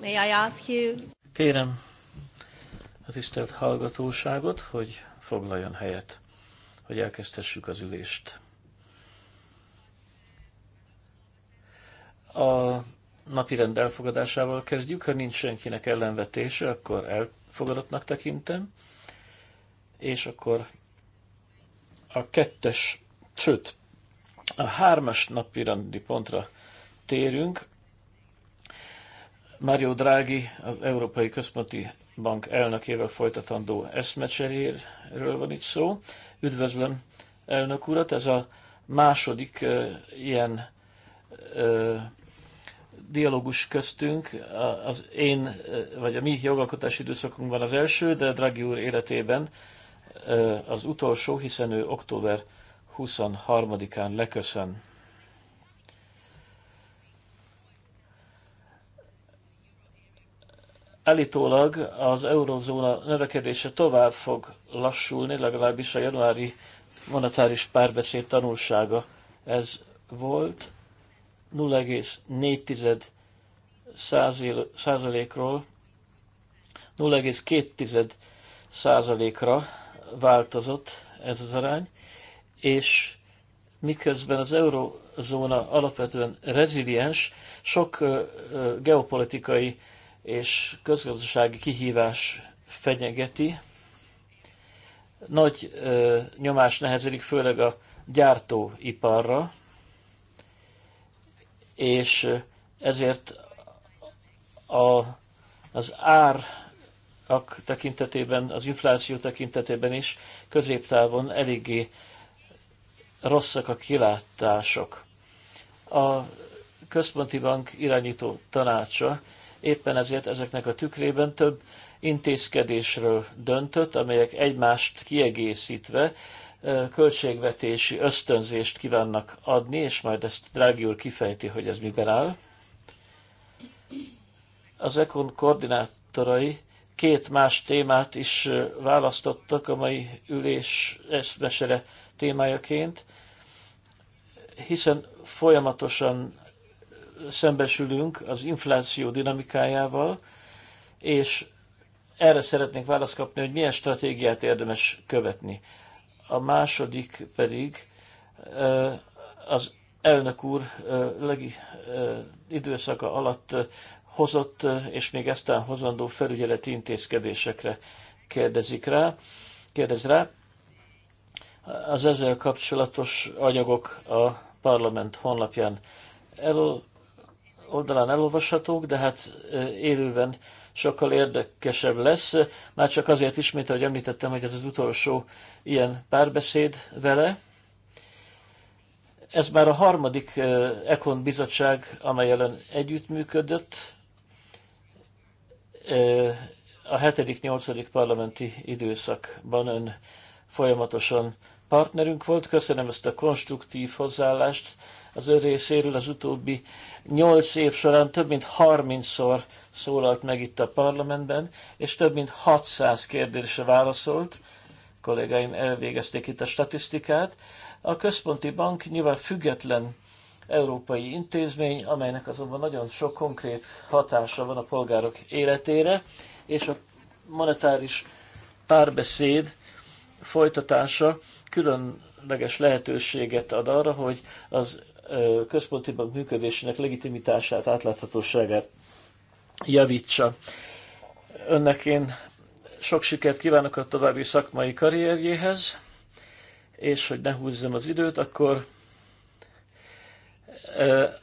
May I ask you? Kérem a tisztelt hallgatóságot, hogy foglaljon helyet, hogy elkezdhessük az ülést. A napirend elfogadásával kezdjük. Ha nincs senkinek ellenvetése, akkor elfogadottnak tekintem. És akkor a kettes, sőt, a hármas napirendi pontra térünk, Mario Draghi, az Európai Központi Bank elnökével folytatandó eszmecseréről van itt szó. Üdvözlöm, elnök urat! Ez a második uh, ilyen uh, dialógus köztünk. Az én, vagy a mi jogalkotási időszakunkban az első, de Draghi úr életében az utolsó, hiszen ő október 23-án leköszön. Állítólag az eurozóna növekedése tovább fog lassulni, legalábbis a januári monetáris párbeszéd tanulsága ez volt. 0,4 százalékról 0,2 százalékra változott ez az arány, és miközben az eurozóna alapvetően reziliens, sok geopolitikai és közgazdasági kihívás fenyegeti. Nagy ö, nyomás nehezedik főleg a gyártóiparra, és ezért a, az ár tekintetében, az infláció tekintetében is középtávon eléggé rosszak a kilátások. A központi bank irányító tanácsa Éppen ezért ezeknek a tükrében több intézkedésről döntött, amelyek egymást kiegészítve költségvetési ösztönzést kívánnak adni, és majd ezt Drági úr kifejti, hogy ez miben áll. Az ECON koordinátorai két más témát is választottak a mai ülés eszmesere témájaként, hiszen folyamatosan szembesülünk az infláció dinamikájával, és erre szeretnénk választ kapni, hogy milyen stratégiát érdemes követni. A második pedig eh, az elnök úr eh, legi eh, időszaka alatt hozott, és még eztán hozandó felügyeleti intézkedésekre kérdezik rá, kérdez rá. Az ezzel kapcsolatos anyagok a parlament honlapján oldalán elolvashatók, de hát élőben sokkal érdekesebb lesz. Már csak azért ismét, ahogy említettem, hogy ez az utolsó ilyen párbeszéd vele. Ez már a harmadik Ekon bizottság, amely ellen együttműködött a 7.-8. parlamenti időszakban ön folyamatosan partnerünk volt. Köszönöm ezt a konstruktív hozzáállást, az ő részéről az utóbbi nyolc év során több mint 30-szor szólalt meg itt a parlamentben, és több mint 600 kérdésre válaszolt. A kollégáim elvégezték itt a statisztikát. A központi bank nyilván független európai intézmény, amelynek azonban nagyon sok konkrét hatása van a polgárok életére, és a monetáris párbeszéd folytatása különleges lehetőséget ad arra, hogy az központi bank működésének legitimitását, átláthatóságát javítsa. Önnek én sok sikert kívánok a további szakmai karrierjéhez, és hogy ne húzzam az időt, akkor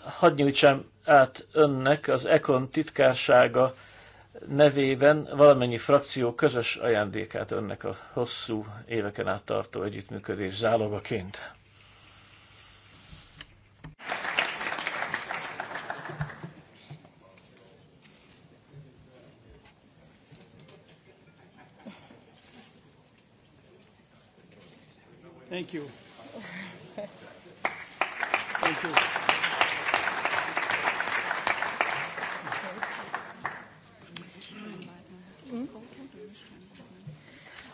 hadd nyújtsam át önnek az Ekon titkársága nevében valamennyi frakció közös ajándékát önnek a hosszú éveken át tartó együttműködés zálogaként. Thank you. Thank you.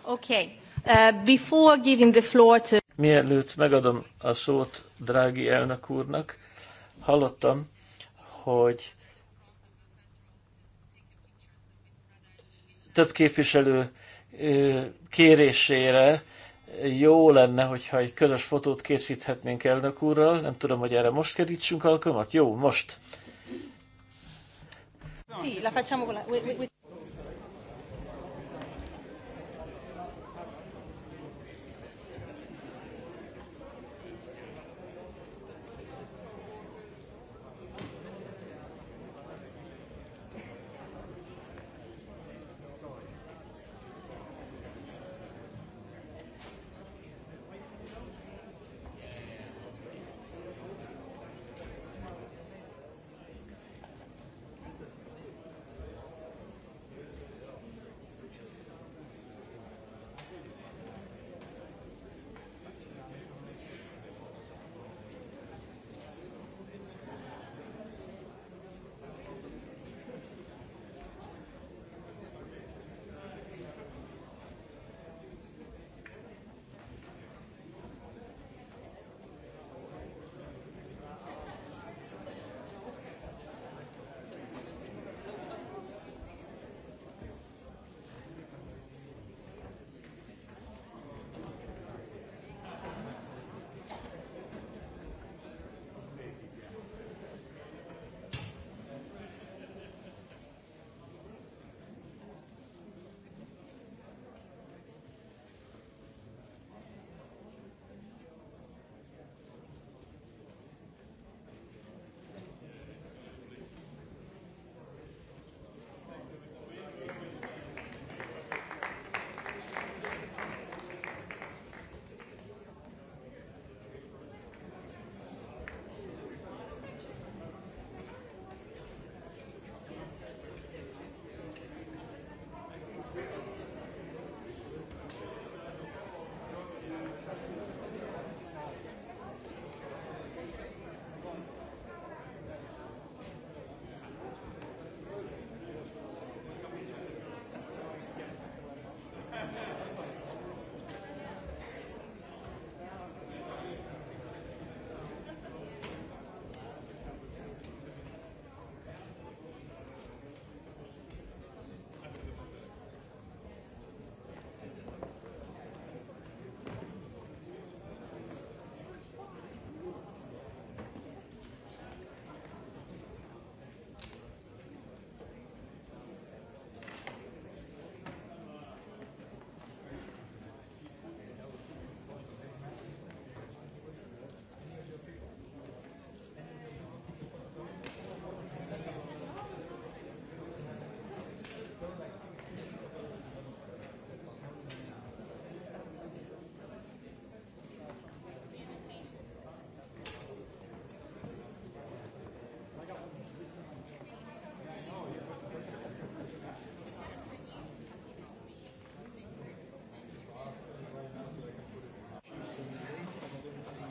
Okay. Uh, before giving the floor to Mielőtt megadom a szót drági elnök úrnak, hallottam, hogy több képviselő kérésére jó lenne, hogyha egy közös fotót készíthetnénk elnök úrral. Nem tudom, hogy erre most kerítsünk alkalmat. Jó, most. Sí, la facciamo con la...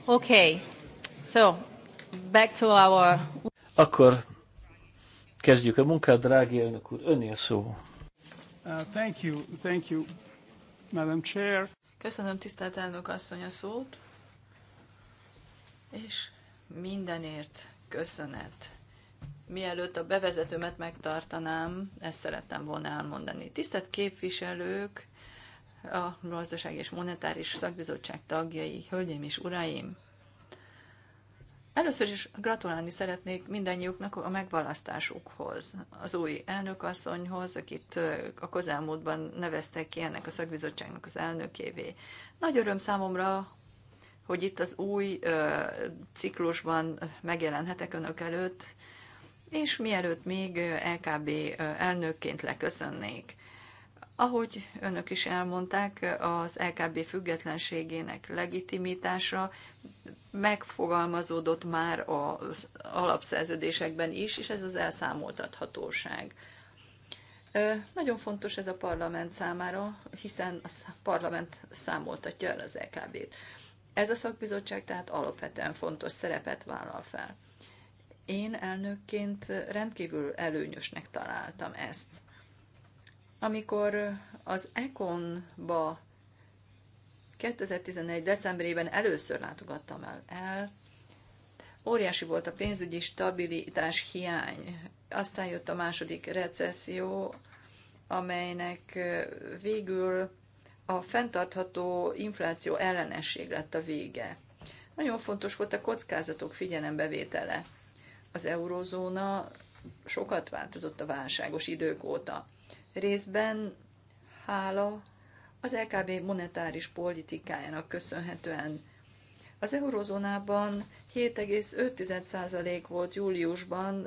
Okay. So, back to our... Akkor kezdjük a munkát, drági elnök úr, önél szó. Uh, thank you, thank you, Madam Chair. Köszönöm, tisztelt elnök asszony a szót, és mindenért köszönet. Mielőtt a bevezetőmet megtartanám, ezt szerettem volna elmondani. Tisztelt képviselők, a Gazdaság és Monetáris Szakbizottság tagjai, hölgyeim és uraim! Először is gratulálni szeretnék mindannyiuknak a megválasztásukhoz, az új elnökasszonyhoz, akit a közelmúltban neveztek ki ennek a szakbizottságnak az elnökévé. Nagy öröm számomra, hogy itt az új ö, ciklusban megjelenhetek önök előtt, és mielőtt még LKB elnökként leköszönnék. Ahogy önök is elmondták, az LKB függetlenségének legitimitása megfogalmazódott már az alapszerződésekben is, és ez az elszámoltathatóság. Nagyon fontos ez a parlament számára, hiszen a parlament számoltatja el az LKB-t. Ez a szakbizottság tehát alapvetően fontos szerepet vállal fel. Én elnökként rendkívül előnyösnek találtam ezt amikor az Econ-ba 2011. decemberében először látogattam el, el óriási volt a pénzügyi stabilitás hiány. Aztán jött a második recesszió, amelynek végül a fenntartható infláció ellenesség lett a vége. Nagyon fontos volt a kockázatok figyelembevétele. Az eurózóna sokat változott a válságos idők óta részben hála az LKB monetáris politikájának köszönhetően. Az eurozónában 7,5% volt júliusban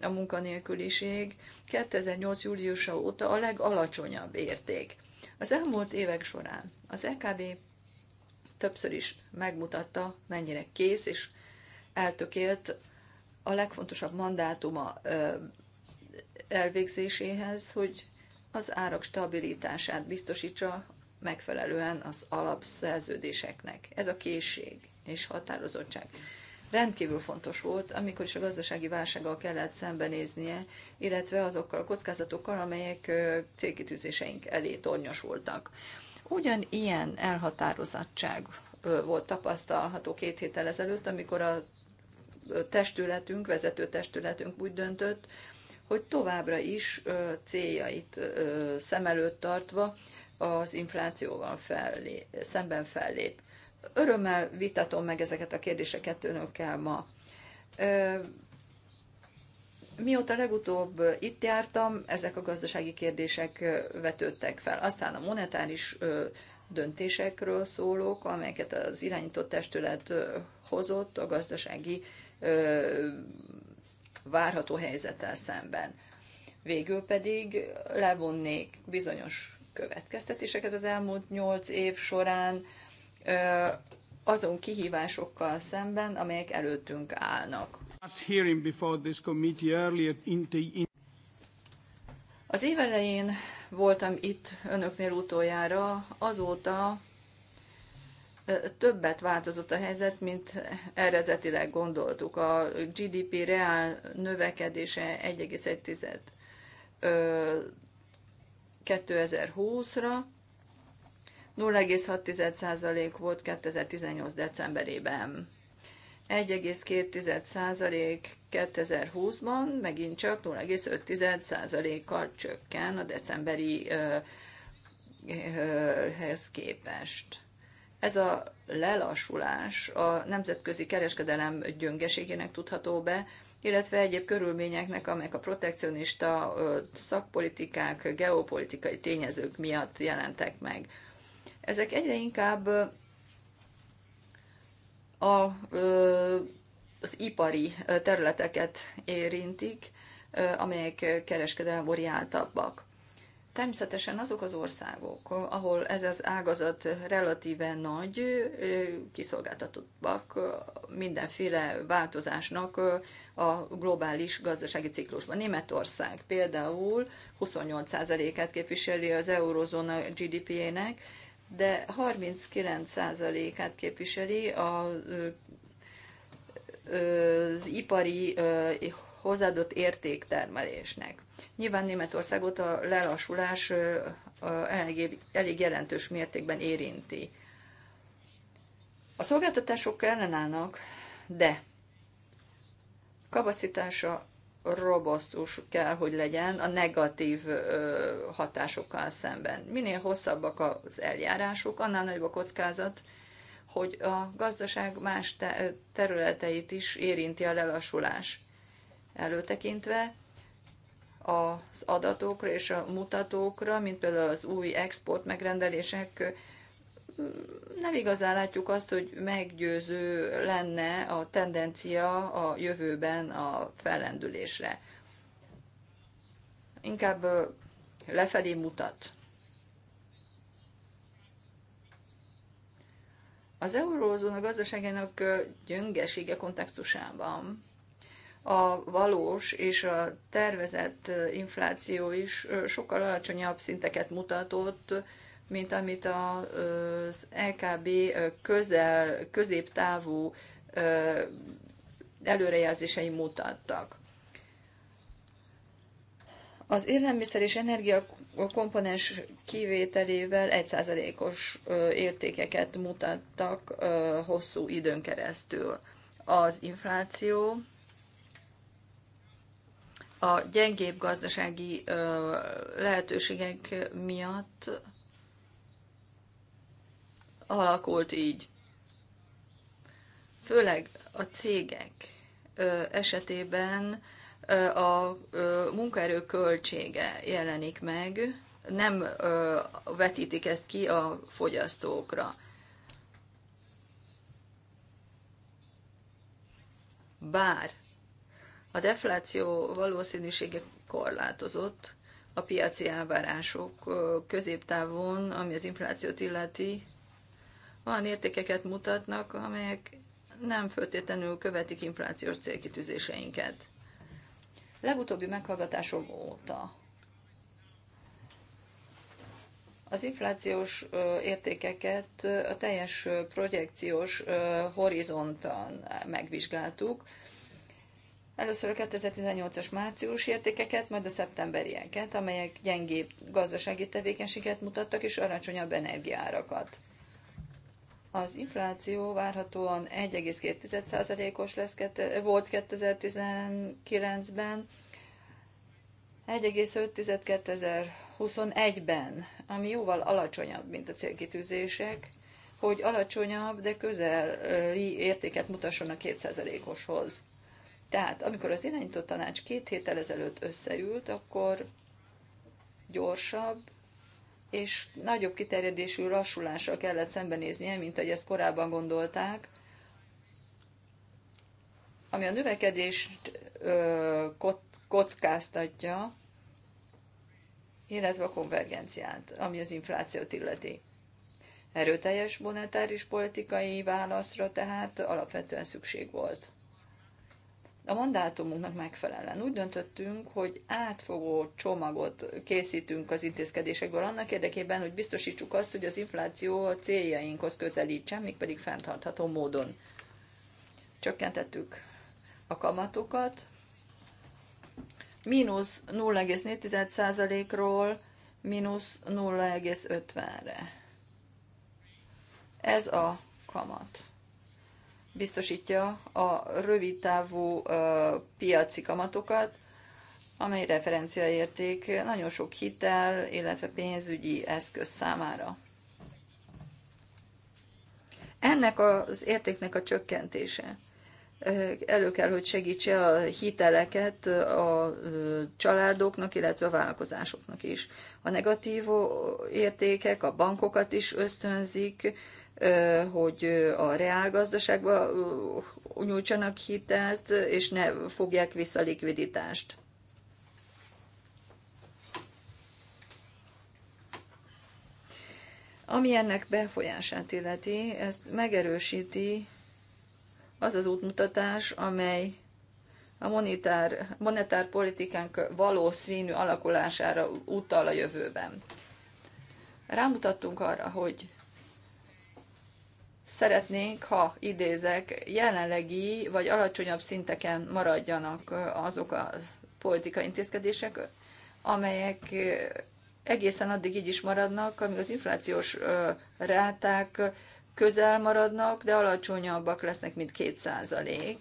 a munkanélküliség, 2008. júliusa óta a legalacsonyabb érték. Az elmúlt évek során az LKB többször is megmutatta, mennyire kész és eltökélt a legfontosabb mandátuma elvégzéséhez, hogy az árak stabilitását biztosítsa megfelelően az alapszerződéseknek. Ez a készség és határozottság rendkívül fontos volt, amikor is a gazdasági válsággal kellett szembenéznie, illetve azokkal a kockázatokkal, amelyek célkitűzéseink elé tornyosultak. ilyen elhatározottság volt tapasztalható két héttel ezelőtt, amikor a testületünk, vezető testületünk úgy döntött, hogy továbbra is céljait szem előtt tartva az inflációval fellé, szemben fellép. Örömmel vitatom meg ezeket a kérdéseket önökkel ma. Mióta legutóbb itt jártam, ezek a gazdasági kérdések vetődtek fel. Aztán a monetáris döntésekről szólók, amelyeket az irányított testület hozott a gazdasági várható helyzettel szemben. Végül pedig levonnék bizonyos következtetéseket az elmúlt nyolc év során azon kihívásokkal szemben, amelyek előttünk állnak. Az év elején voltam itt önöknél utoljára, azóta többet változott a helyzet, mint eredetileg gondoltuk. A GDP reál növekedése 1,1 2020-ra, 0,6% volt 2018. decemberében. 1,2% 2020-ban, megint csak 0,5%-kal csökken a decemberihez képest. Ez a lelassulás a nemzetközi kereskedelem gyöngeségének tudható be, illetve egyéb körülményeknek, amelyek a protekcionista szakpolitikák, geopolitikai tényezők miatt jelentek meg. Ezek egyre inkább a, az ipari területeket érintik, amelyek kereskedelem orientáltabbak. Természetesen azok az országok, ahol ez az ágazat relatíve nagy, kiszolgáltatottak mindenféle változásnak a globális gazdasági ciklusban. Németország például 28%-át képviseli az eurozóna GDP-ének, de 39%-át képviseli a, az ipari hozzáadott értéktermelésnek. Nyilván Németországot a lelassulás elég, elég jelentős mértékben érinti. A szolgáltatások ellenállnak, de kapacitása robosztus kell, hogy legyen a negatív hatásokkal szemben. Minél hosszabbak az eljárások, annál nagyobb a kockázat, hogy a gazdaság más területeit is érinti a lelassulás. Előtekintve az adatokra és a mutatókra, mint például az új export megrendelések, nem igazán látjuk azt, hogy meggyőző lenne a tendencia a jövőben a fellendülésre. Inkább lefelé mutat. Az eurózóna gazdaságának gyöngesége kontextusában a valós és a tervezett infláció is sokkal alacsonyabb szinteket mutatott, mint amit az LKB közel, középtávú előrejelzései mutattak. Az élelmiszer és energia komponens kivételével 1%-os értékeket mutattak hosszú időn keresztül. Az infláció a gyengébb gazdasági lehetőségek miatt alakult így. Főleg a cégek esetében a munkaerő költsége jelenik meg, nem vetítik ezt ki a fogyasztókra. Bár a defláció valószínűsége korlátozott, a piaci elvárások középtávon, ami az inflációt illeti, olyan értékeket mutatnak, amelyek nem föltétlenül követik inflációs célkitűzéseinket. Legutóbbi meghallgatásom óta az inflációs értékeket a teljes projekciós horizonton megvizsgáltuk, Először a 2018-as március értékeket, majd a szeptemberieket, amelyek gyengébb gazdasági tevékenységet mutattak és alacsonyabb energiárakat. Az infláció várhatóan 1,2%-os lesz, volt 2019-ben, 1,5 2021-ben, ami jóval alacsonyabb, mint a célkitűzések, hogy alacsonyabb, de közeli értéket mutasson a 2%-oshoz. Tehát amikor az irányító tanács két héttel ezelőtt összeült, akkor gyorsabb és nagyobb kiterjedésű lassulással kellett szembenéznie, mint ahogy ezt korábban gondolták, ami a növekedést ö, kockáztatja, illetve a konvergenciát, ami az inflációt illeti. Erőteljes monetáris politikai válaszra tehát alapvetően szükség volt a mandátumunknak megfelelően úgy döntöttünk, hogy átfogó csomagot készítünk az intézkedésekből annak érdekében, hogy biztosítsuk azt, hogy az infláció a céljainkhoz közelítsen, még pedig fenntartható módon. Csökkentettük a kamatokat, mínusz 0,4%-ról mínusz 0,50-re. Ez a kamat biztosítja a rövidtávú piaci kamatokat, amely referenciaérték nagyon sok hitel, illetve pénzügyi eszköz számára. Ennek az értéknek a csökkentése elő kell, hogy segítse a hiteleket a családoknak, illetve a vállalkozásoknak is. A negatív értékek a bankokat is ösztönzik, hogy a reálgazdaságba nyújtsanak hitelt, és ne fogják vissza likviditást. Ami ennek befolyását illeti, ezt megerősíti az az útmutatás, amely a monetár, monetár politikánk valószínű alakulására utal a jövőben. Rámutattunk arra, hogy szeretnénk, ha idézek, jelenlegi vagy alacsonyabb szinteken maradjanak azok a politikai intézkedések, amelyek egészen addig így is maradnak, amíg az inflációs ráták közel maradnak, de alacsonyabbak lesznek, mint 2%.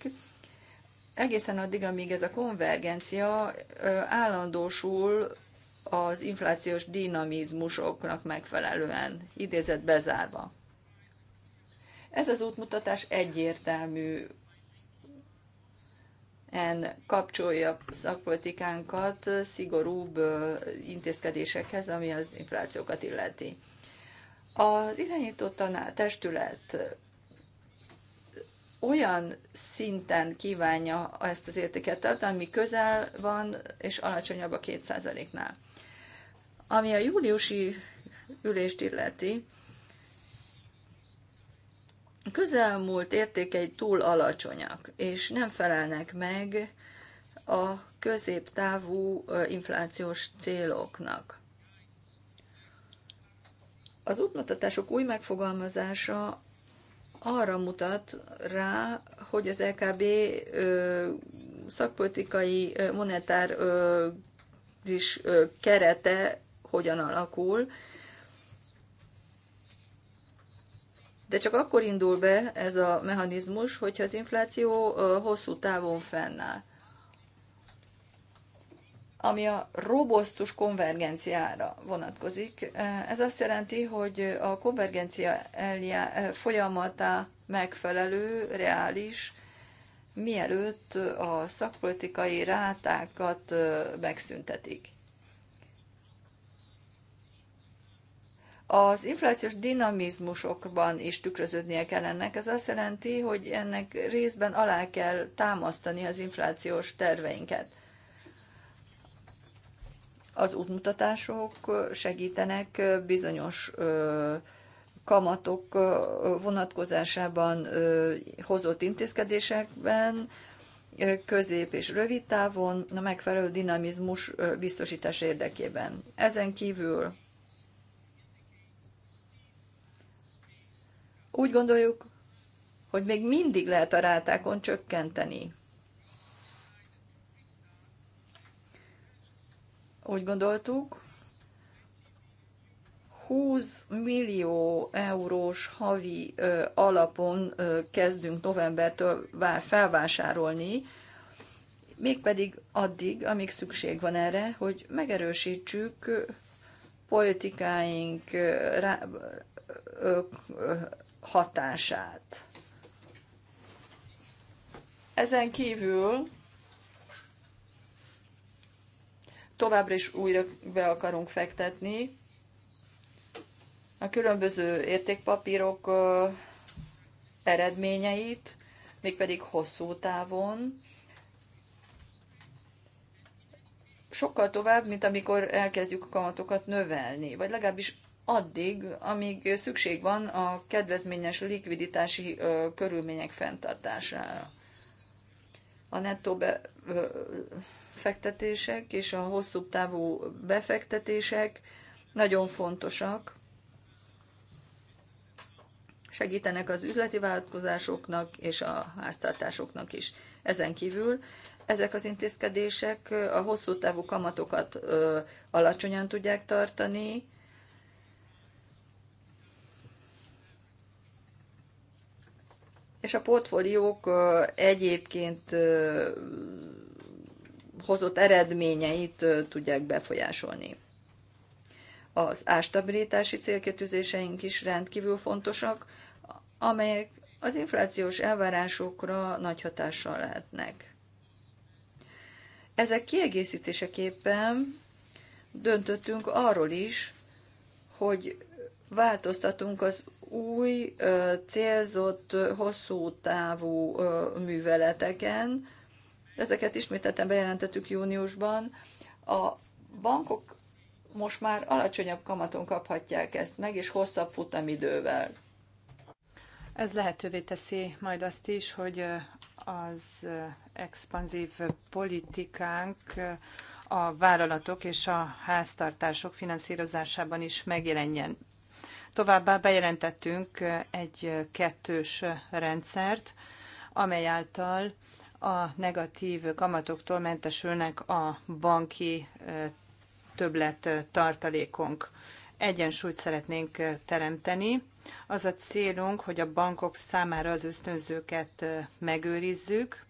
Egészen addig, amíg ez a konvergencia állandósul az inflációs dinamizmusoknak megfelelően, idézett bezárva. Ez az útmutatás egyértelmű en kapcsolja szakpolitikánkat szigorúbb intézkedésekhez, ami az inflációkat illeti. Az irányító taná, testület olyan szinten kívánja ezt az értéket tartani, ami közel van, és alacsonyabb a 2%-nál. Ami a júliusi ülést illeti, közelmúlt értékei túl alacsonyak, és nem felelnek meg a középtávú inflációs céloknak. Az útmutatások új megfogalmazása arra mutat rá, hogy az LKB szakpolitikai monetáris kerete hogyan alakul, De csak akkor indul be ez a mechanizmus, hogyha az infláció hosszú távon fennáll. Ami a robosztus konvergenciára vonatkozik, ez azt jelenti, hogy a konvergencia folyamatá megfelelő, reális, mielőtt a szakpolitikai rátákat megszüntetik. az inflációs dinamizmusokban is tükröződnie kell ennek. Ez azt jelenti, hogy ennek részben alá kell támasztani az inflációs terveinket. Az útmutatások segítenek bizonyos kamatok vonatkozásában hozott intézkedésekben, közép és rövid távon a megfelelő dinamizmus biztosítás érdekében. Ezen kívül Úgy gondoljuk, hogy még mindig lehet a rátákon csökkenteni. Úgy gondoltuk, 20 millió eurós havi ö, alapon ö, kezdünk novembertől vár, felvásárolni, mégpedig addig, amíg szükség van erre, hogy megerősítsük politikáink rá, ö, ö, hatását. Ezen kívül továbbra is újra be akarunk fektetni a különböző értékpapírok eredményeit, mégpedig hosszú távon, sokkal tovább, mint amikor elkezdjük a kamatokat növelni, vagy legalábbis addig, amíg szükség van a kedvezményes likviditási körülmények fenntartására. A nettó befektetések és a hosszú távú befektetések nagyon fontosak, segítenek az üzleti vállalkozásoknak és a háztartásoknak is. Ezen kívül ezek az intézkedések a hosszú távú kamatokat alacsonyan tudják tartani, és a portfóliók egyébként hozott eredményeit tudják befolyásolni. Az ástabilitási célkötőzéseink is rendkívül fontosak, amelyek az inflációs elvárásokra nagy hatással lehetnek. Ezek kiegészítéseképpen döntöttünk arról is, hogy változtatunk az új célzott hosszú távú műveleteken. Ezeket ismételten bejelentettük júniusban. A bankok most már alacsonyabb kamaton kaphatják ezt meg, és hosszabb futamidővel. Ez lehetővé teszi majd azt is, hogy az expanzív politikánk a vállalatok és a háztartások finanszírozásában is megjelenjen. Továbbá bejelentettünk egy kettős rendszert, amely által a negatív kamatoktól mentesülnek a banki többlet tartalékunk. Egyensúlyt szeretnénk teremteni. Az a célunk, hogy a bankok számára az ösztönzőket megőrizzük,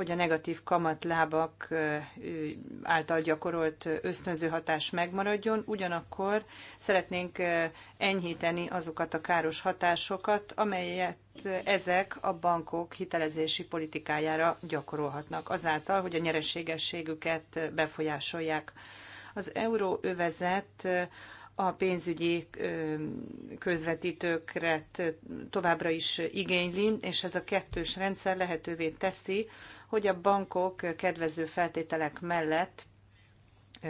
hogy a negatív kamatlábak által gyakorolt ösztönző hatás megmaradjon, ugyanakkor szeretnénk enyhíteni azokat a káros hatásokat, amelyet ezek a bankok hitelezési politikájára gyakorolhatnak, azáltal, hogy a nyereségességüket befolyásolják. Az euróövezet a pénzügyi közvetítőkre továbbra is igényli, és ez a kettős rendszer lehetővé teszi, hogy a bankok kedvező feltételek mellett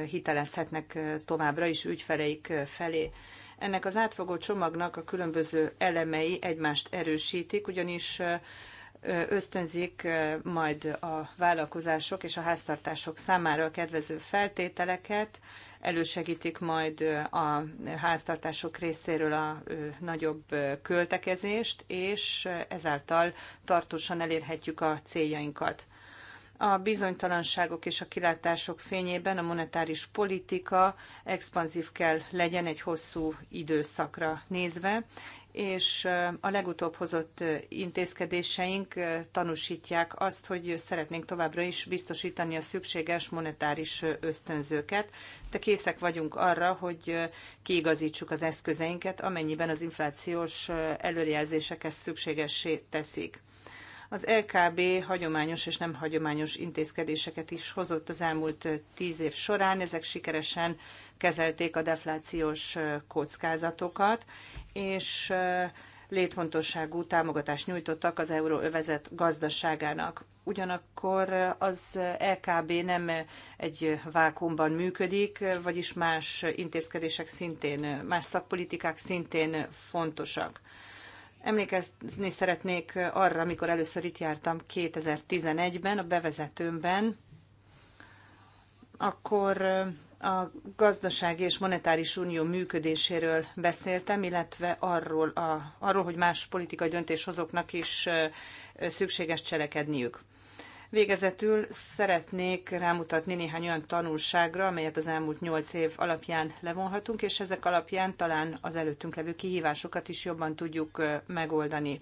hitelezhetnek továbbra is ügyfeleik felé. Ennek az átfogó csomagnak a különböző elemei egymást erősítik, ugyanis ösztönzik majd a vállalkozások és a háztartások számára a kedvező feltételeket, elősegítik majd a háztartások részéről a nagyobb költekezést, és ezáltal tartósan elérhetjük a céljainkat. A bizonytalanságok és a kilátások fényében a monetáris politika expanzív kell legyen egy hosszú időszakra nézve, és a legutóbb hozott intézkedéseink tanúsítják azt, hogy szeretnénk továbbra is biztosítani a szükséges monetáris ösztönzőket, de készek vagyunk arra, hogy kiigazítsuk az eszközeinket, amennyiben az inflációs előrejelzések ezt szükségessé teszik. Az LKB hagyományos és nem hagyományos intézkedéseket is hozott az elmúlt tíz év során. Ezek sikeresen kezelték a deflációs kockázatokat, és létfontosságú támogatást nyújtottak az euróövezet gazdaságának. Ugyanakkor az LKB nem egy vákumban működik, vagyis más intézkedések szintén, más szakpolitikák szintén fontosak. Emlékezni szeretnék arra, amikor először itt jártam 2011-ben, a bevezetőmben, akkor a gazdasági és monetáris unió működéséről beszéltem, illetve arról, a, arról hogy más politikai döntéshozóknak is szükséges cselekedniük. Végezetül szeretnék rámutatni néhány olyan tanulságra, amelyet az elmúlt nyolc év alapján levonhatunk, és ezek alapján talán az előttünk levő kihívásokat is jobban tudjuk megoldani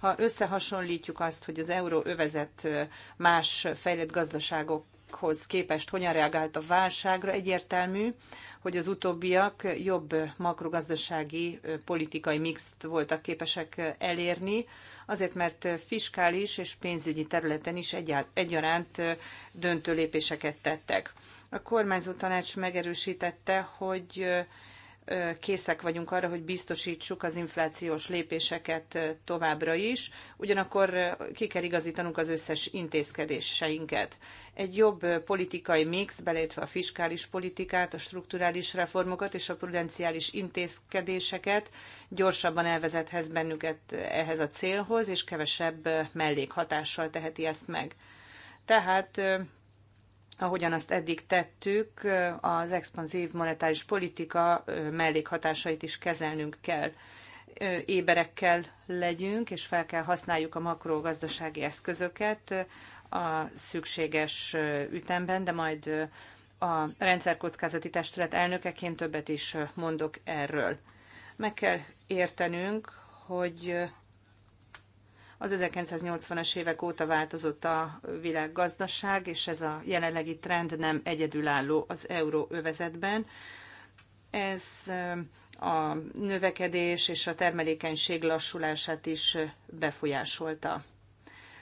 ha összehasonlítjuk azt, hogy az euróövezet más fejlett gazdaságokhoz képest hogyan reagált a válságra, egyértelmű, hogy az utóbbiak jobb makrogazdasági politikai mixt voltak képesek elérni, azért mert fiskális és pénzügyi területen is egyaránt döntő lépéseket tettek. A kormányzó tanács megerősítette, hogy készek vagyunk arra, hogy biztosítsuk az inflációs lépéseket továbbra is, ugyanakkor ki kell igazítanunk az összes intézkedéseinket. Egy jobb politikai mix, beleértve a fiskális politikát, a strukturális reformokat és a prudenciális intézkedéseket, gyorsabban elvezethez bennünket ehhez a célhoz, és kevesebb mellékhatással teheti ezt meg. Tehát ahogyan azt eddig tettük, az expanzív monetáris politika mellékhatásait is kezelnünk kell. Éberekkel legyünk, és fel kell használjuk a makrogazdasági eszközöket a szükséges ütemben, de majd a rendszerkockázati testület elnökeként többet is mondok erről. Meg kell értenünk, hogy az 1980-as évek óta változott a világgazdaság, és ez a jelenlegi trend nem egyedülálló az euróövezetben. Ez a növekedés és a termelékenység lassulását is befolyásolta.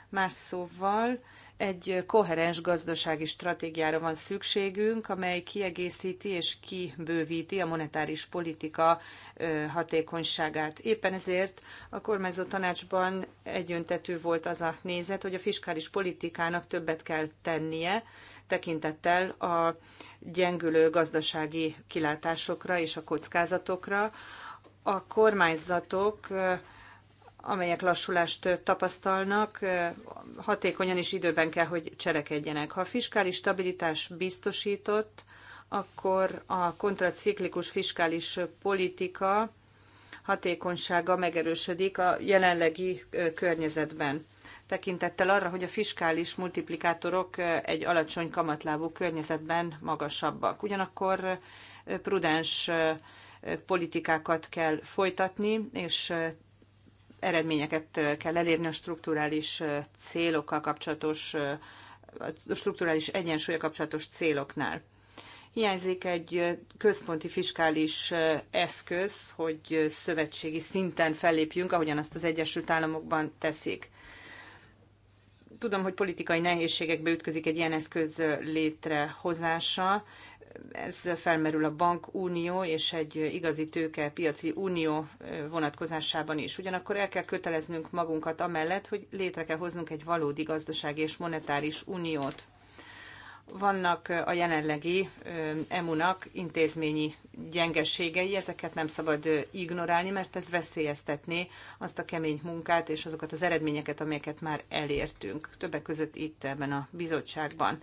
Más szóval egy koherens gazdasági stratégiára van szükségünk, amely kiegészíti és kibővíti a monetáris politika hatékonyságát. Éppen ezért a kormányzó tanácsban egyöntetű volt az a nézet, hogy a fiskális politikának többet kell tennie, tekintettel a gyengülő gazdasági kilátásokra és a kockázatokra. A kormányzatok amelyek lassulást tapasztalnak, hatékonyan és időben kell, hogy cselekedjenek. Ha a fiskális stabilitás biztosított, akkor a kontraciklikus fiskális politika hatékonysága megerősödik a jelenlegi környezetben. Tekintettel arra, hogy a fiskális multiplikátorok egy alacsony kamatlábú környezetben magasabbak. Ugyanakkor prudens politikákat kell folytatni, és eredményeket kell elérni a strukturális célokkal kapcsolatos, a strukturális egyensúlya kapcsolatos céloknál. Hiányzik egy központi fiskális eszköz, hogy szövetségi szinten fellépjünk, ahogyan azt az Egyesült Államokban teszik. Tudom, hogy politikai nehézségekbe ütközik egy ilyen eszköz létrehozása. Ez felmerül a bankunió és egy igazi tőke piaci unió vonatkozásában is. Ugyanakkor el kell köteleznünk magunkat amellett, hogy létre kell hoznunk egy valódi gazdasági és monetáris uniót vannak a jelenlegi EMU-nak intézményi gyengeségei, ezeket nem szabad ignorálni, mert ez veszélyeztetné azt a kemény munkát és azokat az eredményeket, amelyeket már elértünk, többek között itt ebben a bizottságban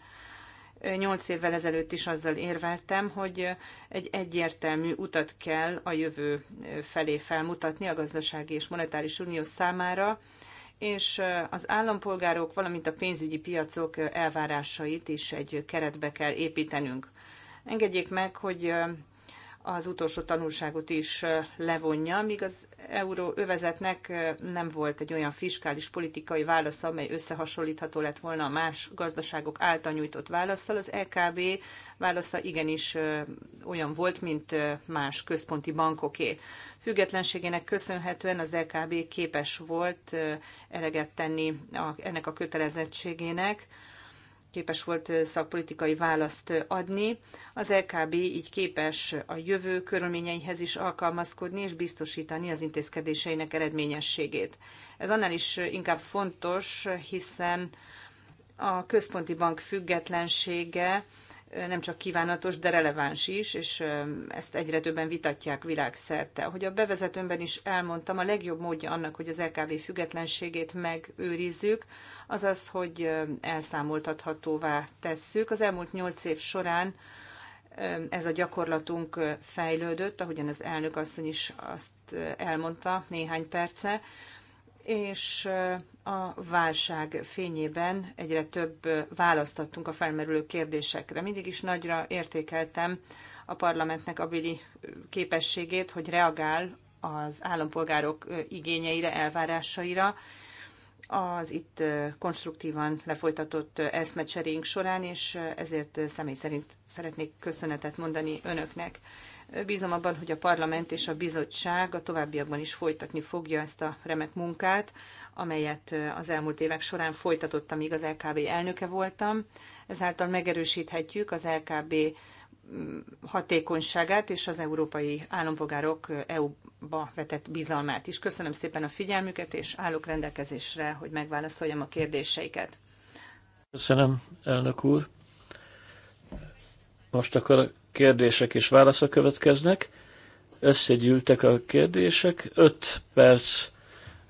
nyolc évvel ezelőtt is azzal érveltem, hogy egy egyértelmű utat kell a jövő felé felmutatni a gazdasági és monetáris unió számára, és az állampolgárok, valamint a pénzügyi piacok elvárásait is egy keretbe kell építenünk. Engedjék meg, hogy az utolsó tanulságot is levonja, míg az euróövezetnek nem volt egy olyan fiskális politikai válasza, amely összehasonlítható lett volna a más gazdaságok által nyújtott válaszsal. Az LKB e válasza igenis olyan volt, mint más központi bankoké. Függetlenségének köszönhetően az LKB e képes volt eleget tenni ennek a kötelezettségének, képes volt szakpolitikai választ adni. Az LKB így képes a jövő körülményeihez is alkalmazkodni és biztosítani az intézkedéseinek eredményességét. Ez annál is inkább fontos, hiszen a központi bank függetlensége nem csak kívánatos, de releváns is, és ezt egyre többen vitatják világszerte. Hogy a bevezetőmben is elmondtam, a legjobb módja annak, hogy az LKB függetlenségét megőrizzük, az az, hogy elszámoltathatóvá tesszük. Az elmúlt nyolc év során ez a gyakorlatunk fejlődött, ahogyan az elnök asszony is azt elmondta néhány perce, és a válság fényében egyre több választ adtunk a felmerülő kérdésekre. Mindig is nagyra értékeltem a parlamentnek abili képességét, hogy reagál az állampolgárok igényeire, elvárásaira, az itt konstruktívan lefolytatott eszmecserénk során, és ezért személy szerint szeretnék köszönetet mondani önöknek. Bízom abban, hogy a parlament és a bizottság a továbbiakban is folytatni fogja ezt a remek munkát, amelyet az elmúlt évek során folytatottam, míg az LKB elnöke voltam. Ezáltal megerősíthetjük az LKB mm, hatékonyságát és az európai állampolgárok EU-ba vetett bizalmát is. Köszönöm szépen a figyelmüket, és állok rendelkezésre, hogy megválaszoljam a kérdéseiket. Köszönöm, elnök úr. Most akkor kérdések és válaszok következnek. Összegyűltek a kérdések. 5 perc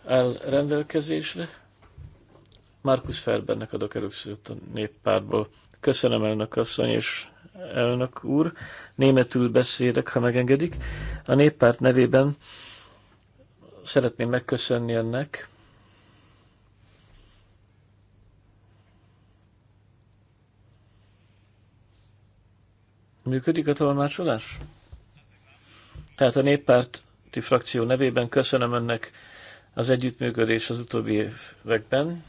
áll rendelkezésre. Markus Ferbernek adok először a néppárból. Köszönöm elnök asszony és elnök úr. Németül beszélek, ha megengedik. A néppárt nevében szeretném megköszönni ennek. Működik a tolmácsolás? Tehát a néppárti frakció nevében köszönöm önnek az együttműködés az utóbbi években.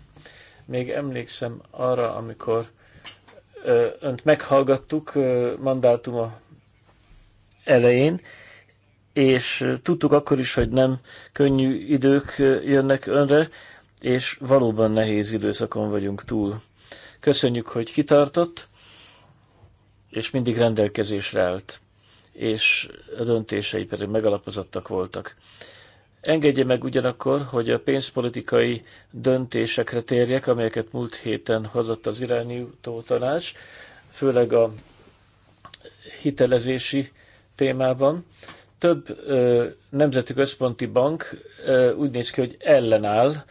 Még emlékszem arra, amikor önt meghallgattuk mandátuma elején, és tudtuk akkor is, hogy nem könnyű idők jönnek önre, és valóban nehéz időszakon vagyunk túl. Köszönjük, hogy kitartott, és mindig rendelkezésre állt, és a döntései pedig megalapozottak voltak. Engedje meg ugyanakkor, hogy a pénzpolitikai döntésekre térjek, amelyeket múlt héten hozott az irányító tanács, főleg a hitelezési témában. Több ö, nemzeti központi bank ö, úgy néz ki, hogy ellenáll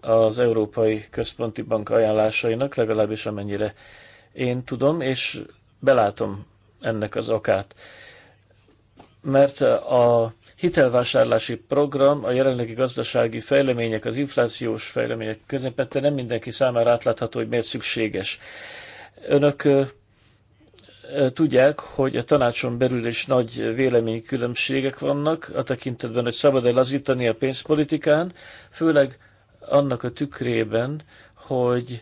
az Európai Központi Bank ajánlásainak, legalábbis amennyire én tudom, és belátom ennek az okát. Mert a hitelvásárlási program, a jelenlegi gazdasági fejlemények, az inflációs fejlemények közepette nem mindenki számára átlátható, hogy miért szükséges. Önök tudják, hogy a tanácson belül is nagy véleménykülönbségek vannak a tekintetben, hogy szabad-e lazítani a pénzpolitikán, főleg annak a tükrében, hogy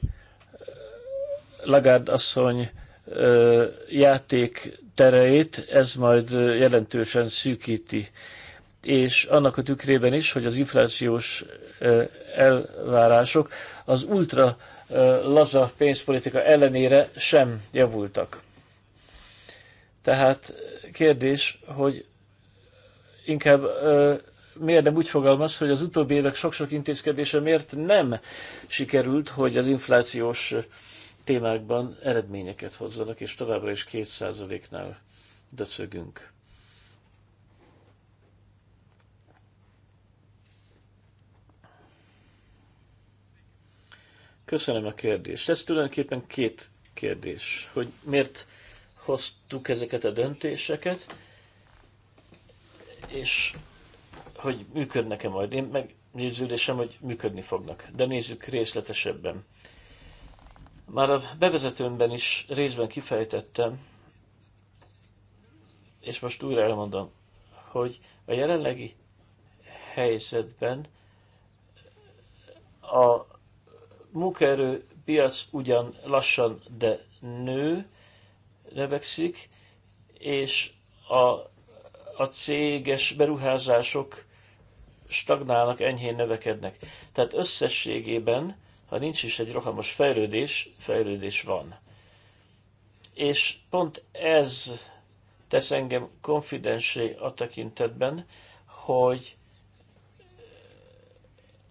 Lagard asszony játék tereit, ez majd jelentősen szűkíti. És annak a tükrében is, hogy az inflációs elvárások az ultra laza pénzpolitika ellenére sem javultak. Tehát kérdés, hogy inkább miért nem úgy fogalmaz, hogy az utóbbi évek sok-sok intézkedése miért nem sikerült, hogy az inflációs témákban eredményeket hozzanak, és továbbra is 2%-nál döcögünk. Köszönöm a kérdést. Ez tulajdonképpen két kérdés, hogy miért hoztuk ezeket a döntéseket, és hogy működnek-e majd. Én meg hogy működni fognak. De nézzük részletesebben. Már a bevezetőmben is részben kifejtettem, és most újra elmondom, hogy a jelenlegi helyzetben a munkaerő piac ugyan lassan, de nő, növekszik, és a, a céges beruházások stagnálnak, enyhén növekednek. Tehát összességében ha nincs is egy rohamos fejlődés, fejlődés van. És pont ez tesz engem konfidensé a tekintetben, hogy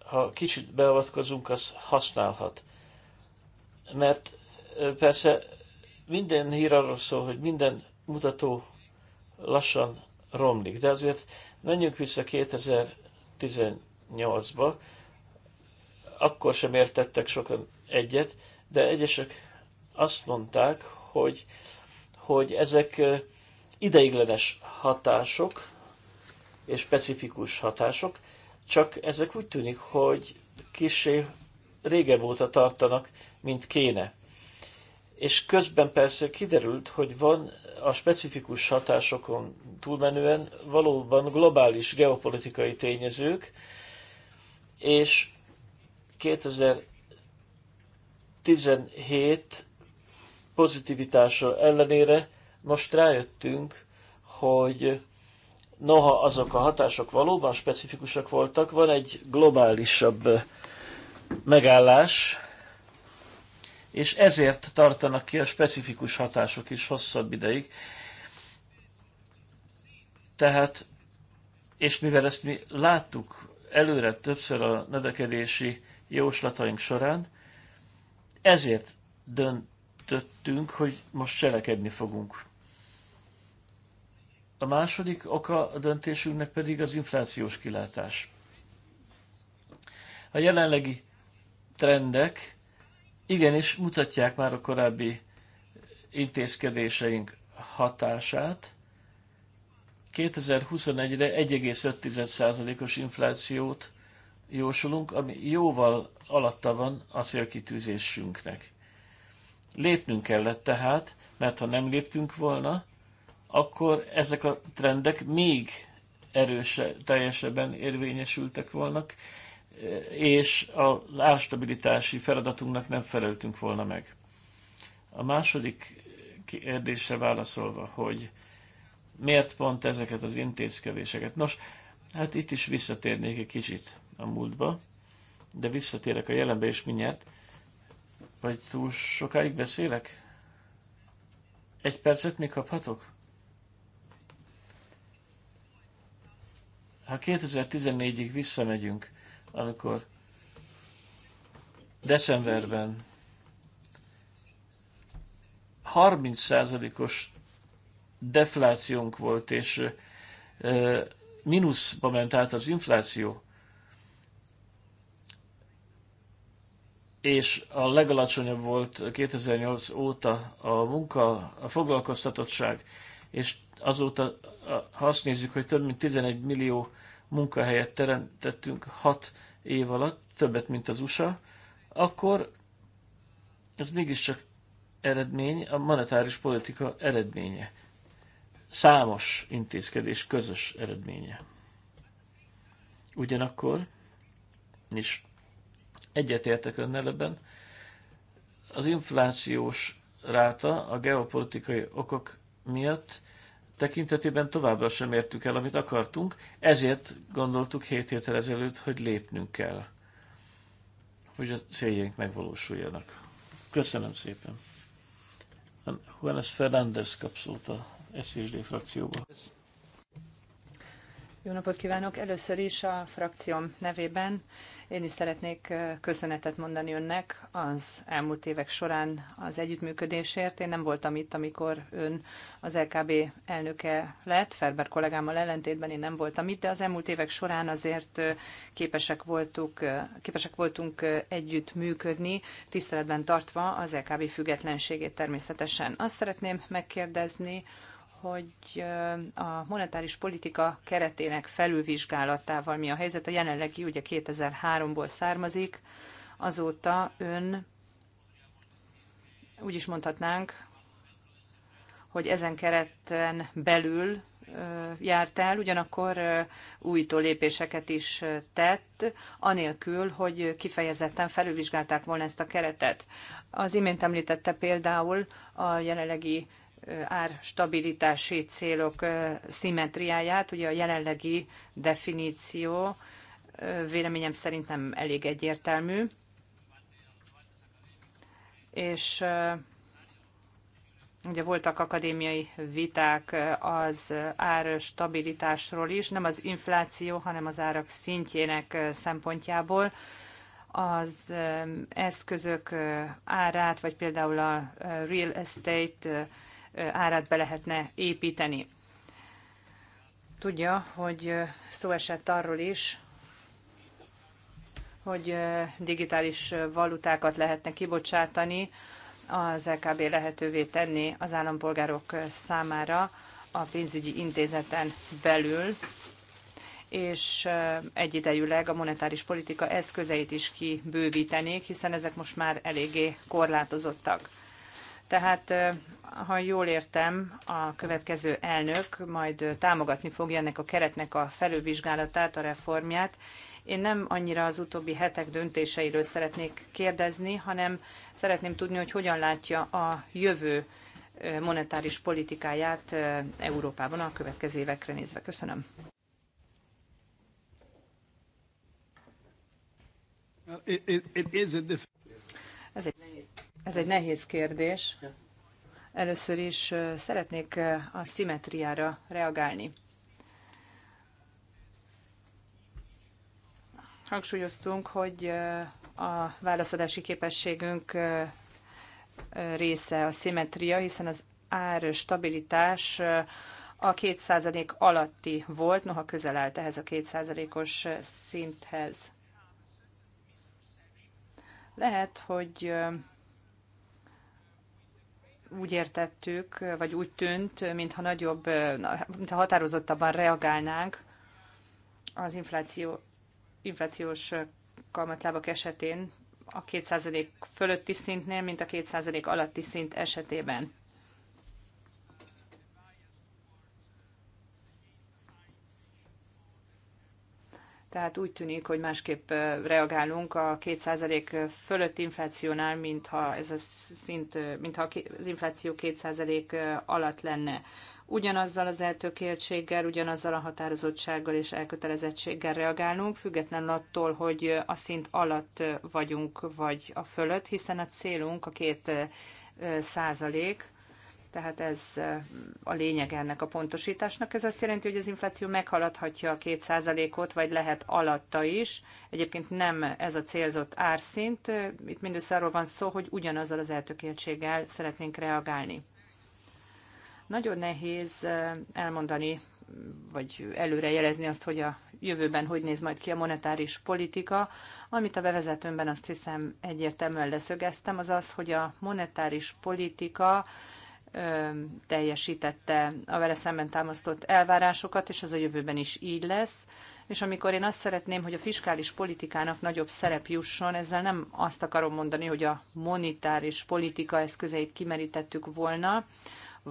ha kicsit beavatkozunk, az használhat. Mert persze minden hír arról szól, hogy minden mutató lassan romlik, de azért menjünk vissza 2018-ba, akkor sem értettek sokan egyet, de egyesek azt mondták, hogy, hogy ezek ideiglenes hatások és specifikus hatások, csak ezek úgy tűnik, hogy kisé régebb óta tartanak, mint kéne. És közben persze kiderült, hogy van a specifikus hatásokon túlmenően valóban globális geopolitikai tényezők, és 2017 pozitivitása ellenére most rájöttünk, hogy noha azok a hatások valóban specifikusak voltak, van egy globálisabb megállás, és ezért tartanak ki a specifikus hatások is hosszabb ideig. Tehát, és mivel ezt mi láttuk előre többször a növekedési jóslataink során. Ezért döntöttünk, hogy most cselekedni fogunk. A második oka a döntésünknek pedig az inflációs kilátás. A jelenlegi trendek igenis mutatják már a korábbi intézkedéseink hatását. 2021-re 1,5%-os inflációt jósolunk, ami jóval alatta van a célkitűzésünknek. Lépnünk kellett tehát, mert ha nem léptünk volna, akkor ezek a trendek még erőse, teljesebben érvényesültek volna, és az árstabilitási feladatunknak nem feleltünk volna meg. A második kérdésre válaszolva, hogy miért pont ezeket az intézkedéseket? Nos, hát itt is visszatérnék egy kicsit a múltba, de visszatérek a jelenbe és mindjárt. Vagy túl sokáig beszélek? Egy percet még kaphatok? Ha 2014-ig visszamegyünk, amikor decemberben 30%-os deflációnk volt, és mínuszba ment át az infláció, és a legalacsonyabb volt 2008 óta a munka, a foglalkoztatottság, és azóta, ha azt nézzük, hogy több mint 11 millió munkahelyet teremtettünk 6 év alatt, többet, mint az USA, akkor ez mégiscsak eredmény, a monetáris politika eredménye. Számos intézkedés közös eredménye. Ugyanakkor, és Egyetértek önnel ebben. Az inflációs ráta a geopolitikai okok miatt tekintetében továbbra sem értük el, amit akartunk, ezért gondoltuk hét héttel ezelőtt, hogy lépnünk kell, hogy a céljaink megvalósuljanak. Köszönöm szépen. Juanes Fernández kap szót a SZSD frakcióba. Jó napot kívánok! Először is a frakcióm nevében én is szeretnék köszönetet mondani önnek az elmúlt évek során az együttműködésért. Én nem voltam itt, amikor ön az LKB elnöke lett, Ferber kollégámmal ellentétben én nem voltam itt, de az elmúlt évek során azért képesek, voltuk, képesek voltunk együttműködni, tiszteletben tartva az LKB függetlenségét természetesen. Azt szeretném megkérdezni, hogy a monetáris politika keretének felülvizsgálatával mi a helyzet. A jelenlegi ugye 2003-ból származik, azóta ön úgy is mondhatnánk, hogy ezen kereten belül járt el, ugyanakkor újító lépéseket is tett, anélkül, hogy kifejezetten felülvizsgálták volna ezt a keretet. Az imént említette például a jelenlegi árstabilitási célok szimmetriáját. Ugye a jelenlegi definíció véleményem szerint nem elég egyértelmű, és ugye voltak akadémiai viták az árstabilitásról is, nem az infláció, hanem az árak szintjének szempontjából az eszközök árát, vagy például a real estate árát be lehetne építeni. Tudja, hogy szó esett arról is, hogy digitális valutákat lehetne kibocsátani, az LKB lehetővé tenni az állampolgárok számára a pénzügyi intézeten belül, és egyidejűleg a monetáris politika eszközeit is kibővítenék, hiszen ezek most már eléggé korlátozottak. Tehát ha jól értem, a következő elnök majd támogatni fogja ennek a keretnek a felülvizsgálatát, a reformját. Én nem annyira az utóbbi hetek döntéseiről szeretnék kérdezni, hanem szeretném tudni, hogy hogyan látja a jövő monetáris politikáját Európában a következő évekre nézve. Köszönöm. Ez egy, nehéz, ez egy nehéz kérdés. Yeah. Először is szeretnék a szimetriára reagálni. Hangsúlyoztunk, hogy a válaszadási képességünk része a szimetria, hiszen az ár stabilitás a 2% alatti volt, noha közel állt ehhez a 2%-os szinthez. Lehet, hogy úgy értettük, vagy úgy tűnt, mintha nagyobb, mintha határozottabban reagálnánk az infláció, inflációs kamatlábak esetén a 2% fölötti szintnél, mint a 2% alatti szint esetében. Tehát úgy tűnik, hogy másképp reagálunk a 2% fölött inflációnál, mintha, ez a szint, mintha az infláció 2% alatt lenne. Ugyanazzal az eltökéltséggel, ugyanazzal a határozottsággal és elkötelezettséggel reagálunk, függetlenül attól, hogy a szint alatt vagyunk, vagy a fölött, hiszen a célunk a két százalék, tehát ez a lényeg ennek a pontosításnak. Ez azt jelenti, hogy az infláció meghaladhatja a 2%-ot, vagy lehet alatta is. Egyébként nem ez a célzott árszint. Itt mindössze arról van szó, hogy ugyanazzal az eltökéltséggel szeretnénk reagálni. Nagyon nehéz elmondani, vagy előrejelezni azt, hogy a jövőben hogy néz majd ki a monetáris politika. Amit a bevezetőmben azt hiszem egyértelműen leszögeztem, az az, hogy a monetáris politika teljesítette a vele szemben támasztott elvárásokat, és ez a jövőben is így lesz. És amikor én azt szeretném, hogy a fiskális politikának nagyobb szerep jusson, ezzel nem azt akarom mondani, hogy a monetáris politika eszközeit kimerítettük volna,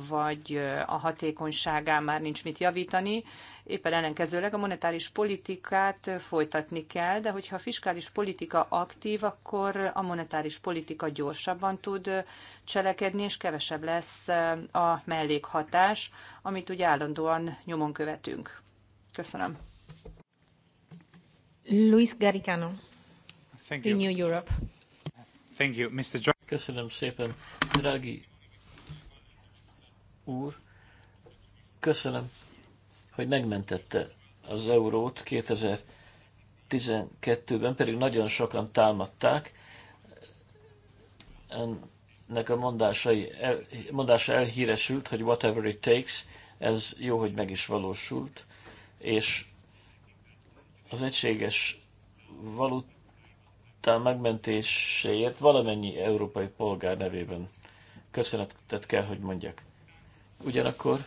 vagy a hatékonyságán már nincs mit javítani. Éppen ellenkezőleg a monetáris politikát folytatni kell, de hogyha a fiskális politika aktív, akkor a monetáris politika gyorsabban tud cselekedni, és kevesebb lesz a mellékhatás, amit ugye állandóan nyomon követünk. Köszönöm. Luis Garicano. Thank you. In New Europe. Thank you, Mr. Köszönöm szépen. Draghi úr, köszönöm, hogy megmentette az eurót 2012-ben, pedig nagyon sokan támadták. Ennek a mondásai, el, mondása elhíresült, hogy whatever it takes, ez jó, hogy meg is valósult, és az egységes valután megmentéséért valamennyi európai polgár nevében köszönetet kell, hogy mondjak. Ugyanakkor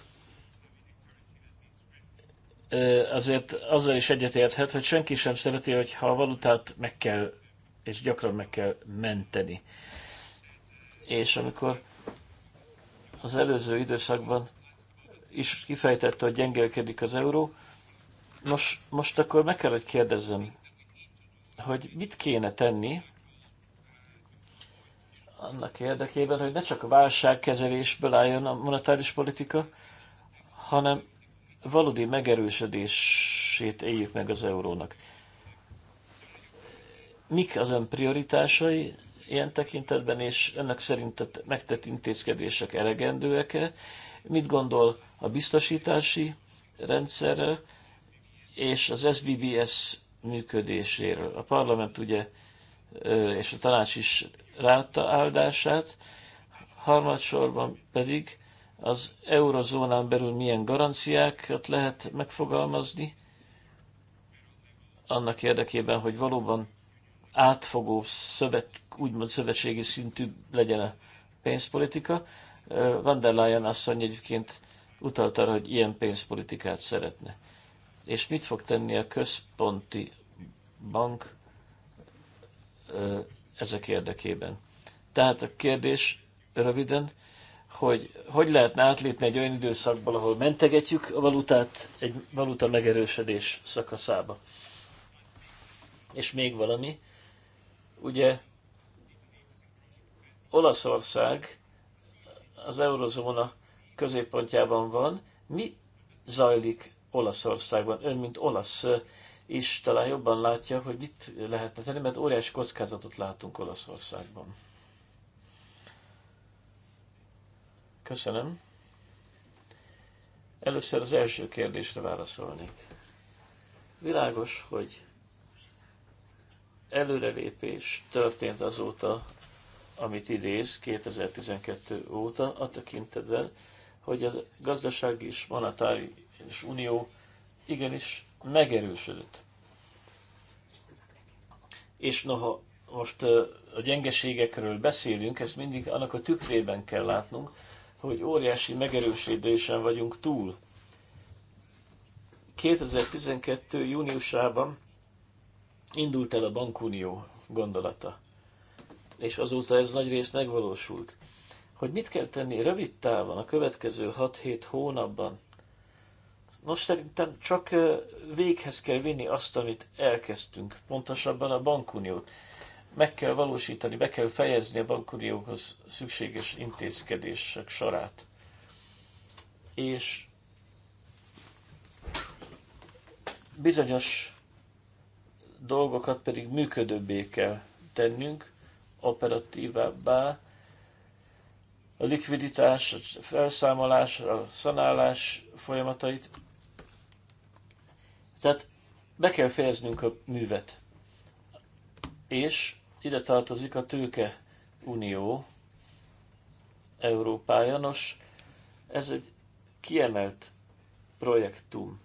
azért azzal is egyetérthet, hogy senki sem szereti, ha a valutát meg kell, és gyakran meg kell menteni. És amikor az előző időszakban is kifejtette, hogy gyengelkedik az euró, nos, most akkor meg kell, hogy kérdezzem, hogy mit kéne tenni, annak érdekében, hogy ne csak a válságkezelésből álljon a monetáris politika, hanem valódi megerősödését éljük meg az eurónak. Mik az ön prioritásai ilyen tekintetben, és szerint szerintet megtett intézkedések elegendőek-e? Mit gondol a biztosítási rendszerről és az SBBS működéséről? A parlament ugye és a tanács is ráadta áldását, harmadsorban pedig az eurozónán belül milyen garanciákat lehet megfogalmazni, annak érdekében, hogy valóban átfogó, szövet, úgymond szövetségi szintű legyen a pénzpolitika. Van der Leyen asszony egyébként utalt arra, hogy ilyen pénzpolitikát szeretne. És mit fog tenni a központi bank ezek érdekében. Tehát a kérdés röviden, hogy hogy lehetne átlépni egy olyan időszakból, ahol mentegetjük a valutát egy valuta megerősödés szakaszába. És még valami, ugye Olaszország az eurozóna középpontjában van. Mi zajlik Olaszországban? Ön, mint olasz is talán jobban látja, hogy mit lehetne tenni, mert óriási kockázatot látunk Olaszországban. Köszönöm. Először az első kérdésre válaszolnék. Világos, hogy előrelépés történt azóta, amit idéz 2012 óta, a tekintetben, hogy a gazdasági és monetáris unió igenis megerősödött. És noha most a gyengeségekről beszélünk, ezt mindig annak a tükrében kell látnunk, hogy óriási megerősödésen vagyunk túl. 2012. júniusában indult el a bankunió gondolata, és azóta ez nagy rész megvalósult. Hogy mit kell tenni rövid távon, a következő 6-7 hónapban, Nos, szerintem csak véghez kell vinni azt, amit elkezdtünk, pontosabban a bankuniót. Meg kell valósítani, be kell fejezni a bankunióhoz szükséges intézkedések sorát. És bizonyos dolgokat pedig működőbbé kell tennünk, operatívábbá, a likviditás, a felszámolás, a szanálás folyamatait tehát be kell fejeznünk a művet. És ide tartozik a tőke unió Európája. Nos, ez egy kiemelt projektum.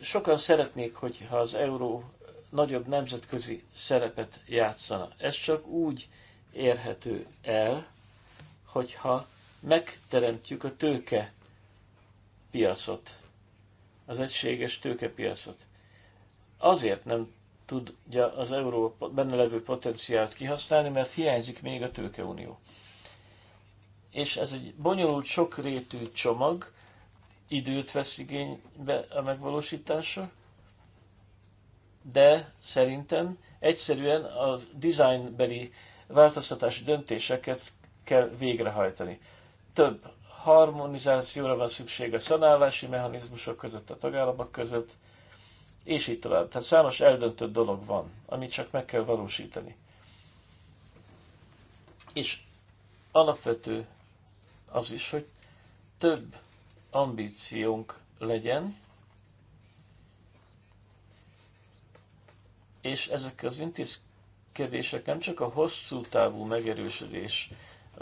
Sokan szeretnék, hogyha az euró nagyobb nemzetközi szerepet játszana. Ez csak úgy érhető el, hogyha megteremtjük a tőke piacot az egységes tőkepiacot. Azért nem tudja az Európa benne levő potenciált kihasználni, mert hiányzik még a tőkeunió. És ez egy bonyolult, sokrétű csomag, időt vesz igénybe a megvalósítása, de szerintem egyszerűen a designbeli változtatási döntéseket kell végrehajtani. Több harmonizációra van szükség a szanálási mechanizmusok között, a tagállamok között, és így tovább. Tehát számos eldöntött dolog van, amit csak meg kell valósítani. És alapvető az is, hogy több ambíciónk legyen, és ezek az intézkedések nem csak a hosszú távú megerősödés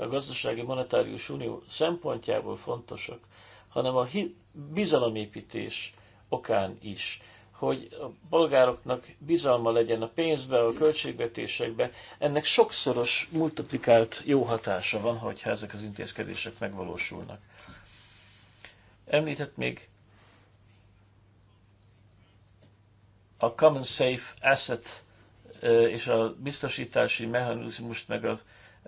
a gazdasági monetárius unió szempontjából fontosak, hanem a bizalomépítés okán is, hogy a polgároknak bizalma legyen a pénzbe, a költségvetésekbe. Ennek sokszoros, multiplikált jó hatása van, hogyha ezek az intézkedések megvalósulnak. Említett még a Common Safe Asset és a biztosítási mechanizmust, meg a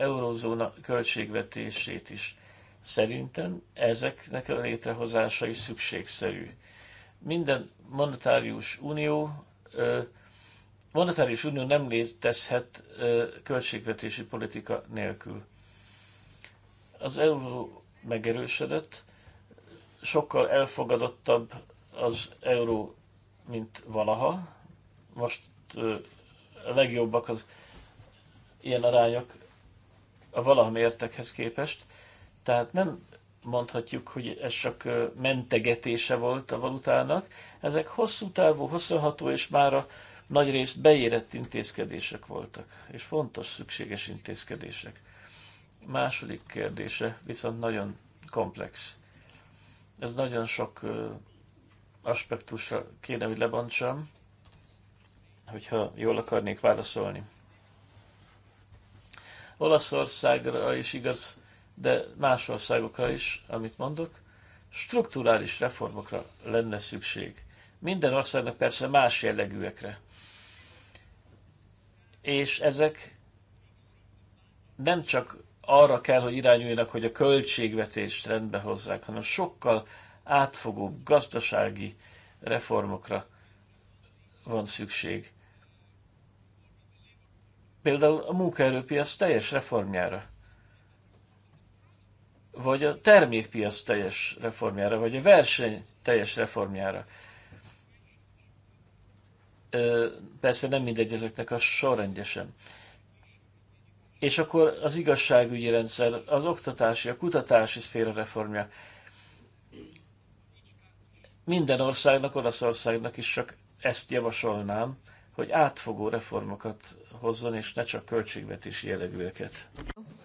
eurózóna költségvetését is. Szerintem ezeknek a létrehozása is szükségszerű. Minden monetárius unió monetárius unió nem létezhet költségvetési politika nélkül. Az euró megerősödött, sokkal elfogadottabb az euró, mint valaha. Most a legjobbak az ilyen arányok a valaha mértekhez képest. Tehát nem mondhatjuk, hogy ez csak mentegetése volt a valutának. Ezek hosszú távú, hosszúható és már a nagy részt beérett intézkedések voltak, és fontos, szükséges intézkedések. második kérdése viszont nagyon komplex. Ez nagyon sok aspektusra kéne, hogy lebontsam, hogyha jól akarnék válaszolni. Olaszországra is igaz, de más országokra is, amit mondok, strukturális reformokra lenne szükség. Minden országnak persze más jellegűekre. És ezek nem csak arra kell, hogy irányuljanak, hogy a költségvetést rendbe hozzák, hanem sokkal átfogóbb gazdasági reformokra van szükség például a munkaerőpiac teljes reformjára, vagy a termékpiac teljes reformjára, vagy a verseny teljes reformjára. Persze nem mindegy ezeknek a sorrendjesen. És akkor az igazságügyi rendszer, az oktatási, a kutatási szféra reformja. Minden országnak, Olaszországnak is csak ezt javasolnám, hogy átfogó reformokat hozzon, és ne csak költségvetési jellegűeket.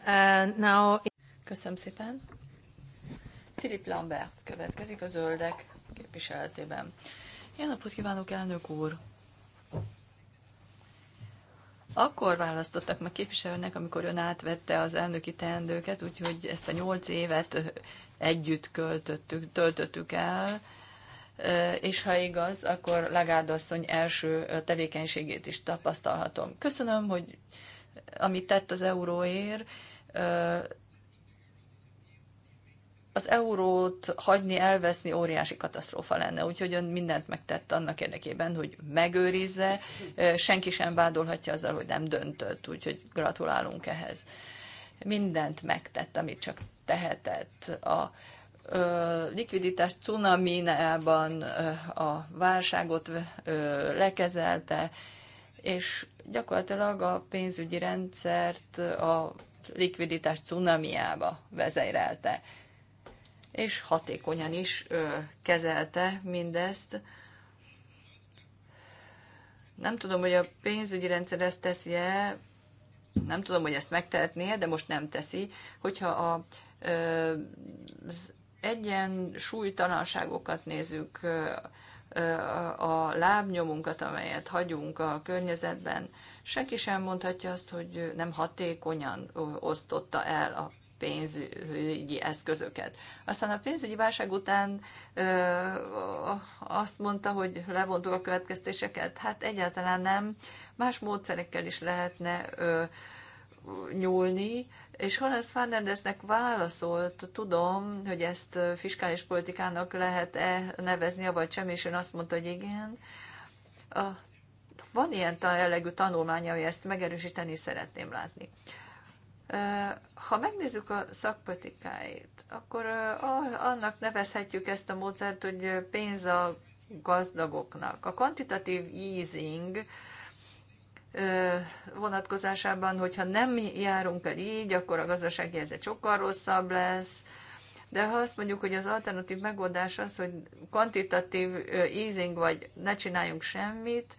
Uh, Köszönöm szépen. Philip Lambert következik a zöldek képviseletében. Jó napot kívánok, elnök úr! Akkor választottak meg képviselőnek, amikor ön átvette az elnöki teendőket, úgyhogy ezt a nyolc évet együtt költöttük, töltöttük el, és ha igaz, akkor Lagarde asszony első tevékenységét is tapasztalhatom. Köszönöm, hogy amit tett az euróért, az eurót hagyni, elveszni óriási katasztrófa lenne, úgyhogy ön mindent megtett annak érdekében, hogy megőrizze, senki sem vádolhatja azzal, hogy nem döntött, úgyhogy gratulálunk ehhez. Mindent megtett, amit csak tehetett. A likviditás cunaminában a válságot lekezelte, és gyakorlatilag a pénzügyi rendszert a likviditás cunamiába vezérelte, és hatékonyan is kezelte mindezt. Nem tudom, hogy a pénzügyi rendszer ezt teszi-e, nem tudom, hogy ezt megtehetné, de most nem teszi, hogyha a, az Egyen súlytalanságokat nézzük, a lábnyomunkat, amelyet hagyunk a környezetben, senki sem mondhatja azt, hogy nem hatékonyan osztotta el a pénzügyi eszközöket. Aztán a pénzügyi válság után ö, azt mondta, hogy levontuk a következtéseket. Hát egyáltalán nem. Más módszerekkel is lehetne ö, nyúlni. És Horace Fernandeznek válaszolt, tudom, hogy ezt fiskális politikának lehet-e nevezni, vagy sem, és ön azt mondta, hogy igen. Van ilyen jellegű tanulmánya, hogy ezt megerősíteni szeretném látni. Ha megnézzük a szakpolitikáit, akkor annak nevezhetjük ezt a módszert, hogy pénz a gazdagoknak. A kvantitatív easing, vonatkozásában, hogyha nem járunk el így, akkor a gazdasági helyzet sokkal rosszabb lesz, de ha azt mondjuk, hogy az alternatív megoldás az, hogy kvantitatív easing, vagy ne csináljunk semmit,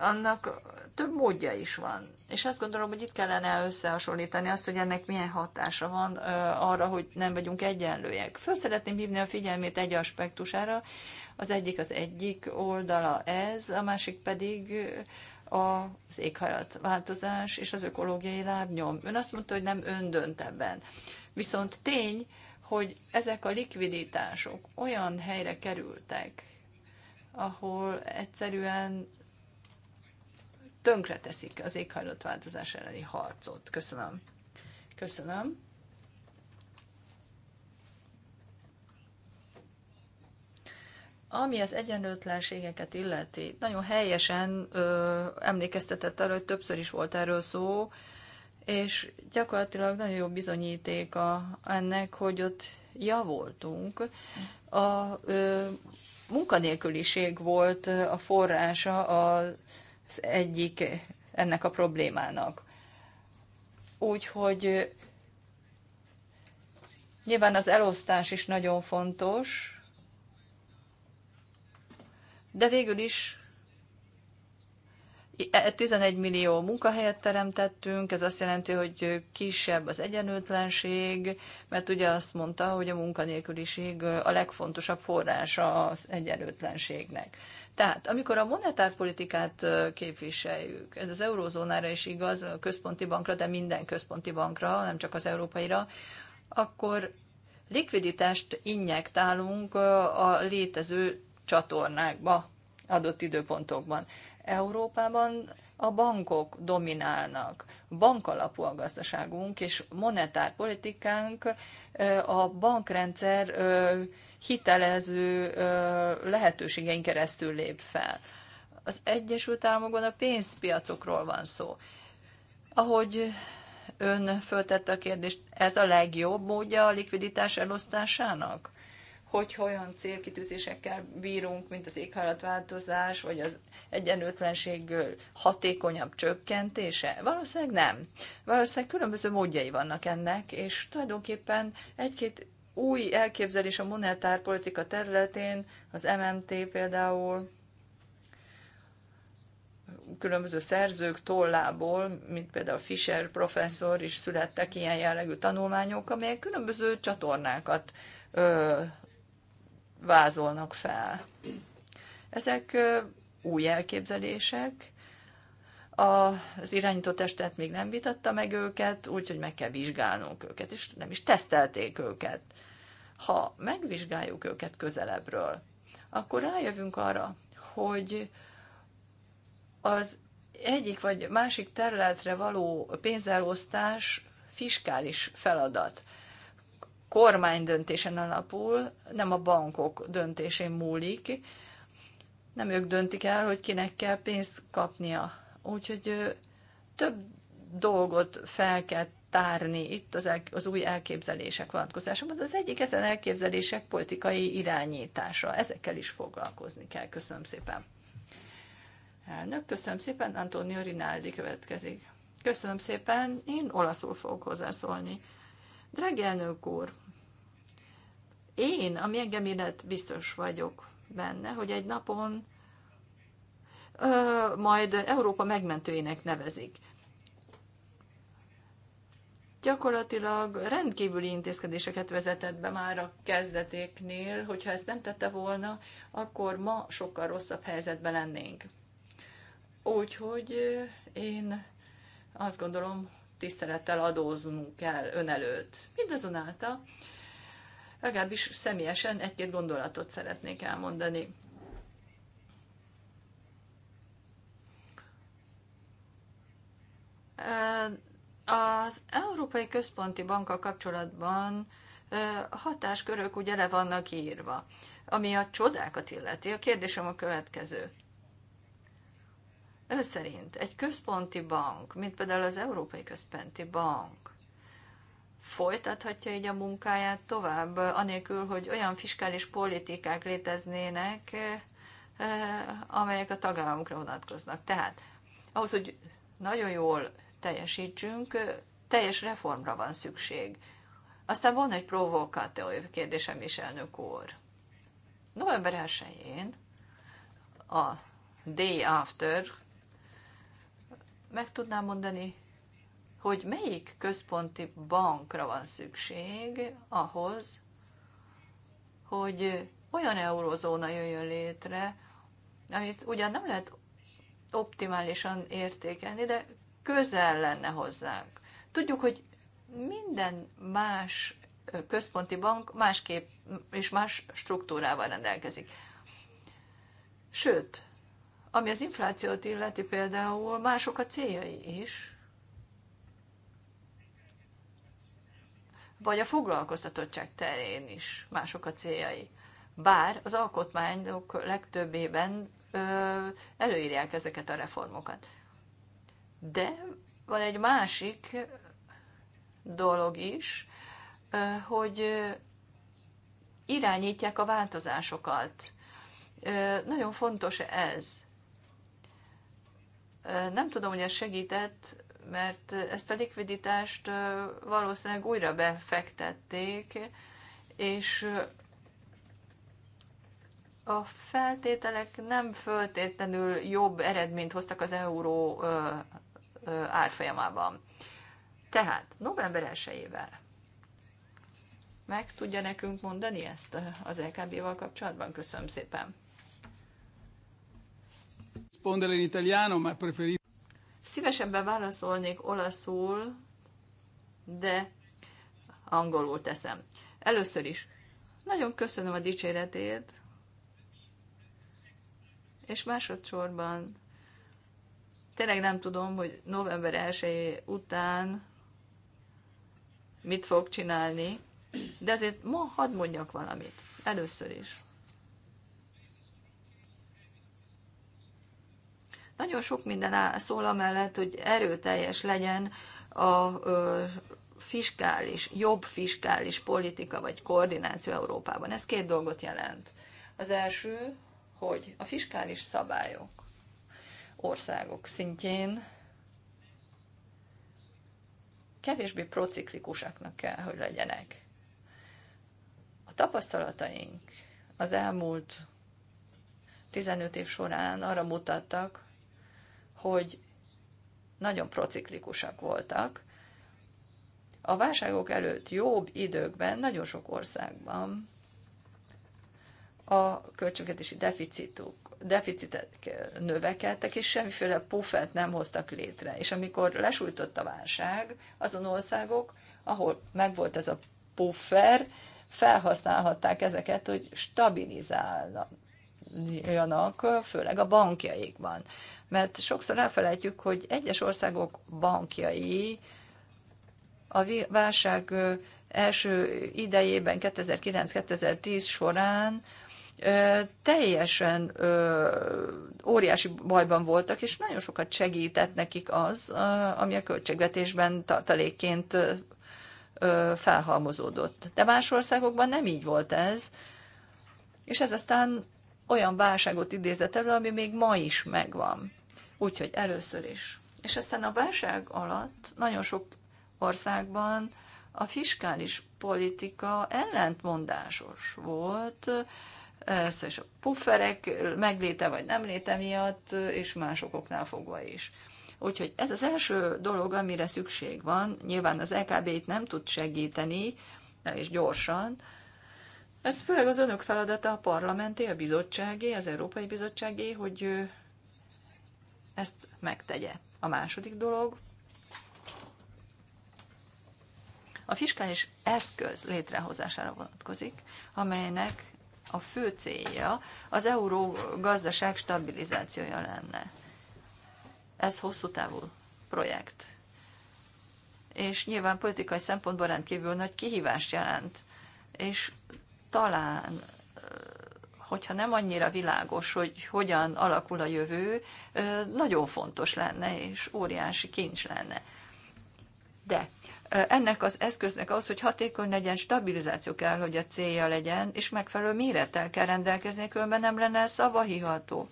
annak több módja is van és azt gondolom, hogy itt kellene összehasonlítani azt, hogy ennek milyen hatása van arra, hogy nem vagyunk egyenlőek. Föl szeretném hívni a figyelmét egy aspektusára. Az egyik az egyik oldala ez, a másik pedig az éghajlatváltozás és az ökológiai lábnyom. Ön azt mondta, hogy nem ön dönt ebben. Viszont tény, hogy ezek a likviditások olyan helyre kerültek, ahol egyszerűen tönkreteszik az éghajlatváltozás elleni harcot. Köszönöm. Köszönöm. Ami az egyenlőtlenségeket illeti, nagyon helyesen ö, emlékeztetett arra, hogy többször is volt erről szó, és gyakorlatilag nagyon jó bizonyíték a, ennek, hogy ott javoltunk. A ö, munkanélküliség volt a forrása a egyik ennek a problémának. Úgyhogy eh, nyilván az elosztás is nagyon fontos, de végül is 11 eh, millió munkahelyet teremtettünk, ez azt jelenti, hogy kisebb az egyenlőtlenség, mert ugye azt mondta, hogy a munkanélküliség eh, a legfontosabb forrása az egyenlőtlenségnek. Tehát, amikor a monetárpolitikát képviseljük, ez az eurózónára is igaz, a központi bankra, de minden központi bankra, nem csak az európaira, akkor likviditást injektálunk a létező csatornákba, adott időpontokban. Európában a bankok dominálnak. Bankalapú a gazdaságunk, és monetárpolitikánk a bankrendszer hitelező lehetőségein keresztül lép fel. Az Egyesült Államokban a pénzpiacokról van szó. Ahogy ön föltette a kérdést, ez a legjobb módja a likviditás elosztásának? Hogy olyan célkitűzésekkel bírunk, mint az éghajlatváltozás, vagy az egyenlőtlenség hatékonyabb csökkentése? Valószínűleg nem. Valószínűleg különböző módjai vannak ennek, és tulajdonképpen egy-két új elképzelés a monetárpolitika területén, az MMT például, különböző szerzők tollából, mint például Fischer professzor is születtek ilyen jellegű tanulmányok, amelyek különböző csatornákat ö, vázolnak fel. Ezek ö, új elképzelések, az irányító testet még nem vitatta meg őket, úgyhogy meg kell vizsgálnunk őket, és nem is tesztelték őket ha megvizsgáljuk őket közelebbről, akkor rájövünk arra, hogy az egyik vagy másik területre való pénzelosztás fiskális feladat. Kormány döntésen alapul, nem a bankok döntésén múlik, nem ők döntik el, hogy kinek kell pénzt kapnia. Úgyhogy több dolgot fel kell tárni itt az, el, az új elképzelések vonatkozásában. Az egyik ezen elképzelések politikai irányítása. Ezekkel is foglalkozni kell. Köszönöm szépen. Elnök, köszönöm szépen. Antonio Rinaldi következik. Köszönöm szépen. Én olaszul fogok hozzászólni. Drági elnök úr, én, ami engem illet, biztos vagyok benne, hogy egy napon ö, majd Európa megmentőjének nevezik gyakorlatilag rendkívüli intézkedéseket vezetett be már a kezdetéknél, hogyha ezt nem tette volna, akkor ma sokkal rosszabb helyzetben lennénk. Úgyhogy eh, én azt gondolom, tisztelettel adóznunk kell ön előtt. Mindazonáltal legalábbis személyesen egy-két gondolatot szeretnék elmondani. Eh, az Európai Központi Banka kapcsolatban hatáskörök ugye le vannak írva. Ami a csodákat illeti, a kérdésem a következő. Ön szerint egy központi bank, mint például az Európai Központi Bank, folytathatja így a munkáját tovább, anélkül, hogy olyan fiskális politikák léteznének, amelyek a tagállamokra vonatkoznak. Tehát ahhoz, hogy nagyon jól teljesítsünk, teljes reformra van szükség. Aztán van egy provokatív kérdésem is, elnök úr. November 1-én, a day after, meg tudnám mondani, hogy melyik központi bankra van szükség ahhoz, hogy olyan eurozóna jöjjön létre, amit ugyan nem lehet optimálisan értékelni, de közel lenne hozzánk. Tudjuk, hogy minden más központi bank másképp és más struktúrával rendelkezik. Sőt, ami az inflációt illeti például, mások a céljai is, vagy a foglalkoztatottság terén is mások a céljai. Bár az alkotmányok legtöbbében ö, előírják ezeket a reformokat. De van egy másik dolog is, hogy irányítják a változásokat. Nagyon fontos ez. Nem tudom, hogy ez segített, mert ezt a likviditást valószínűleg újra befektették, és a feltételek nem föltétlenül jobb eredményt hoztak az euró árfolyamában. Tehát november 1-ével meg tudja nekünk mondani ezt az LKB-val kapcsolatban? Köszönöm szépen. in italiano, ma preferito. Szívesebben válaszolnék olaszul, de angolul teszem. Először is, nagyon köszönöm a dicséretét, és másodszorban Tényleg nem tudom, hogy november 1 után mit fog csinálni, de azért ma hadd mondjak valamit. Először is. Nagyon sok minden áll, szól amellett, hogy erőteljes legyen a ö, fiskális, jobb fiskális politika vagy koordináció Európában. Ez két dolgot jelent. Az első, hogy a fiskális szabályok országok szintjén kevésbé prociklikusaknak kell, hogy legyenek. A tapasztalataink az elmúlt 15 év során arra mutattak, hogy nagyon prociklikusak voltak. A válságok előtt jobb időkben nagyon sok országban a költségvetési deficituk deficitek növekedtek, és semmiféle puffert nem hoztak létre. És amikor lesújtott a válság, azon országok, ahol megvolt ez a puffer, felhasználhatták ezeket, hogy stabilizáljanak, főleg a bankjaikban. Mert sokszor elfelejtjük, hogy egyes országok bankjai a válság első idejében, 2009-2010 során teljesen óriási bajban voltak, és nagyon sokat segített nekik az, ami a költségvetésben tartalékként felhalmozódott. De más országokban nem így volt ez, és ez aztán olyan válságot idézett elő, ami még ma is megvan. Úgyhogy először is. És aztán a válság alatt nagyon sok országban a fiskális politika ellentmondásos volt, és a pufferek megléte vagy nem léte miatt, és más okoknál fogva is. Úgyhogy ez az első dolog, amire szükség van. Nyilván az LKB e t nem tud segíteni, és gyorsan. Ez főleg az önök feladata a parlamenté, a bizottságé, az Európai Bizottságé, hogy ezt megtegye. A második dolog, a fiskális eszköz létrehozására vonatkozik, amelynek a fő célja az euró gazdaság stabilizációja lenne. Ez hosszú távú projekt. És nyilván politikai szempontból rendkívül nagy kihívást jelent. És talán hogyha nem annyira világos, hogy hogyan alakul a jövő, nagyon fontos lenne, és óriási kincs lenne. De ennek az eszköznek ahhoz, hogy hatékony legyen, stabilizáció kell, hogy a célja legyen, és megfelelő mérettel kell rendelkezni, különben nem lenne szavahiható.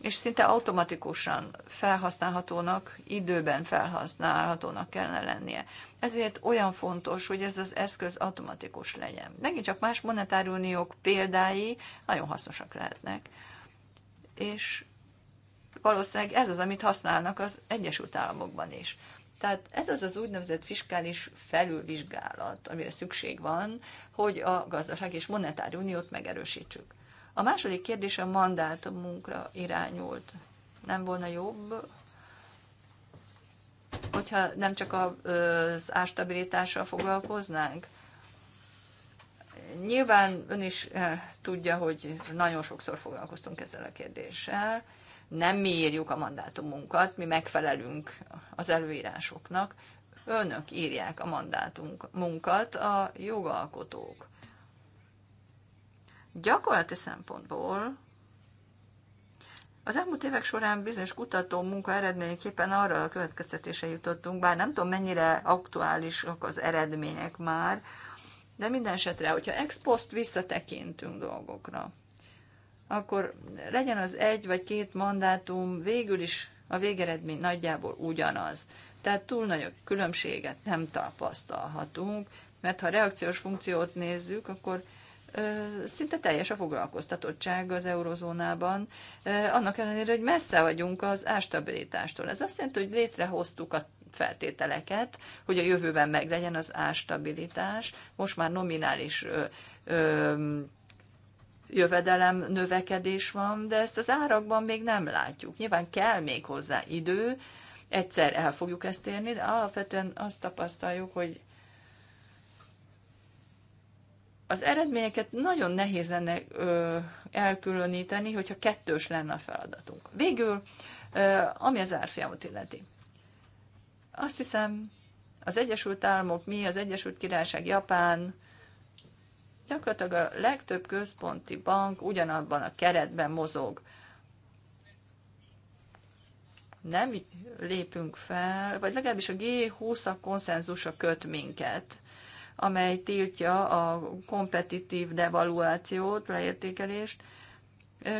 És szinte automatikusan felhasználhatónak, időben felhasználhatónak kellene lennie. Ezért olyan fontos, hogy ez az eszköz automatikus legyen. Megint csak más monetáruniók példái nagyon hasznosak lehetnek. És valószínűleg ez az, amit használnak az Egyesült Államokban is. Tehát ez az az úgynevezett fiskális felülvizsgálat, amire szükség van, hogy a gazdaság és monetár uniót megerősítsük. A második kérdés a mandátumunkra irányult. Nem volna jobb, hogyha nem csak az árstabilitással foglalkoznánk? Nyilván ön is eh, tudja, hogy nagyon sokszor foglalkoztunk ezzel a kérdéssel, nem mi írjuk a mandátumunkat, mi megfelelünk az előírásoknak, önök írják a mandátumunkat, a jogalkotók. Gyakorlati szempontból az elmúlt évek során bizonyos kutató munka eredményeképpen arra a következtetése jutottunk, bár nem tudom mennyire aktuálisak az eredmények már, de minden esetre, hogyha ex post visszatekintünk dolgokra, akkor legyen az egy vagy két mandátum, végül is a végeredmény nagyjából ugyanaz. Tehát túl nagy különbséget nem tapasztalhatunk, mert ha reakciós funkciót nézzük, akkor szinte teljes a foglalkoztatottság az eurozónában, annak ellenére, hogy messze vagyunk az ástabilitástól. Ez azt jelenti, hogy létrehoztuk a feltételeket, hogy a jövőben meglegyen az ástabilitás. Most már nominális ö, ö, jövedelem növekedés van, de ezt az árakban még nem látjuk. Nyilván kell még hozzá idő, egyszer el fogjuk ezt érni, de alapvetően azt tapasztaljuk, hogy az eredményeket nagyon nehéz lenne ö, elkülöníteni, hogyha kettős lenne a feladatunk. Végül, ö, ami az árfiamot illeti. Azt hiszem, az Egyesült Államok, mi, az Egyesült Királyság, Japán, Gyakorlatilag a legtöbb központi bank ugyanabban a keretben mozog. Nem lépünk fel, vagy legalábbis a G20-ak konszenzusa köt minket, amely tiltja a kompetitív devaluációt, leértékelést,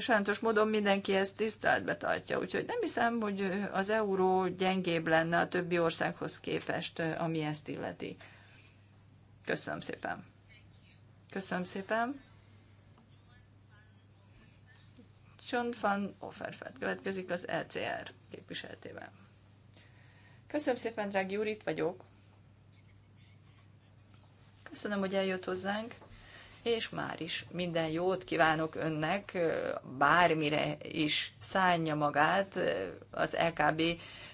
sajnos módon mindenki ezt tiszteletbe tartja, úgyhogy nem hiszem, hogy az euró gyengébb lenne a többi országhoz képest, ami ezt illeti. Köszönöm szépen. Köszönöm szépen. John van Offerfeld következik az LCR e képviseletével. Köszönöm szépen, drági úr, itt vagyok. Köszönöm, hogy eljött hozzánk, és már is minden jót kívánok önnek, bármire is szánja magát az LKB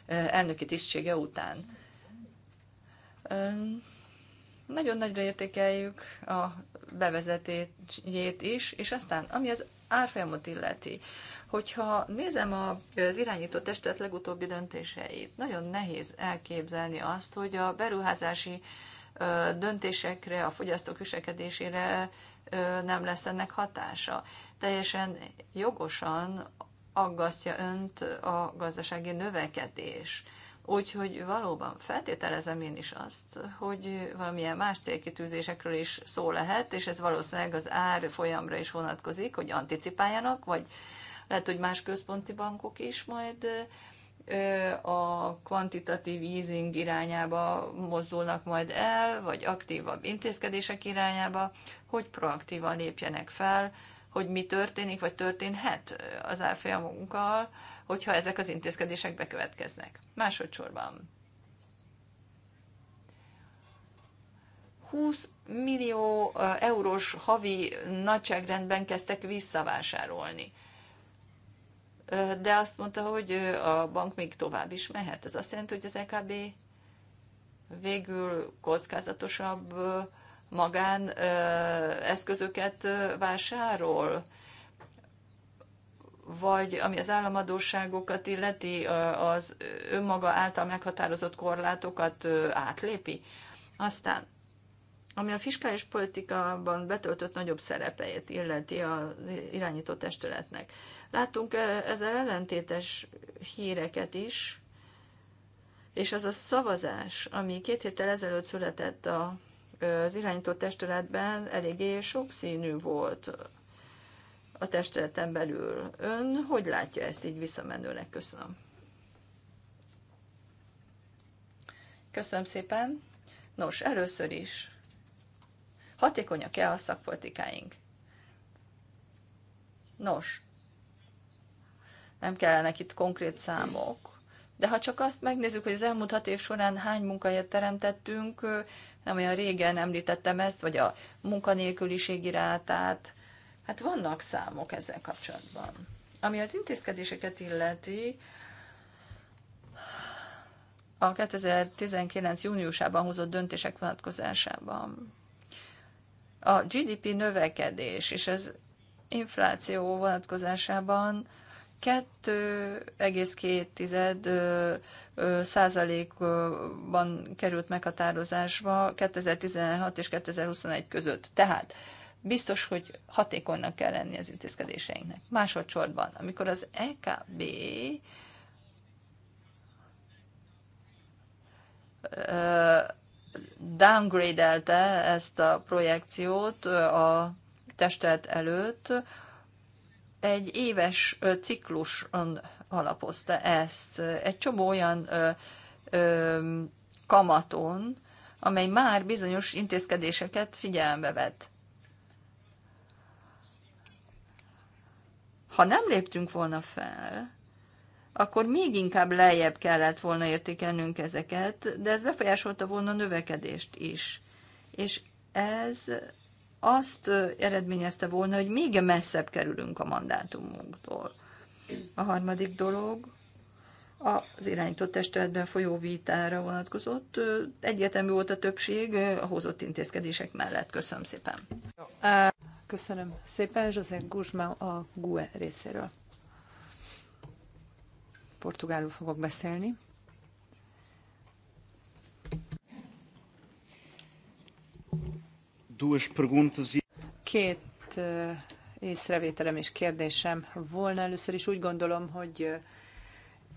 elnöki tisztsége után. Nagyon nagyra értékeljük a bevezetését is, és aztán, ami az árfolyamot illeti, hogyha nézem az irányító testet legutóbbi döntéseit, nagyon nehéz elképzelni azt, hogy a beruházási döntésekre, a fogyasztók viselkedésére nem lesz ennek hatása. Teljesen jogosan aggasztja önt a gazdasági növekedés. Úgyhogy valóban feltételezem én is azt, hogy valamilyen más célkitűzésekről is szó lehet, és ez valószínűleg az ár folyamra is vonatkozik, hogy anticipáljanak, vagy lehet, hogy más központi bankok is majd a kvantitatív easing irányába mozdulnak majd el, vagy aktívabb intézkedések irányába, hogy proaktívan lépjenek fel hogy mi történik, vagy történhet az árfolyamunkkal, hogyha ezek az intézkedések bekövetkeznek. Másodszorban 20 millió eurós havi nagyságrendben kezdtek visszavásárolni. De azt mondta, hogy a bank még tovább is mehet. Ez azt jelenti, hogy az EKB végül kockázatosabb magán eszközöket vásárol, vagy ami az államadóságokat illeti, az önmaga által meghatározott korlátokat átlépi. Aztán, ami a fiskális politikában betöltött nagyobb szerepeit illeti az irányító testületnek. Láttunk ezzel ellentétes híreket is, és az a szavazás, ami két héttel ezelőtt született a az irányító testületben eléggé sokszínű volt a testületen belül. Ön hogy látja ezt így visszamenőleg? Köszönöm. Köszönöm szépen. Nos, először is hatékonyak-e a szakpolitikáink? Nos, nem kellene itt konkrét számok, de ha csak azt megnézzük, hogy az elmúlt hat év során hány munkahelyet teremtettünk, nem olyan régen említettem ezt, vagy a munkanélküliségi rátát. Hát vannak számok ezzel kapcsolatban. Ami az intézkedéseket illeti, a 2019. júniusában hozott döntések vonatkozásában a GDP növekedés és az infláció vonatkozásában 2,2 százalékban került meghatározásba 2016 és 2021 között. Tehát biztos, hogy hatékonynak kell lenni az intézkedéseinknek. Másodszorban, amikor az EKB downgrade-elte ezt a projekciót a testet előtt, egy éves cikluson alapozta ezt. Egy csomó olyan ö, ö, kamaton, amely már bizonyos intézkedéseket figyelembe vett. Ha nem léptünk volna fel, akkor még inkább lejjebb kellett volna értékelnünk ezeket, de ez befolyásolta volna a növekedést is. És ez azt eredményezte volna, hogy még messzebb kerülünk a mandátumunktól. A harmadik dolog az irányított testületben folyó vitára vonatkozott. Egyetemű volt a többség a hozott intézkedések mellett. Köszönöm szépen. Köszönöm szépen, José Guzmán a GUE részéről. Portugálul fogok beszélni. duas perguntas. E Két eh, észrevételem és kérdésem volna. Először is úgy gondolom, hogy eh,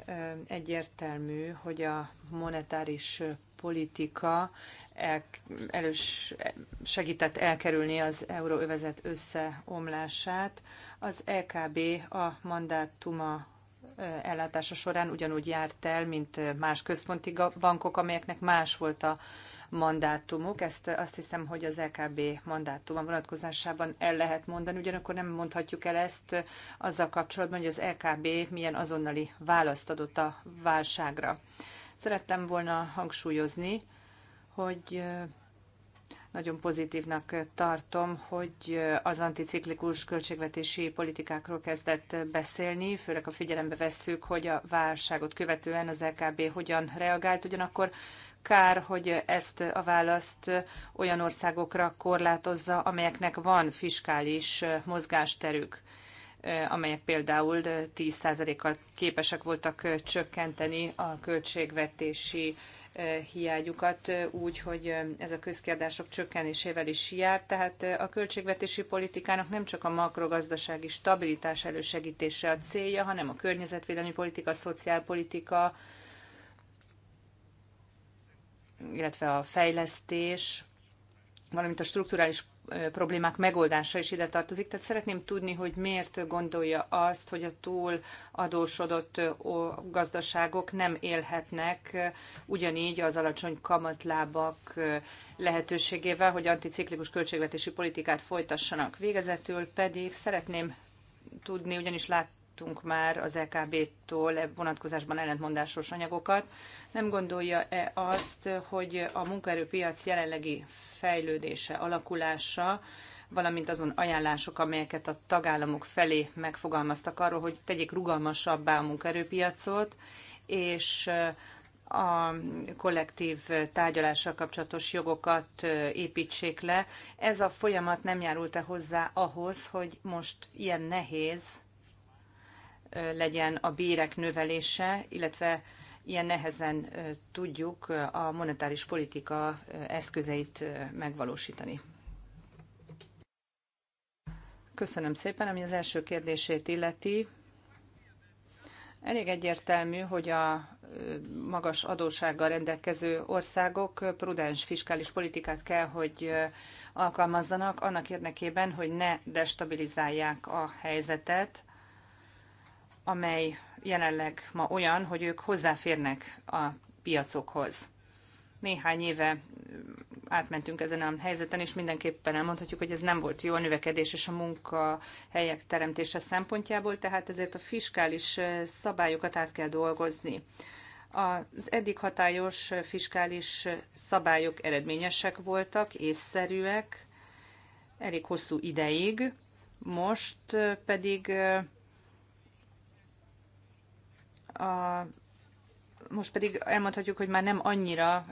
eh, egyértelmű, hogy a monetáris politika el, elős segített elkerülni az euróövezet összeomlását. Az LKB e a mandátuma ellátása során ugyanúgy járt el, mint más központi bankok, amelyeknek más volt a mandátumuk. Ezt eh, azt hiszem, hogy az LKB e mandátuma vonatkozásában el lehet mondani, ugyanakkor nem mondhatjuk el ezt eh, azzal kapcsolatban, hogy az LKB e milyen azonnali választ adott a válságra. Szerettem volna hangsúlyozni, hogy eh, nagyon pozitívnak tartom, hogy az anticiklikus költségvetési politikákról kezdett beszélni, főleg a figyelembe vesszük, hogy a válságot követően az LKB e hogyan reagált, ugyanakkor kár, hogy ezt a választ olyan országokra korlátozza, amelyeknek van fiskális mozgásterük amelyek például 10%-kal képesek voltak csökkenteni a költségvetési eh, hiányukat, eh, úgy, hogy eh, ez a közkiadások csökkenésével is jár. Tehát a költségvetési politikának nem csak a makrogazdasági stabilitás elősegítése a célja, hanem a környezetvédelmi politika, a szociálpolitika, illetve a fejlesztés, valamint a strukturális problémák megoldása is ide tartozik. Tehát szeretném tudni, hogy miért gondolja azt, hogy a túl adósodott gazdaságok nem élhetnek ugyanígy az alacsony kamatlábak lehetőségével, hogy anticiklikus költségvetési politikát folytassanak. Végezetül pedig szeretném tudni, ugyanis láttam, kaptunk már az LKB-tól e vonatkozásban ellentmondásos anyagokat. Nem gondolja-e azt, hogy a munkaerőpiac jelenlegi fejlődése, alakulása, valamint azon ajánlások, amelyeket a tagállamok felé megfogalmaztak arról, hogy tegyék rugalmasabbá a munkaerőpiacot, és eh, a kollektív tárgyalással kapcsolatos jogokat eh, építsék le. Ez a folyamat nem járult-e hozzá ahhoz, hogy most ilyen nehéz legyen a bérek növelése, illetve ilyen nehezen tudjuk a monetáris politika eszközeit megvalósítani. Köszönöm szépen, ami az első kérdését illeti. Elég egyértelmű, hogy a magas adósággal rendelkező országok prudens fiskális politikát kell, hogy alkalmazzanak annak érdekében, hogy ne destabilizálják a helyzetet, amely jelenleg ma olyan, hogy ők hozzáférnek a piacokhoz. Néhány éve átmentünk ezen a helyzeten, és mindenképpen elmondhatjuk, hogy ez nem volt jó a növekedés és a munkahelyek teremtése szempontjából, tehát ezért a fiskális szabályokat át kell dolgozni. Az eddig hatályos fiskális szabályok eredményesek voltak, észszerűek, elég hosszú ideig, most pedig a, most pedig elmondhatjuk, hogy már nem annyira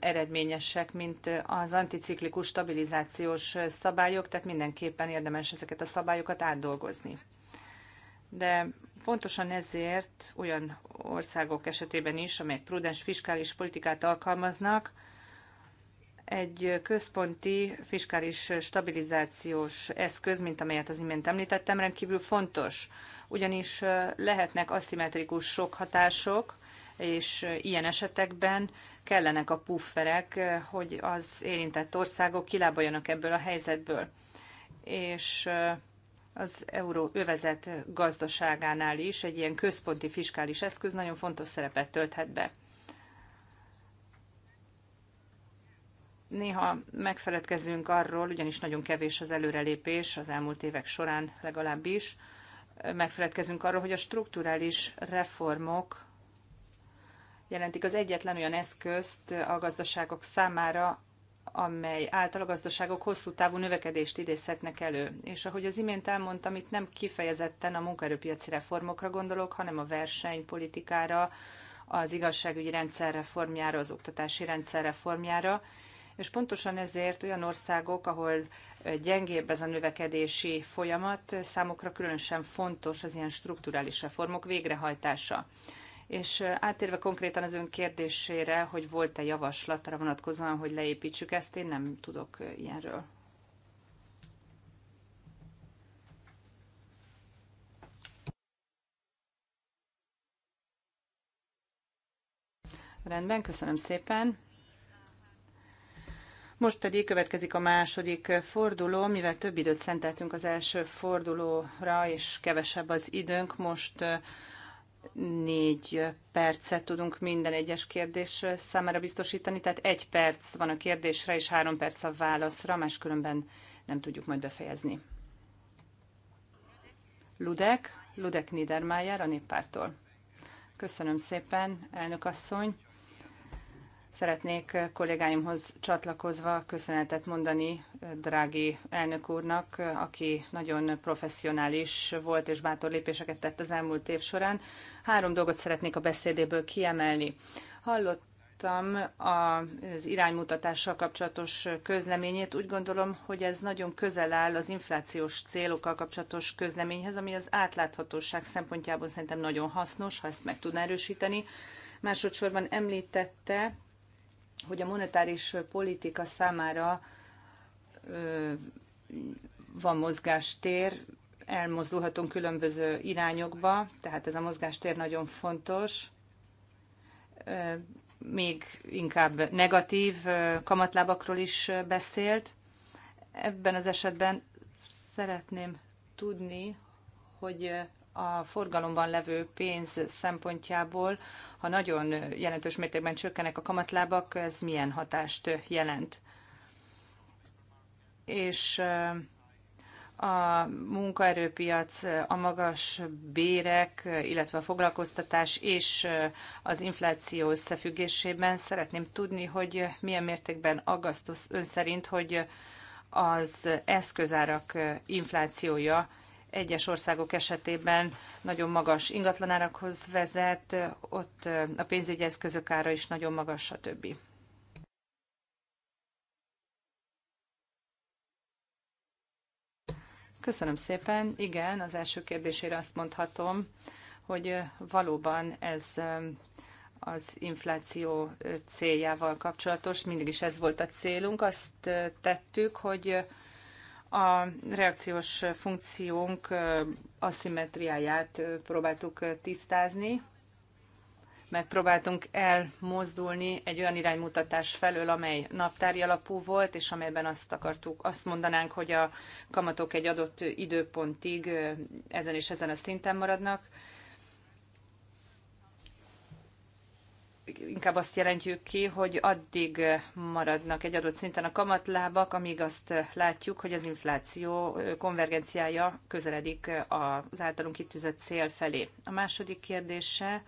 eredményesek, mint az anticiklikus stabilizációs szabályok, tehát mindenképpen érdemes ezeket a szabályokat átdolgozni. De pontosan ezért olyan országok esetében is, amelyek prudens fiskális politikát alkalmaznak, egy központi fiskális stabilizációs eszköz, mint amelyet az imént említettem, rendkívül fontos ugyanis lehetnek aszimmetrikus sok hatások, és ilyen esetekben kellenek a pufferek, hogy az érintett országok kilábaljanak ebből a helyzetből. És az euróövezet gazdaságánál is egy ilyen központi fiskális eszköz nagyon fontos szerepet tölthet be. Néha megfeledkezünk arról, ugyanis nagyon kevés az előrelépés az elmúlt évek során legalábbis, megfeledkezünk arról, hogy a strukturális reformok jelentik az egyetlen olyan eszközt a gazdaságok számára, amely által a gazdaságok hosszú távú növekedést idézhetnek elő. És ahogy az imént elmondtam, itt nem kifejezetten a munkaerőpiaci reformokra gondolok, hanem a versenypolitikára, az igazságügyi rendszer reformjára, az oktatási rendszer reformjára, és pontosan ezért olyan országok, ahol gyengébb ez a növekedési folyamat, számukra különösen fontos az ilyen strukturális reformok végrehajtása. És átérve konkrétan az ön kérdésére, hogy volt-e javaslat arra vonatkozóan, hogy leépítsük ezt, én nem tudok ilyenről. Rendben, köszönöm szépen. Most pedig következik a második forduló, mivel több időt szenteltünk az első fordulóra, és kevesebb az időnk, most négy percet tudunk minden egyes kérdés számára biztosítani, tehát egy perc van a kérdésre, és három perc a válaszra, máskülönben nem tudjuk majd befejezni. Ludek, Ludek Niedermayer a néppártól. Köszönöm szépen, elnök asszony. Szeretnék kollégáimhoz csatlakozva köszönetet mondani drági elnök úrnak, aki nagyon professzionális volt és bátor lépéseket tett az elmúlt év során. Három dolgot szeretnék a beszédéből kiemelni. Hallott az iránymutatással kapcsolatos közleményét. Úgy gondolom, hogy ez nagyon közel áll az inflációs célokkal kapcsolatos közleményhez, ami az átláthatóság szempontjából szerintem nagyon hasznos, ha ezt meg tudná erősíteni. Másodszorban említette hogy a monetáris politika számára van mozgástér, elmozdulhatunk különböző irányokba, tehát ez a mozgástér nagyon fontos. Még inkább negatív kamatlábakról is beszélt. Ebben az esetben szeretném tudni, hogy a forgalomban levő pénz szempontjából, ha nagyon jelentős mértékben csökkenek a kamatlábak, ez milyen hatást jelent? És a munkaerőpiac, a magas bérek, illetve a foglalkoztatás és az infláció összefüggésében szeretném tudni, hogy milyen mértékben aggasztó ön szerint, hogy az eszközárak inflációja egyes országok esetében nagyon magas ingatlanárakhoz vezet, ott a pénzügyi eszközök ára is nagyon magas, stb. Köszönöm szépen. Igen, az első kérdésére azt mondhatom, hogy valóban ez az infláció céljával kapcsolatos. Mindig is ez volt a célunk. Azt tettük, hogy a reakciós funkciónk aszimetriáját próbáltuk tisztázni, megpróbáltunk elmozdulni egy olyan iránymutatás felől, amely naptári alapú volt, és amelyben azt akartuk, azt mondanánk, hogy a kamatok egy adott időpontig ezen és ezen a szinten maradnak, inkább azt jelentjük ki, hogy addig maradnak egy adott szinten a kamatlábak, amíg azt látjuk, hogy az infláció konvergenciája közeledik az általunk kitűzött cél felé. A második kérdése,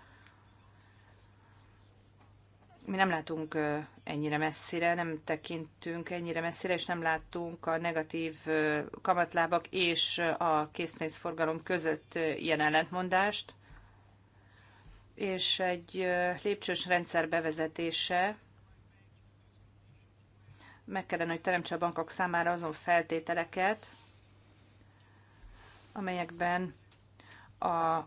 mi nem látunk ennyire messzire, nem tekintünk ennyire messzire, és nem látunk a negatív kamatlábak és a készpénzforgalom között ilyen ellentmondást és egy lépcsős rendszer bevezetése meg kellene, hogy teremtse a bankok számára azon feltételeket, amelyekben a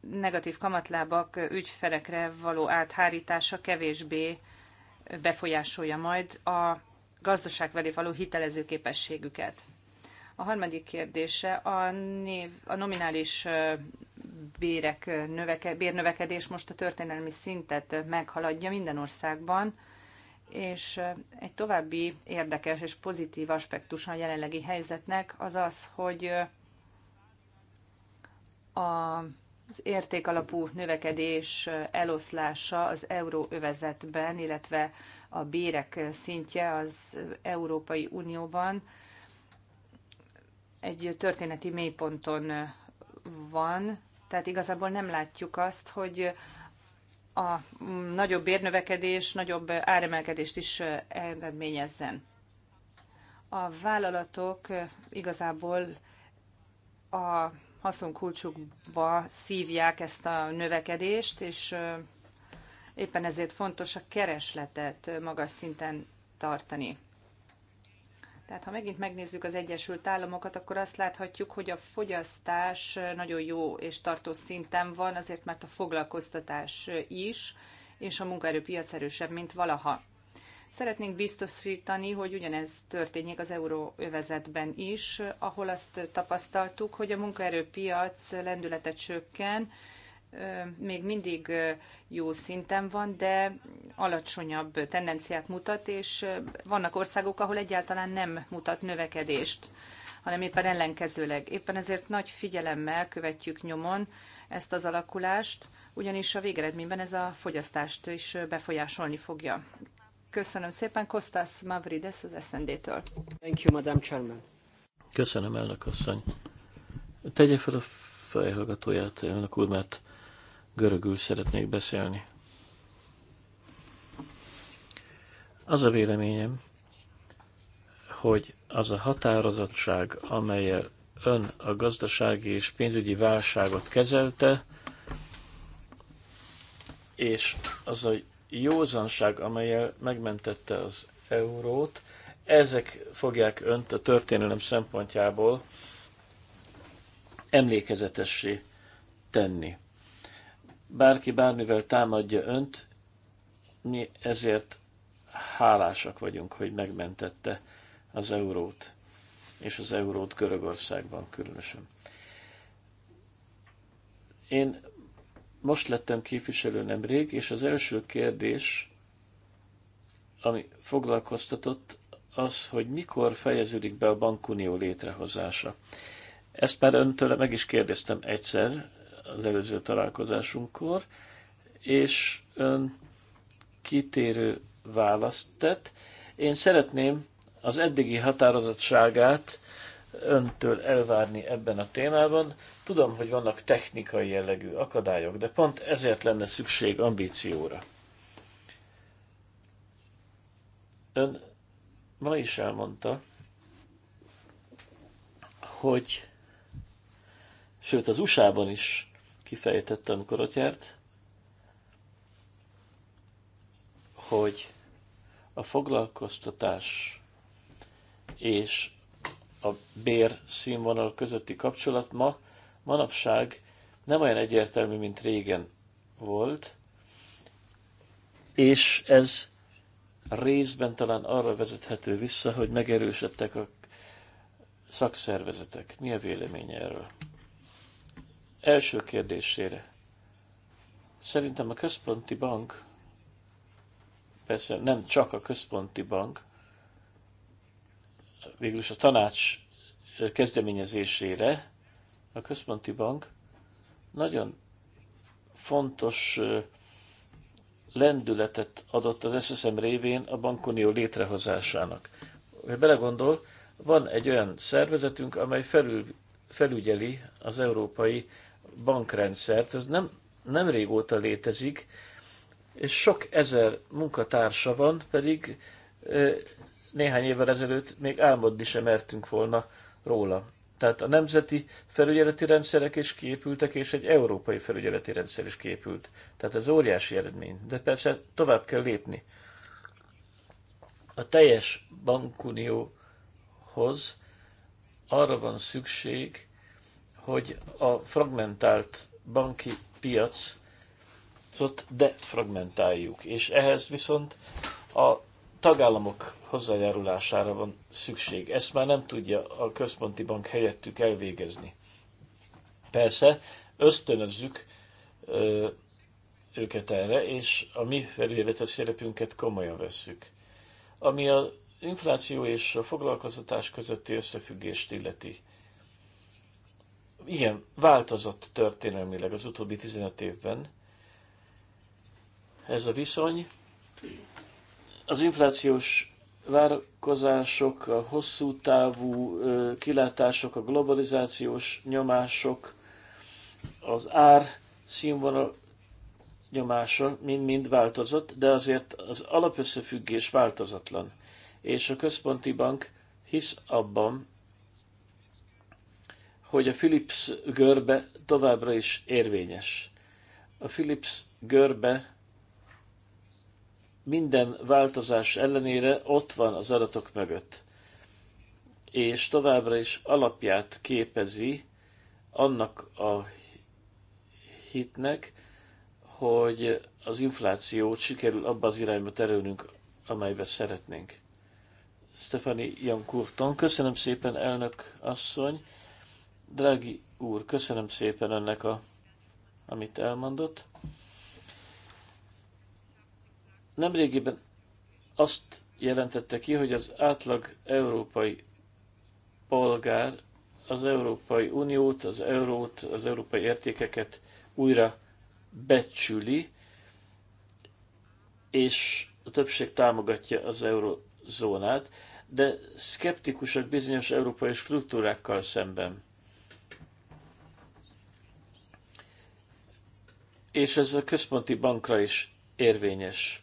negatív kamatlábak ügyfelekre való áthárítása kevésbé befolyásolja majd a gazdaság velé való hitelező képességüket. A harmadik kérdése a, név, a nominális bérek növeke, bérnövekedés most a történelmi szintet meghaladja minden országban, és egy további érdekes és pozitív aspektus a jelenlegi helyzetnek az az, hogy az értékalapú növekedés eloszlása az euróövezetben, illetve a bérek szintje az Európai Unióban egy történeti mélyponton van, tehát igazából nem látjuk azt, hogy a nagyobb bérnövekedés, nagyobb áremelkedést is eredményezzen. A vállalatok igazából a haszonkulcsukba szívják ezt a növekedést, és éppen ezért fontos a keresletet magas szinten tartani. Tehát ha megint megnézzük az Egyesült Államokat, akkor azt láthatjuk, hogy a fogyasztás nagyon jó és tartó szinten van, azért mert a foglalkoztatás is, és a munkaerőpiac erősebb, mint valaha. Szeretnénk biztosítani, hogy ugyanez történjék az euróövezetben is, ahol azt tapasztaltuk, hogy a munkaerőpiac lendületet csökken, még mindig jó szinten van, de alacsonyabb tendenciát mutat, és vannak országok, ahol egyáltalán nem mutat növekedést, hanem éppen ellenkezőleg. Éppen ezért nagy figyelemmel követjük nyomon ezt az alakulást, ugyanis a végeredményben ez a fogyasztást is befolyásolni fogja. Köszönöm szépen, Kostas Mavridis az SND-től. Thank you, Madam Chairman. Köszönöm, elnök asszony. Tegye fel a fejhallgatóját, elnök úr, mert görögül szeretnék beszélni. Az a véleményem, hogy az a határozottság, amelyel ön a gazdasági és pénzügyi válságot kezelte, és az a józanság, amelyel megmentette az eurót, ezek fogják önt a történelem szempontjából emlékezetessé tenni bárki bármivel támadja önt, mi ezért hálásak vagyunk, hogy megmentette az eurót, és az eurót Görögországban különösen. Én most lettem képviselő nemrég, és az első kérdés, ami foglalkoztatott, az, hogy mikor fejeződik be a bankunió létrehozása. Ezt már öntől meg is kérdeztem egyszer, az előző találkozásunkkor, és ön kitérő választ tett. Én szeretném az eddigi határozottságát öntől elvárni ebben a témában. Tudom, hogy vannak technikai jellegű akadályok, de pont ezért lenne szükség ambícióra. Ön ma is elmondta, hogy sőt az USA-ban is kifejtette, amikor ott járt, hogy a foglalkoztatás és a bér színvonal közötti kapcsolat ma, manapság nem olyan egyértelmű, mint régen volt, és ez részben talán arra vezethető vissza, hogy megerősödtek a szakszervezetek. Mi a véleménye erről? első kérdésére. Szerintem a központi bank, persze nem csak a központi bank, végülis a tanács kezdeményezésére a központi bank nagyon fontos lendületet adott az SSM révén a bankunió létrehozásának. Ha belegondol, van egy olyan szervezetünk, amely felül, felügyeli az európai bankrendszert. Ez nem, nem régóta létezik, és sok ezer munkatársa van, pedig néhány évvel ezelőtt még álmodni sem mertünk volna róla. Tehát a nemzeti felügyeleti rendszerek is képültek és egy európai felügyeleti rendszer is képült. Tehát ez óriási eredmény. De persze tovább kell lépni. A teljes bankunióhoz arra van szükség, hogy a fragmentált banki piacot defragmentáljuk, és ehhez viszont a tagállamok hozzájárulására van szükség. Ezt már nem tudja a központi bank helyettük elvégezni. Persze, ösztönözzük ö, őket erre, és a mi felületes szerepünket komolyan vesszük. Ami a infláció és a foglalkoztatás közötti összefüggést illeti igen, változott történelmileg az utóbbi 15 évben ez a viszony. Az inflációs várakozások, a hosszú távú kilátások, a globalizációs nyomások, az ár színvonal nyomása mind-mind változott, de azért az alapösszefüggés változatlan. És a központi bank hisz abban, hogy a Philips görbe továbbra is érvényes. A Philips görbe minden változás ellenére ott van az adatok mögött, és továbbra is alapját képezi annak a hitnek, hogy az inflációt sikerül abba az irányba terülnünk, amelybe szeretnénk. Stefani Jankurton, köszönöm szépen, elnök asszony! Drági úr, köszönöm szépen önnek, a, amit elmondott. Nemrégiben azt jelentette ki, hogy az átlag európai polgár az Európai Uniót, az eurót, az európai értékeket újra becsüli, és a többség támogatja az eurozónát, de szkeptikusak bizonyos európai struktúrákkal szemben. és ez a központi bankra is érvényes.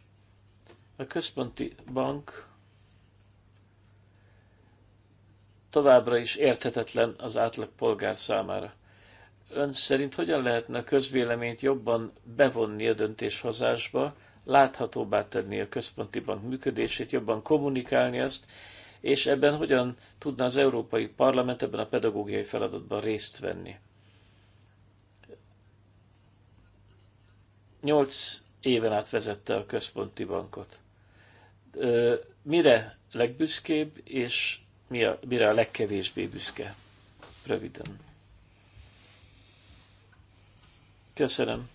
A központi bank továbbra is érthetetlen az átlag polgár számára. Ön szerint hogyan lehetne a közvéleményt jobban bevonni a döntéshozásba, láthatóbbá tenni a központi bank működését, jobban kommunikálni azt, és ebben hogyan tudna az Európai Parlament ebben a pedagógiai feladatban részt venni? Nyolc éven át vezette a központi bankot. Mire legbüszkébb, és mire a legkevésbé büszke? Röviden. Köszönöm.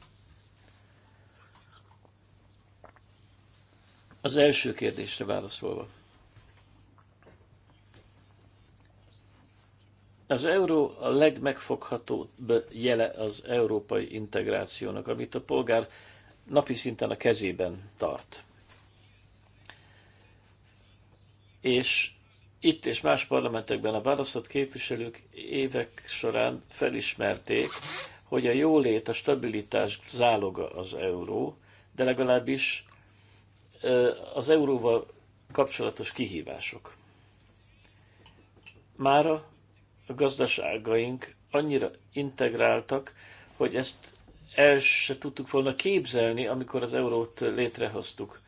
Az első kérdésre válaszolva. Az euró a legmegfoghatóbb jele az európai integrációnak, amit a polgár napi szinten a kezében tart. És itt és más parlamentekben a választott képviselők évek során felismerték, hogy a jólét, a stabilitás záloga az euró, de legalábbis az euróval kapcsolatos kihívások. Mára a gazdaságaink annyira integráltak, hogy ezt el se tudtuk volna képzelni, amikor az eurót létrehoztuk.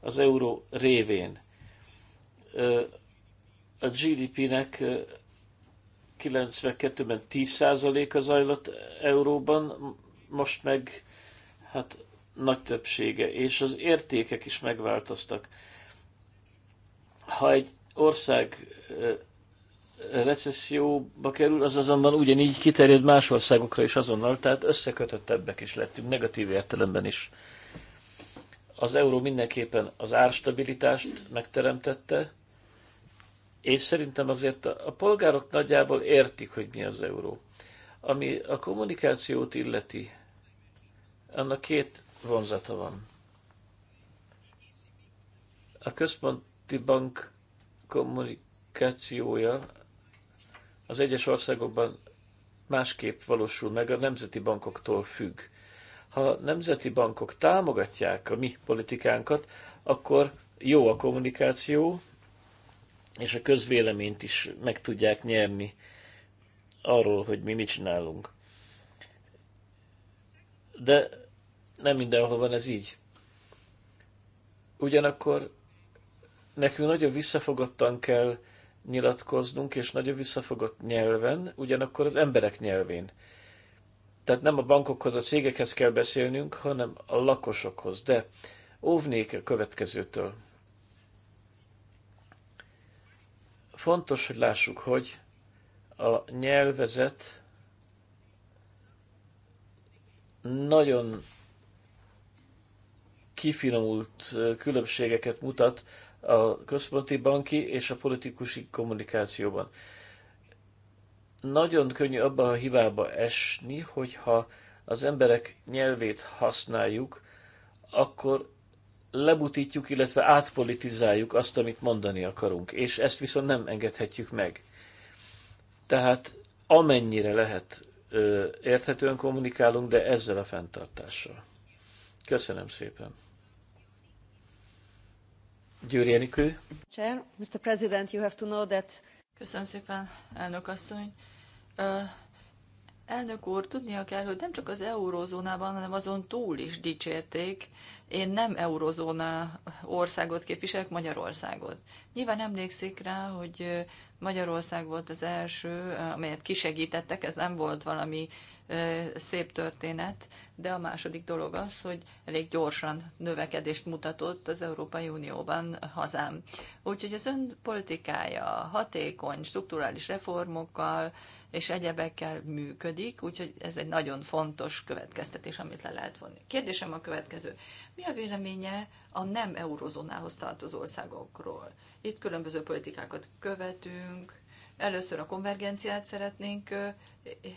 Az euró révén. A GDP-nek 92-ben 10%-a zajlott euróban, most meg hát nagy többsége, és az értékek is megváltoztak. Ha egy ország recesszióba kerül, az azonban ugyanígy kiterjed más országokra is azonnal, tehát összekötöttebbek is lettünk, negatív értelemben is. Az euró mindenképpen az árstabilitást megteremtette, és szerintem azért a polgárok nagyjából értik, hogy mi az euró. Ami a kommunikációt illeti, annak két vonzata van. A központi bank kommunikációja az egyes országokban másképp valósul meg, a nemzeti bankoktól függ. Ha a nemzeti bankok támogatják a mi politikánkat, akkor jó a kommunikáció, és a közvéleményt is meg tudják nyerni arról, hogy mi mit csinálunk. De nem mindenhol van ez így. Ugyanakkor nekünk nagyon visszafogottan kell nyilatkoznunk, és nagyon visszafogott nyelven, ugyanakkor az emberek nyelvén. Tehát nem a bankokhoz, a cégekhez kell beszélnünk, hanem a lakosokhoz. De óvnék a következőtől. Fontos, hogy lássuk, hogy a nyelvezet nagyon kifinomult különbségeket mutat a központi banki és a politikusi kommunikációban. Nagyon könnyű abba a hibába esni, hogyha az emberek nyelvét használjuk, akkor lebutítjuk, illetve átpolitizáljuk azt, amit mondani akarunk, és ezt viszont nem engedhetjük meg. Tehát amennyire lehet érthetően kommunikálunk, de ezzel a fenntartással. Köszönöm szépen! Köszönöm szépen, elnök asszony. elnök úr, tudnia kell, hogy nem csak az eurózónában, hanem azon túl is dicsérték. Én nem eurózóna országot képviselek, Magyarországot. Nyilván emlékszik rá, hogy Magyarország volt az első, amelyet kisegítettek, ez nem volt valami uh, szép történet, de a második dolog az, hogy elég gyorsan növekedést mutatott az Európai Unióban hazám. Úgyhogy az ön politikája hatékony, strukturális reformokkal és egyebekkel működik, úgyhogy ez egy nagyon fontos következtetés, amit le lehet vonni. Kérdésem a következő. Mi a véleménye a nem eurozónához tartozó országokról? Itt különböző politikákat követünk, Először a konvergenciát szeretnénk,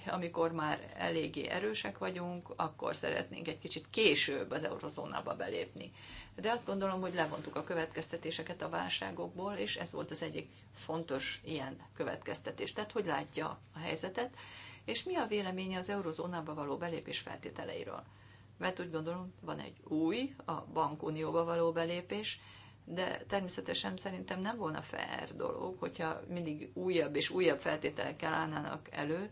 amikor már eléggé erősek vagyunk, akkor szeretnénk egy kicsit később az eurozónába belépni. De azt gondolom, hogy levontuk a következtetéseket a válságokból, és ez volt az egyik fontos ilyen következtetés. Tehát, hogy látja a helyzetet, és mi a véleménye az eurozónába való belépés feltételeiről? Mert úgy gondolom, van egy új, a bankunióba való belépés, de természetesen szerintem nem volna fair dolog, hogyha mindig újabb és újabb feltételekkel állnának elő,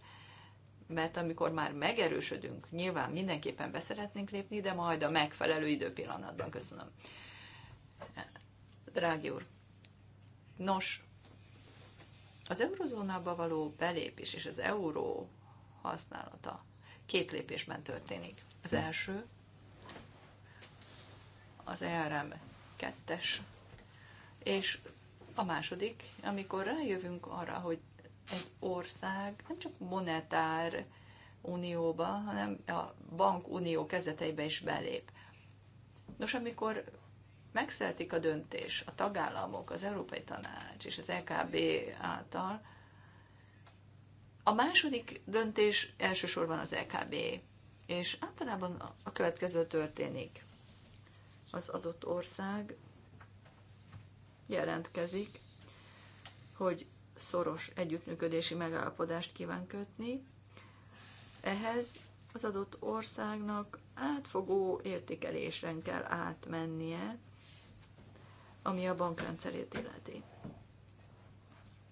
mert amikor már megerősödünk, nyilván mindenképpen beszeretnénk lépni, de majd a megfelelő időpillanatban. Köszönöm. Drági úr, nos, az eurozónába való belépés és az euró használata két lépésben történik. Az hm. első az ERM kettes. És a második, amikor rájövünk arra, hogy egy ország nem csak monetár unióba, hanem a bankunió kezeteibe is belép. Nos, amikor megszületik a döntés a tagállamok, az Európai Tanács és az LKB által, a második döntés elsősorban az LKB, és általában a következő történik az adott ország jelentkezik, hogy szoros együttműködési megállapodást kíván kötni. Ehhez az adott országnak átfogó értékelésen kell átmennie, ami a bankrendszerét illeti.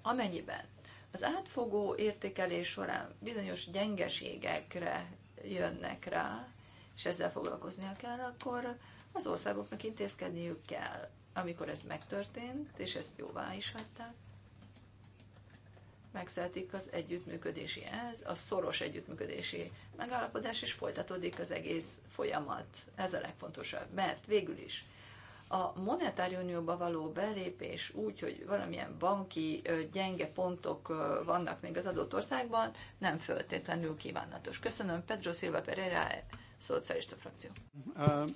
Amennyiben az átfogó értékelés során bizonyos gyengeségekre jönnek rá, és ezzel foglalkoznia kell, akkor az országoknak intézkedniük kell, amikor ez megtörtént, és ezt jóvá is hagyták. Megszertik az együttműködési ez, a szoros együttműködési megállapodás, és folytatódik az egész folyamat. Ez a legfontosabb, mert végül is a monetári unióba való belépés úgy, hogy valamilyen banki gyenge pontok vannak még az adott országban, nem föltétlenül kívánatos. Köszönöm, Pedro Silva Pereira, szocialista frakció. Uh,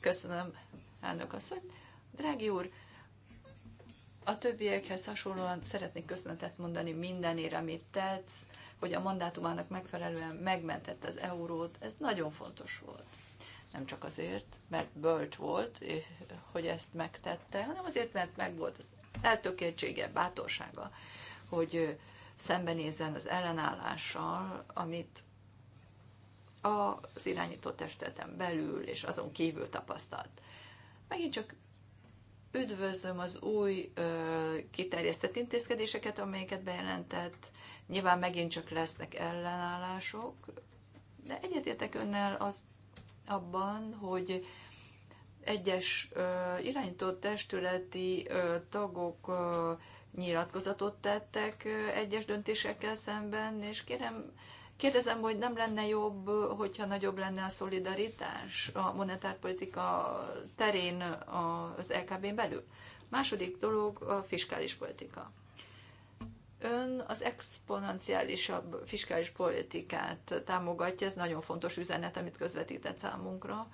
Köszönöm, elnök asszony. Drági úr, a többiekhez hasonlóan szeretnék köszönetet mondani mindenért, amit tetsz, hogy a mandátumának megfelelően megmentette az eurót. Ez nagyon fontos volt. Nem csak azért, mert bölcs volt, eh, hogy ezt megtette, hanem azért, mert megvolt az eltökéltsége, bátorsága, hogy eh, szembenézzen az ellenállással, amit az irányító testületen belül és azon kívül tapasztalt. Megint csak üdvözlöm az új ö, kiterjesztett intézkedéseket, amelyeket bejelentett. Nyilván megint csak lesznek ellenállások, de egyetértek önnel az abban, hogy egyes ö, irányító testületi ö, tagok ö, nyilatkozatot tettek ö, egyes döntésekkel szemben, és kérem, ö, Kérdezem, hogy nem lenne jobb, hogyha nagyobb lenne a szolidaritás a monetárpolitika terén az LKB-n belül? Második dolog a fiskális politika. Ön az exponenciálisabb fiskális politikát támogatja, ez nagyon fontos üzenet, amit közvetített számunkra.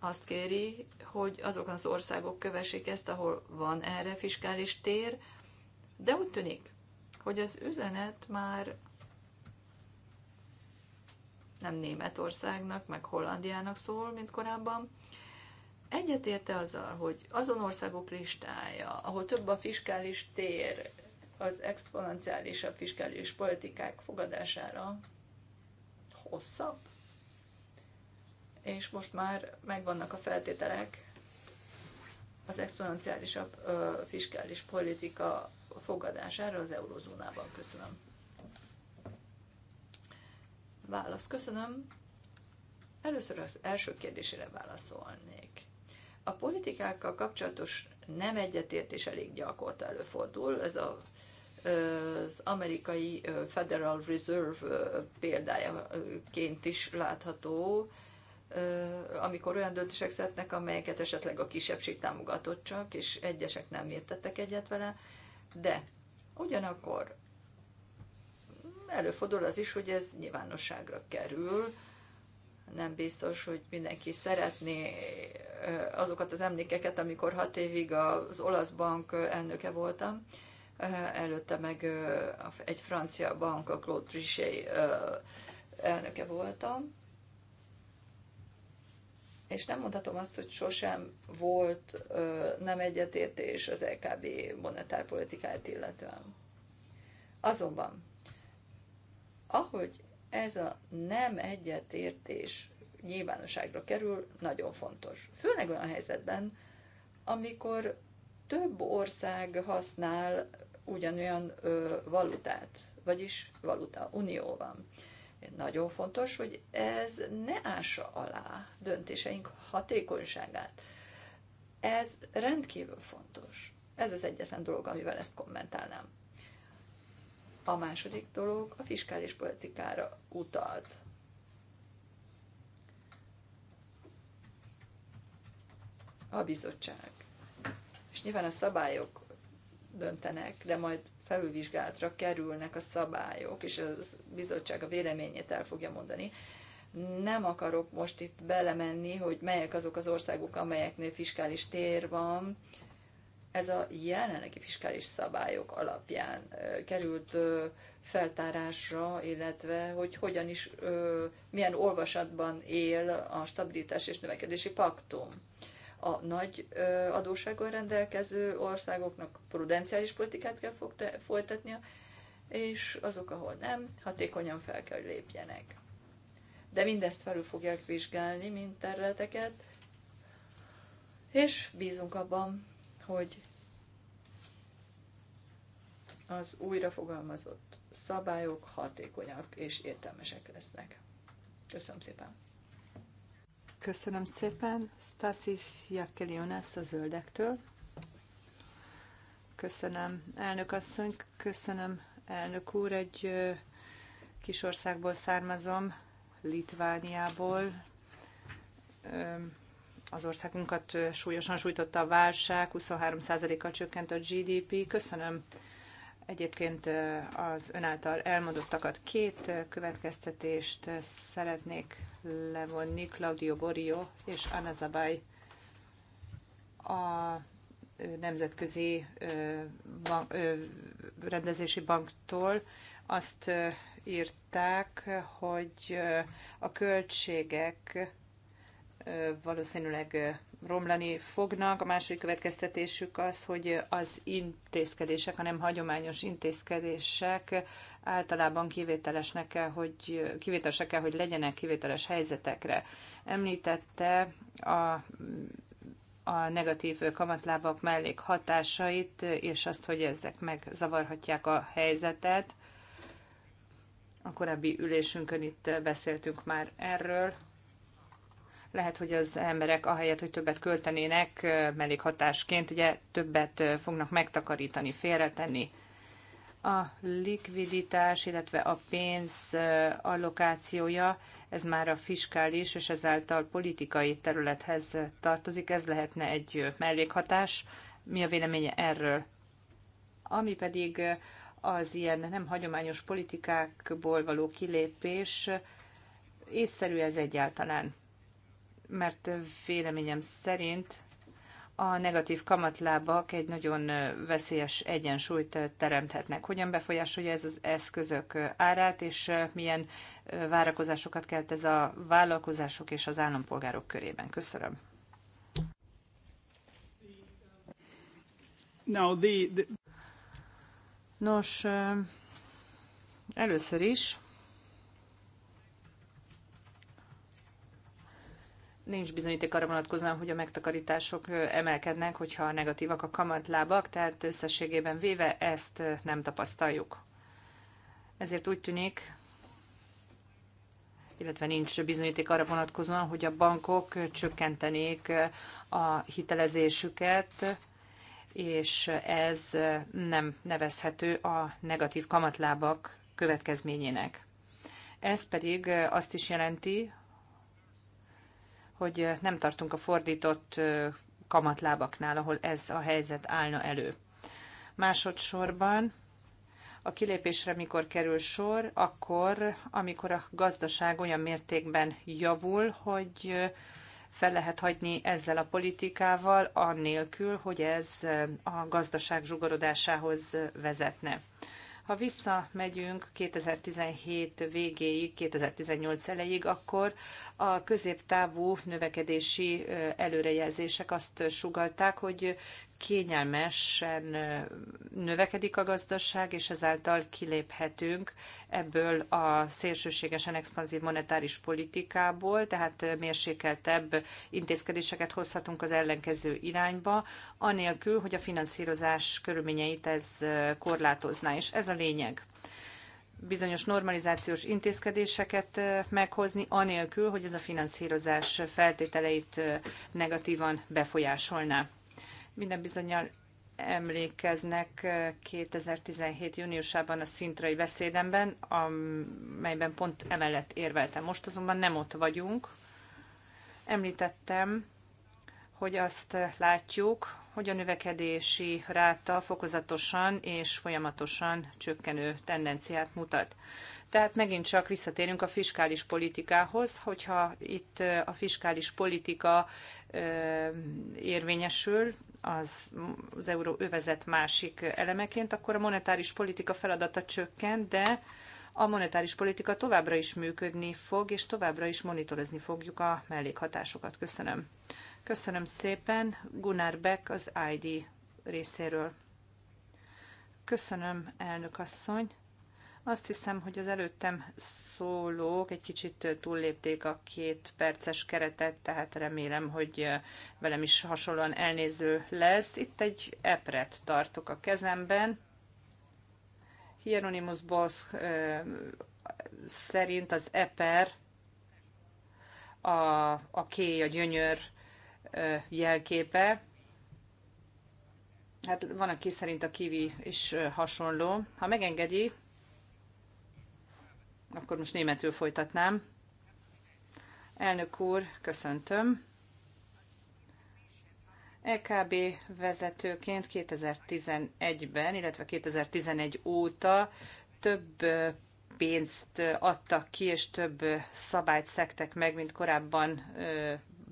Azt kéri, hogy azok az országok kövessék ezt, ahol van erre fiskális tér, de úgy tűnik, hogy az üzenet már nem Németországnak, meg Hollandiának szól, mint korábban. Egyetérte azzal, hogy azon országok listája, ahol több a fiskális tér az exponenciálisabb fiskális politikák fogadására hosszabb, és most már megvannak a feltételek az exponenciálisabb ö, fiskális politika fogadására az eurozónában. Köszönöm. Válasz. Köszönöm. Először az első kérdésére válaszolnék. A politikákkal kapcsolatos nem egyetértés elég gyakorta előfordul. Ez a, az amerikai Federal Reserve példájaként is látható, amikor olyan döntések szeretnek, amelyeket esetleg a kisebbség támogatott csak, és egyesek nem értettek egyet vele. De ugyanakkor előfordul az is, hogy ez nyilvánosságra kerül, nem biztos, hogy mindenki szeretné azokat az emlékeket, amikor hat évig az olasz bank elnöke voltam, előtte meg egy francia bank, a Claude Trichet elnöke voltam és nem mondhatom azt, hogy sosem volt ö, nem egyetértés az LKB monetárpolitikáját illetően. Azonban, ahogy ez a nem egyetértés nyilvánosságra kerül, nagyon fontos. Főleg olyan helyzetben, amikor több ország használ ugyanolyan ö, valutát, vagyis valuta unió van. Nagyon fontos, hogy ez ne ássa alá döntéseink hatékonyságát. Ez rendkívül fontos. Ez az egyetlen dolog, amivel ezt kommentálnám. A második dolog a fiskális politikára utalt. A bizottság. És nyilván a szabályok döntenek, de majd felülvizsgálatra kerülnek a szabályok, és a bizottság a véleményét el fogja mondani. Nem akarok most itt belemenni, hogy melyek azok az országok, amelyeknél fiskális tér van. Ez a jelenlegi fiskális szabályok alapján került feltárásra, illetve hogy hogyan is, milyen olvasatban él a stabilitás és növekedési paktum a nagy adóssággal rendelkező országoknak prudenciális politikát kell folytatnia, és azok, ahol nem, hatékonyan fel kell, hogy lépjenek. De mindezt felül fogják vizsgálni, mint területeket, és bízunk abban, hogy az újrafogalmazott szabályok hatékonyak és értelmesek lesznek. Köszönöm szépen! Köszönöm szépen. Stasis Jakelionász a zöldektől. Köszönöm, elnök asszony, köszönöm, elnök úr. Egy kis országból származom, Litvániából. Az országunkat súlyosan sújtotta a válság, 23%-kal csökkent a GDP. Köszönöm Egyébként az ön által elmondottakat két következtetést szeretnék levonni Claudio Borio és Anna Zabai a Nemzetközi bank, Rendezési Banktól azt írták, hogy a költségek valószínűleg romlani fognak. A második következtetésük az, hogy az intézkedések, hanem hagyományos intézkedések általában kivételesnek kell, hogy, kivételesek kell, hogy legyenek kivételes helyzetekre. Említette a a negatív kamatlábak mellék hatásait, és azt, hogy ezek megzavarhatják a helyzetet. A korábbi ülésünkön itt beszéltünk már erről, lehet, hogy az emberek ahelyett, hogy többet költenének mellékhatásként, ugye többet fognak megtakarítani, félretenni. A likviditás, illetve a pénz allokációja, ez már a fiskális és ezáltal politikai területhez tartozik, ez lehetne egy mellékhatás. Mi a véleménye erről? Ami pedig az ilyen nem hagyományos politikákból való kilépés, észszerű ez egyáltalán mert véleményem szerint a negatív kamatlábak egy nagyon veszélyes egyensúlyt teremthetnek. Hogyan befolyásolja ez az eszközök árát, és milyen várakozásokat kelt ez a vállalkozások és az állampolgárok körében? Köszönöm. Now the, the... Nos, először is nincs bizonyíték arra vonatkozóan, hogy a megtakarítások emelkednek, hogyha negatívak a kamatlábak, tehát összességében véve ezt nem tapasztaljuk. Ezért úgy tűnik, illetve nincs bizonyíték arra vonatkozóan, hogy a bankok csökkentenék a hitelezésüket, és ez nem nevezhető a negatív kamatlábak következményének. Ez pedig azt is jelenti, hogy nem tartunk a fordított kamatlábaknál, ahol ez a helyzet állna elő. Másodszorban a kilépésre mikor kerül sor, akkor, amikor a gazdaság olyan mértékben javul, hogy fel lehet hagyni ezzel a politikával, annélkül, hogy ez a gazdaság zsugorodásához vezetne. Ha visszamegyünk 2017 végéig, 2018 elejéig, akkor a középtávú növekedési előrejelzések azt sugalták, hogy kényelmesen növekedik a gazdaság, és ezáltal kiléphetünk ebből a szélsőségesen expanzív monetáris politikából, tehát mérsékeltebb intézkedéseket hozhatunk az ellenkező irányba, anélkül, hogy a finanszírozás körülményeit ez korlátozná, és ez a lényeg bizonyos normalizációs intézkedéseket meghozni, anélkül, hogy ez a finanszírozás feltételeit negatívan befolyásolná. Minden bizonyal emlékeznek 2017. Eh, júniusában a szintrai beszédemben, amelyben pont emellett érveltem. Most azonban nem ott vagyunk. Említettem, hogy azt látjuk, hogy a növekedési ráta fokozatosan és folyamatosan csökkenő tendenciát mutat. Tehát megint csak visszatérünk a fiskális politikához, hogyha itt eh, a fiskális politika eh, érvényesül, az, az euró övezet másik elemeként, akkor a monetáris politika feladata csökken, de a monetáris politika továbbra is működni fog, és továbbra is monitorozni fogjuk a mellékhatásokat. Köszönöm. Köszönöm szépen. Gunnar Beck az ID részéről. Köszönöm, elnök asszony. Azt hiszem, hogy az előttem szólók egy kicsit túllépték a két perces keretet, tehát remélem, hogy velem is hasonlóan elnéző lesz. Itt egy epret tartok a kezemben. Hieronymus Bosch szerint az eper a, a kéj, a gyönyör jelképe. Hát van, aki szerint a kivi is hasonló. Ha megengedi, akkor most németül folytatnám. Elnök úr, köszöntöm. EKB vezetőként 2011-ben, illetve 2011 óta több pénzt adtak ki, és több szabályt szektek meg, mint korábban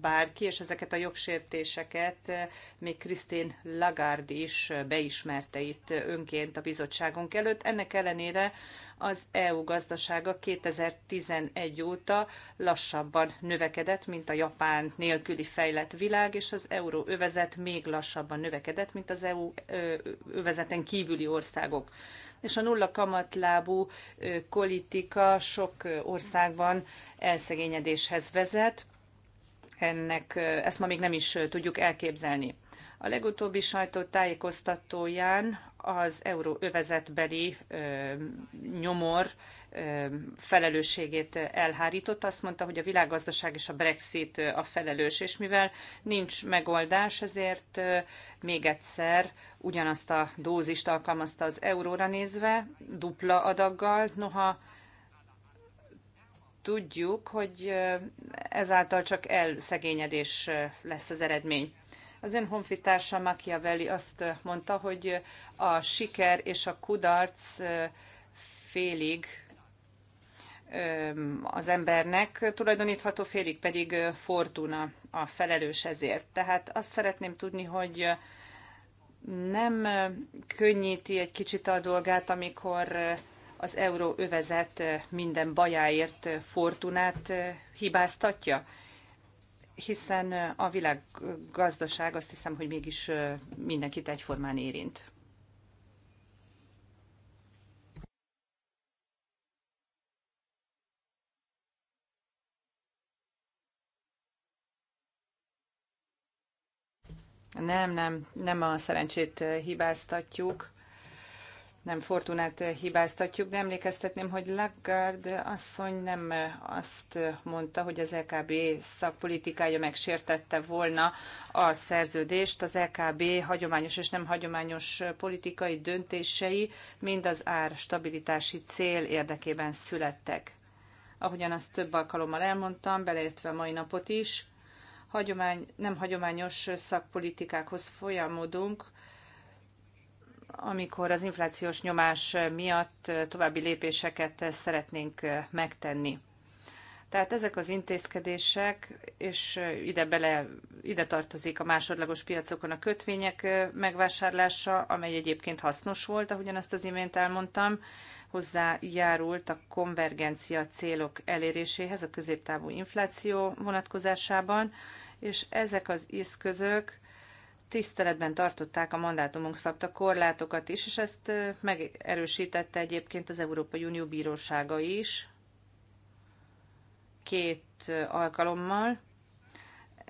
bárki, és ezeket a jogsértéseket még Krisztin Lagarde is beismerte itt önként a bizottságunk előtt. Ennek ellenére az EU gazdasága 2011 óta lassabban növekedett, mint a Japán nélküli fejlett világ, és az euróövezet még lassabban növekedett, mint az EU övezeten kívüli országok és a nulla kamatlábú politika sok országban elszegényedéshez vezet. Ennek, ezt ma még nem is tudjuk elképzelni. A legutóbbi sajtótájékoztatóján az euróövezetbeli nyomor felelősségét elhárított. Azt mondta, hogy a világgazdaság és a Brexit a felelős, és mivel nincs megoldás, ezért még egyszer ugyanazt a dózist alkalmazta az euróra nézve, dupla adaggal, noha tudjuk, hogy ezáltal csak elszegényedés lesz az eredmény. Az én honfitársa Machiavelli azt mondta, hogy a siker és a kudarc félig az embernek tulajdonítható, félig pedig fortuna a felelős ezért. Tehát azt szeretném tudni, hogy nem könnyíti egy kicsit a dolgát, amikor az euróövezet minden bajáért fortunát hibáztatja? hiszen a világgazdaság azt hiszem, hogy mégis mindenkit egyformán érint. Nem, nem, nem a szerencsét hibáztatjuk nem Fortunát hibáztatjuk, de emlékeztetném, hogy Lagarde asszony nem azt mondta, hogy az LKB szakpolitikája megsértette volna a szerződést. Az LKB hagyományos és nem hagyományos politikai döntései mind az ár stabilitási cél érdekében születtek. Ahogyan azt több alkalommal elmondtam, beleértve a mai napot is, hagyomány, nem hagyományos szakpolitikákhoz folyamodunk, amikor az inflációs nyomás miatt további lépéseket szeretnénk megtenni. Tehát ezek az intézkedések, és ide, bele, ide tartozik a másodlagos piacokon a kötvények megvásárlása, amely egyébként hasznos volt, ahogyan azt az imént elmondtam, hozzájárult a konvergencia célok eléréséhez a középtávú infláció vonatkozásában, és ezek az eszközök tiszteletben tartották a mandátumunk szabta korlátokat is, és ezt megerősítette egyébként az Európai Unió Bírósága is két alkalommal.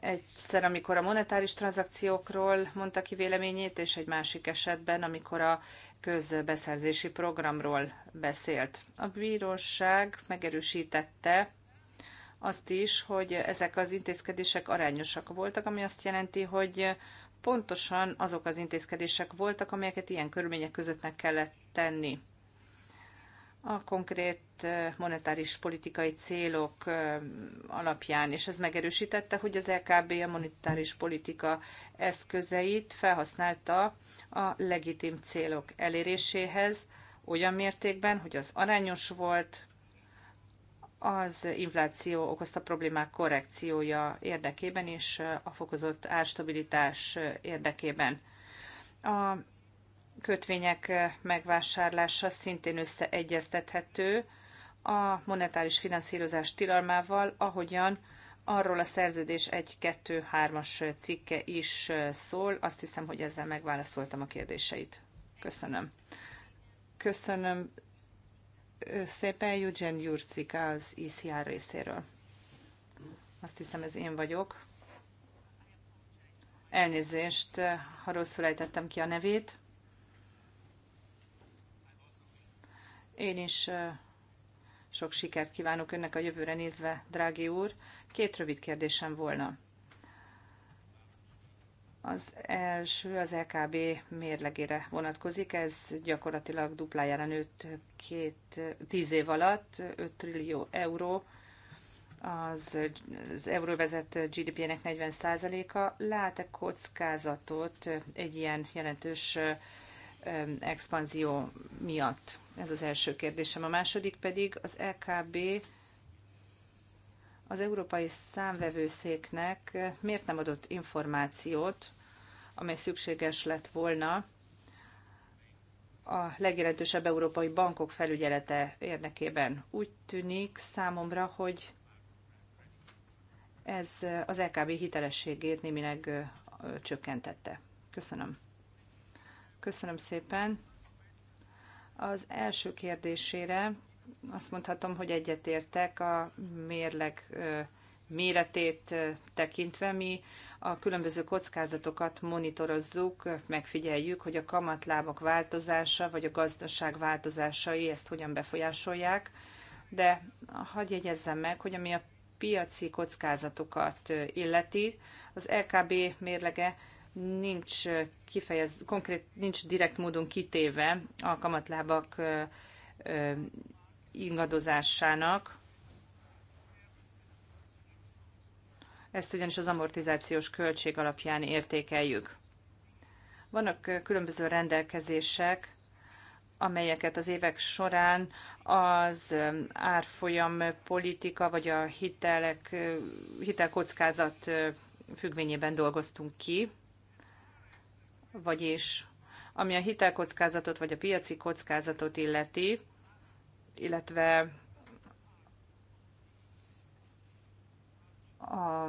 Egyszer, amikor a monetáris tranzakciókról mondta ki véleményét, és egy másik esetben, amikor a közbeszerzési programról beszélt. A bíróság megerősítette azt is, hogy ezek az intézkedések arányosak voltak, ami azt jelenti, hogy pontosan azok az intézkedések voltak, amelyeket ilyen körülmények között meg kellett tenni. A konkrét monetáris politikai célok alapján, és ez megerősítette, hogy az LKB a monetáris politika eszközeit felhasználta a legitim célok eléréséhez, olyan mértékben, hogy az arányos volt, az infláció okozta problémák korrekciója érdekében és a fokozott árstabilitás érdekében. A kötvények megvásárlása szintén összeegyeztethető a monetáris finanszírozás tilalmával, ahogyan arról a szerződés 1-2-3-as cikke is szól. Azt hiszem, hogy ezzel megválaszoltam a kérdéseit. Köszönöm. Köszönöm szépen Eugen Jurcika az ICR e részéről. Azt hiszem, ez én vagyok. Elnézést, ha rosszul ejtettem ki a nevét. Én is sok sikert kívánok önnek a jövőre nézve, drági úr. Két rövid kérdésem volna. Az első az LKB mérlegére vonatkozik, ez gyakorlatilag duplájára nőtt két, tíz év alatt, 5 trillió euró, az, az euróvezet GDP-nek 40%-a. Lát-e kockázatot egy ilyen jelentős expanzió miatt? Ez az első kérdésem. A második pedig az LKB az Európai Számvevőszéknek miért nem adott információt amely szükséges lett volna a legjelentősebb európai bankok felügyelete érdekében. Úgy tűnik számomra, hogy ez az LKB hitelességét némileg csökkentette. Köszönöm. Köszönöm szépen. Az első kérdésére azt mondhatom, hogy egyetértek a mérleg méretét tekintve. Mi a különböző kockázatokat monitorozzuk, megfigyeljük, hogy a kamatlábak változása vagy a gazdaság változásai ezt hogyan befolyásolják, de hagyj jegyezzem meg, hogy ami a piaci kockázatokat illeti, az LKB mérlege nincs kifejez, konkrét, nincs direkt módon kitéve a kamatlábak ingadozásának, Ezt ugyanis az amortizációs költség alapján értékeljük. Vannak különböző rendelkezések, amelyeket az évek során az árfolyam politika vagy a hitelek, hitelkockázat függvényében dolgoztunk ki, vagyis ami a hitelkockázatot vagy a piaci kockázatot illeti, illetve a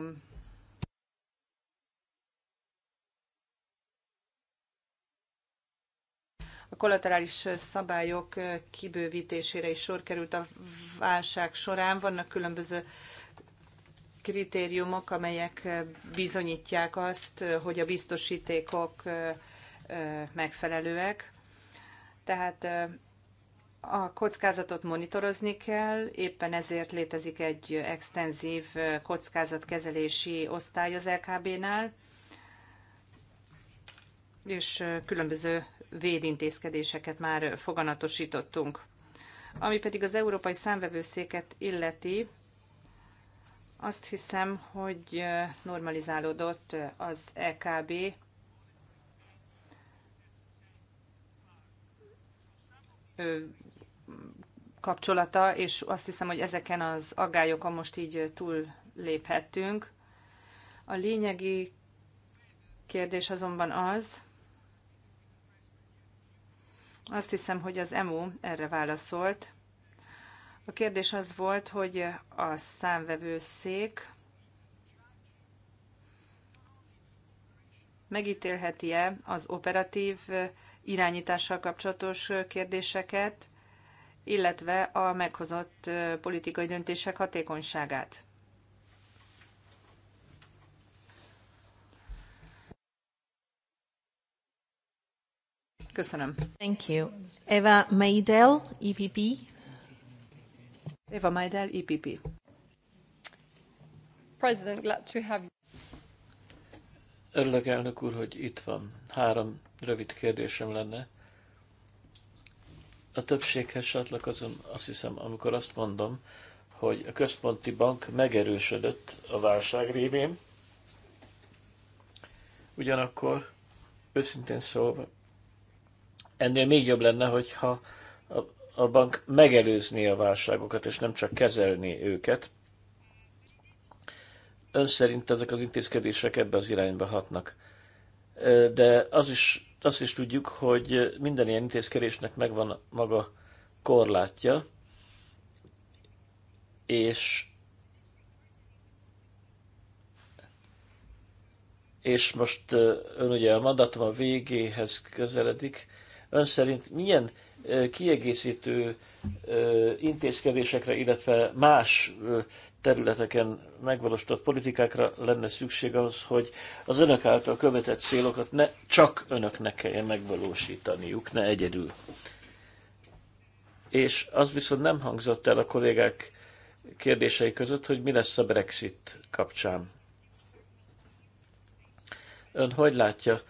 a kollaterális szabályok kibővítésére is sor került a válság során. Vannak különböző kritériumok, amelyek bizonyítják azt, hogy a biztosítékok megfelelőek. Tehát a kockázatot monitorozni kell, éppen ezért létezik egy extenzív kockázatkezelési osztály az LKB-nál, és különböző védintézkedéseket már foganatosítottunk. Ami pedig az Európai Számvevőszéket illeti, azt hiszem, hogy normalizálódott az EKB kapcsolata, és azt hiszem, hogy ezeken az aggályokon most így túl léphettünk. A lényegi kérdés azonban az, azt hiszem, hogy az EMU erre válaszolt. A kérdés az volt, hogy a számvevőszék megítélheti-e az operatív irányítással kapcsolatos kérdéseket, illetve a meghozott politikai döntések hatékonyságát. Köszönöm. Thank you. Eva Maidel, EPP. Eva Maidel, EPP. President, glad to have you. Örülök, elnök úr, hogy itt van. Három rövid kérdésem lenne a többséghez csatlakozom, azt hiszem, amikor azt mondom, hogy a központi bank megerősödött a válság révén, ugyanakkor őszintén szólva, ennél még jobb lenne, hogyha a, a bank megelőzné a válságokat, és nem csak kezelni őket. Ön szerint ezek az intézkedések ebbe az irányba hatnak. De az is azt is tudjuk, hogy minden ilyen intézkedésnek megvan maga korlátja, és és most ön ugye a mandatum a végéhez közeledik. Ön szerint milyen kiegészítő intézkedésekre, illetve más területeken megvalósított politikákra lenne szükség ahhoz, hogy az önök által követett célokat ne csak önöknek kelljen megvalósítaniuk, ne egyedül. És az viszont nem hangzott el a kollégák kérdései között, hogy mi lesz a Brexit kapcsán. Ön hogy látja,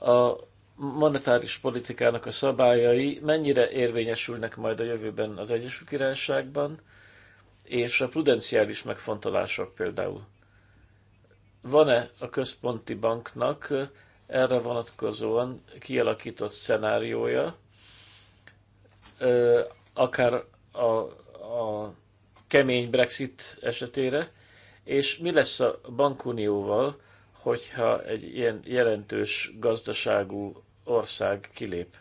a monetáris politikának a szabályai mennyire érvényesülnek majd a jövőben az Egyesült Királyságban, és a prudenciális megfontolások például. Van-e a központi banknak erre vonatkozóan kialakított szenáriója, akár a, a kemény Brexit esetére, és mi lesz a bankunióval, hogyha egy ilyen jelentős gazdaságú ország kilép?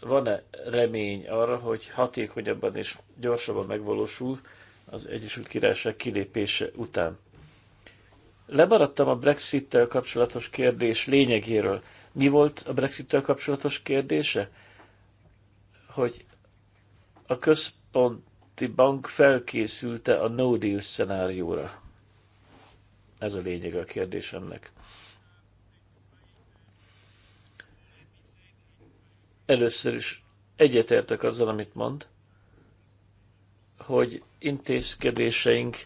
van-e remény arra, hogy hatékonyabban és gyorsabban megvalósul az Egyesült Királyság kilépése után? Lemaradtam a Brexit-tel kapcsolatos kérdés lényegéről. Mi volt a Brexit-tel kapcsolatos kérdése? Hogy a központi bank felkészülte a no deal szenárióra. Ez a lényeg a kérdésemnek. Először is egyetértek azzal, amit mond, hogy intézkedéseink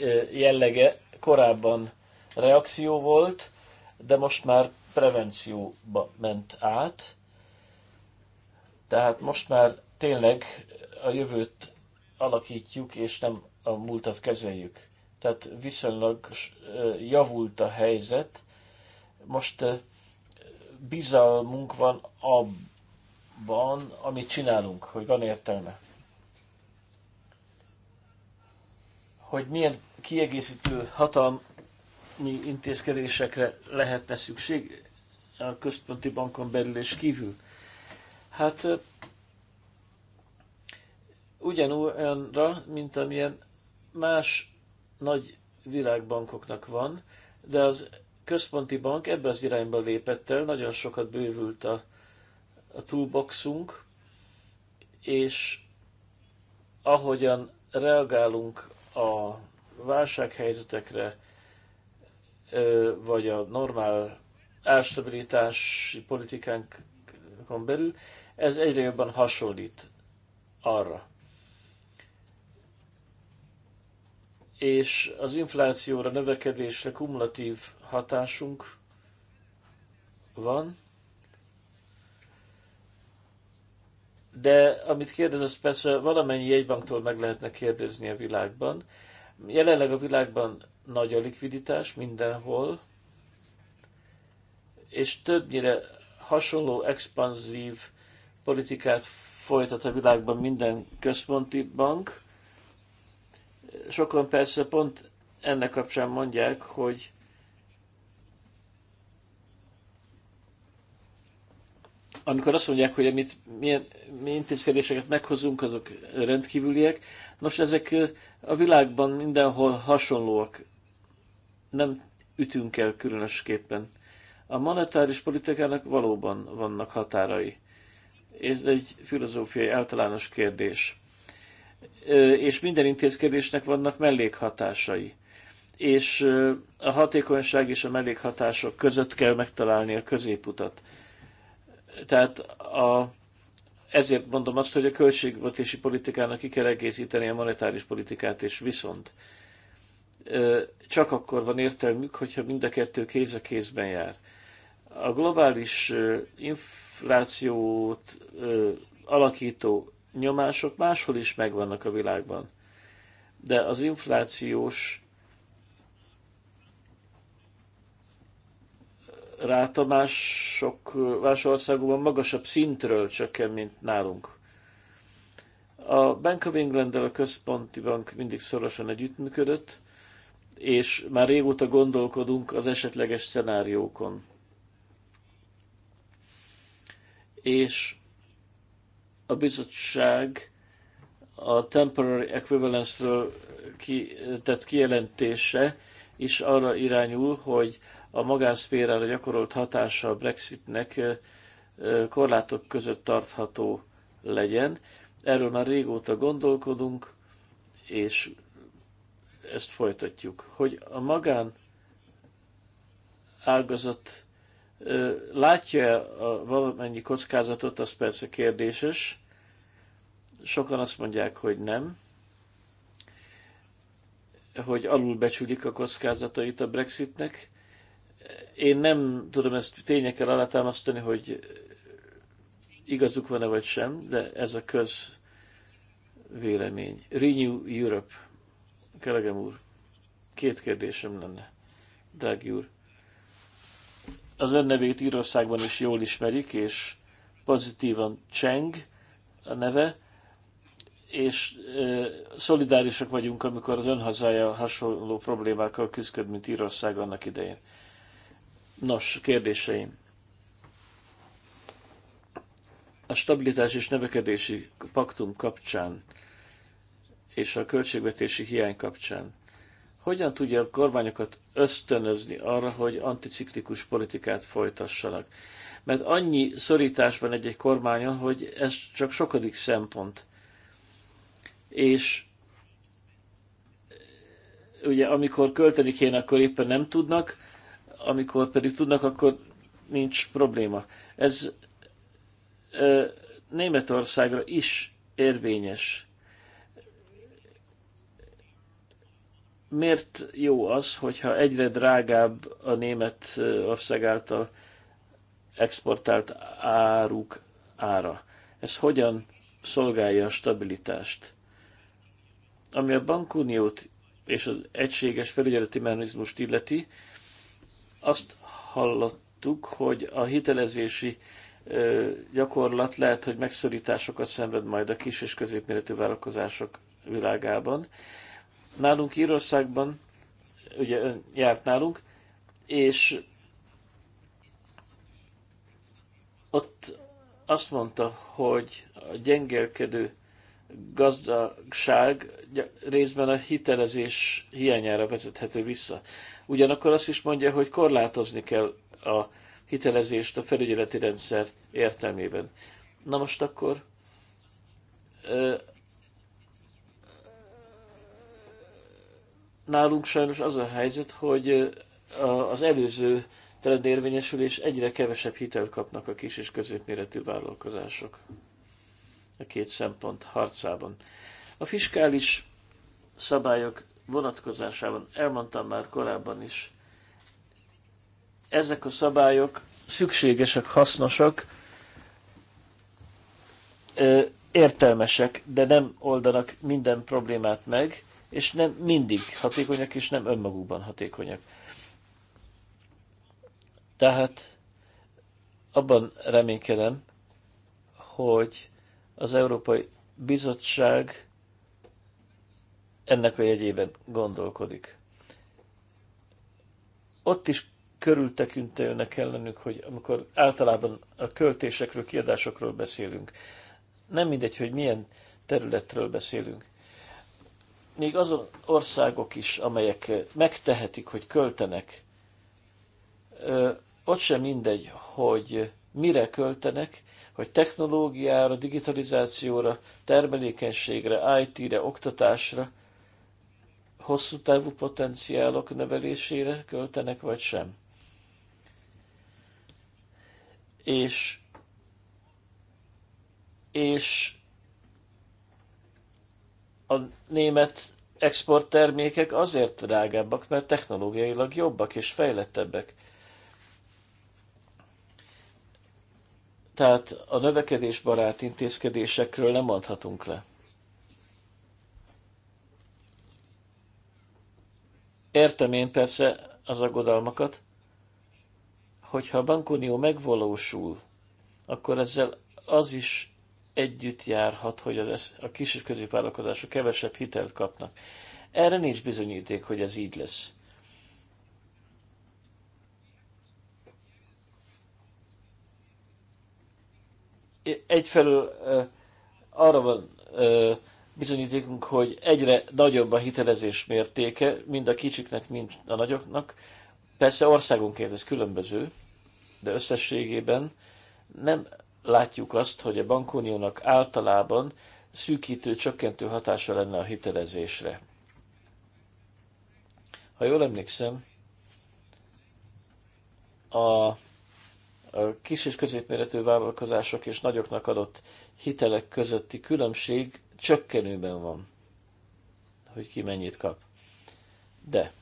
e, jellege korábban reakció volt, de most már prevencióba ment át. Tehát most már tényleg a jövőt alakítjuk, és nem a múltat kezeljük. Tehát viszonylag e, javult a helyzet. Most e, bizalmunk van abban, abban, amit csinálunk, hogy van értelme. Hogy milyen kiegészítő hatalmi intézkedésekre lehetne szükség a központi bankon belül és kívül. Hát ugyanolyanra, mint amilyen más nagy világbankoknak van, de az központi bank ebbe az irányba lépett el, nagyon sokat bővült a a toolboxunk, és ahogyan reagálunk a válsághelyzetekre, vagy a normál árstabilitási politikánkon belül, ez egyre jobban hasonlít arra. És az inflációra, növekedésre kumulatív hatásunk van, De amit kérdez, az persze valamennyi jegybanktól meg lehetne kérdezni a világban. Jelenleg a világban nagy a likviditás mindenhol, és többnyire hasonló expanzív politikát folytat a világban minden központi bank. Sokan persze pont ennek kapcsán mondják, hogy amikor azt mondják, hogy amit, milyen mi intézkedéseket meghozunk, azok rendkívüliek. Nos, ezek a világban mindenhol hasonlóak. Nem ütünk el különösképpen. A monetáris politikának valóban vannak határai. Ez egy filozófiai általános kérdés. És minden intézkedésnek vannak mellékhatásai. És a hatékonyság és a mellékhatások között kell megtalálni a középutat tehát a, ezért mondom azt, hogy a költségvetési politikának ki kell egészíteni a monetáris politikát, és viszont csak akkor van értelmük, hogyha mind a kettő kéz a kézben jár. A globális inflációt alakító nyomások máshol is megvannak a világban, de az inflációs ráta mások, más országokban magasabb szintről csökken, mint nálunk. A Bank of england a központi bank mindig szorosan együttműködött, és már régóta gondolkodunk az esetleges szenáriókon. És a bizottság a temporary equivalence-ről ki, tett kijelentése is arra irányul, hogy a magánszférára gyakorolt hatása a Brexitnek korlátok között tartható legyen. Erről már régóta gondolkodunk, és ezt folytatjuk. Hogy a magán ágazat látja-e a valamennyi kockázatot, az persze kérdéses. Sokan azt mondják, hogy nem, hogy alulbecsülik a kockázatait a Brexitnek, én nem tudom ezt tényekkel alátámasztani, hogy igazuk van-e vagy sem, de ez a köz vélemény. Renew Europe. Kelegem úr, két kérdésem lenne. Drági úr, az ön nevét Írországban is jól ismerik, és pozitívan Cseng a neve, és e, szolidárisak vagyunk, amikor az ön hazája hasonló problémákkal küzdött, mint Írország annak idején. Nos, kérdéseim. A stabilitás és növekedési paktum kapcsán és a költségvetési hiány kapcsán hogyan tudja a kormányokat ösztönözni arra, hogy anticiklikus politikát folytassanak? Mert annyi szorítás van egy-egy kormányon, hogy ez csak sokadik szempont. És ugye amikor költeni kéne, akkor éppen nem tudnak, amikor pedig tudnak, akkor nincs probléma. Ez ö, Németországra is érvényes. Miért jó az, hogyha egyre drágább a német ország által exportált áruk ára? Ez hogyan szolgálja a stabilitást? Ami a bankuniót és az egységes felügyeleti mechanizmust illeti, azt hallottuk, hogy a hitelezési gyakorlat lehet, hogy megszorításokat szenved majd a kis és középméretű vállalkozások világában. Nálunk Írországban, ugye ön járt nálunk, és ott azt mondta, hogy a gyengelkedő gazdaság részben a hitelezés hiányára vezethető vissza. Ugyanakkor azt is mondja, hogy korlátozni kell a hitelezést a felügyeleti rendszer értelmében. Na most akkor nálunk sajnos az a helyzet, hogy az előző trendérvényesülés egyre kevesebb hitelt kapnak a kis és középméretű vállalkozások a két szempont harcában. A fiskális szabályok vonatkozásában elmondtam már korábban is, ezek a szabályok szükségesek, hasznosak, értelmesek, de nem oldanak minden problémát meg, és nem mindig hatékonyak, és nem önmagukban hatékonyak. Tehát abban reménykedem, hogy az Európai Bizottság ennek a jegyében gondolkodik. Ott is körültekintőnek kell hogy amikor általában a költésekről, kiadásokról beszélünk, nem mindegy, hogy milyen területről beszélünk. Még azon országok is, amelyek megtehetik, hogy költenek, ott sem mindegy, hogy mire költenek, hogy technológiára, digitalizációra, termelékenységre, IT-re, oktatásra – hosszú távú potenciálok növelésére költenek, vagy sem. És, és a német exporttermékek azért drágábbak, mert technológiailag jobbak és fejlettebbek. Tehát a növekedésbarát intézkedésekről nem mondhatunk le. Értem én persze az aggodalmakat, hogyha a bankunió megvalósul, akkor ezzel az is együtt járhat, hogy az, a kis és középvállalkozások kevesebb hitelt kapnak. Erre nincs bizonyíték, hogy ez így lesz. Egyfelől arra van bizonyítékunk, hogy egyre nagyobb a hitelezés mértéke, mind a kicsiknek, mind a nagyoknak. Persze országunkért ez különböző, de összességében nem látjuk azt, hogy a bankuniónak általában szűkítő, csökkentő hatása lenne a hitelezésre. Ha jól emlékszem, a, a kis és középméretű vállalkozások és nagyoknak adott hitelek közötti különbség csökkenőben van, hogy ki mennyit kap. De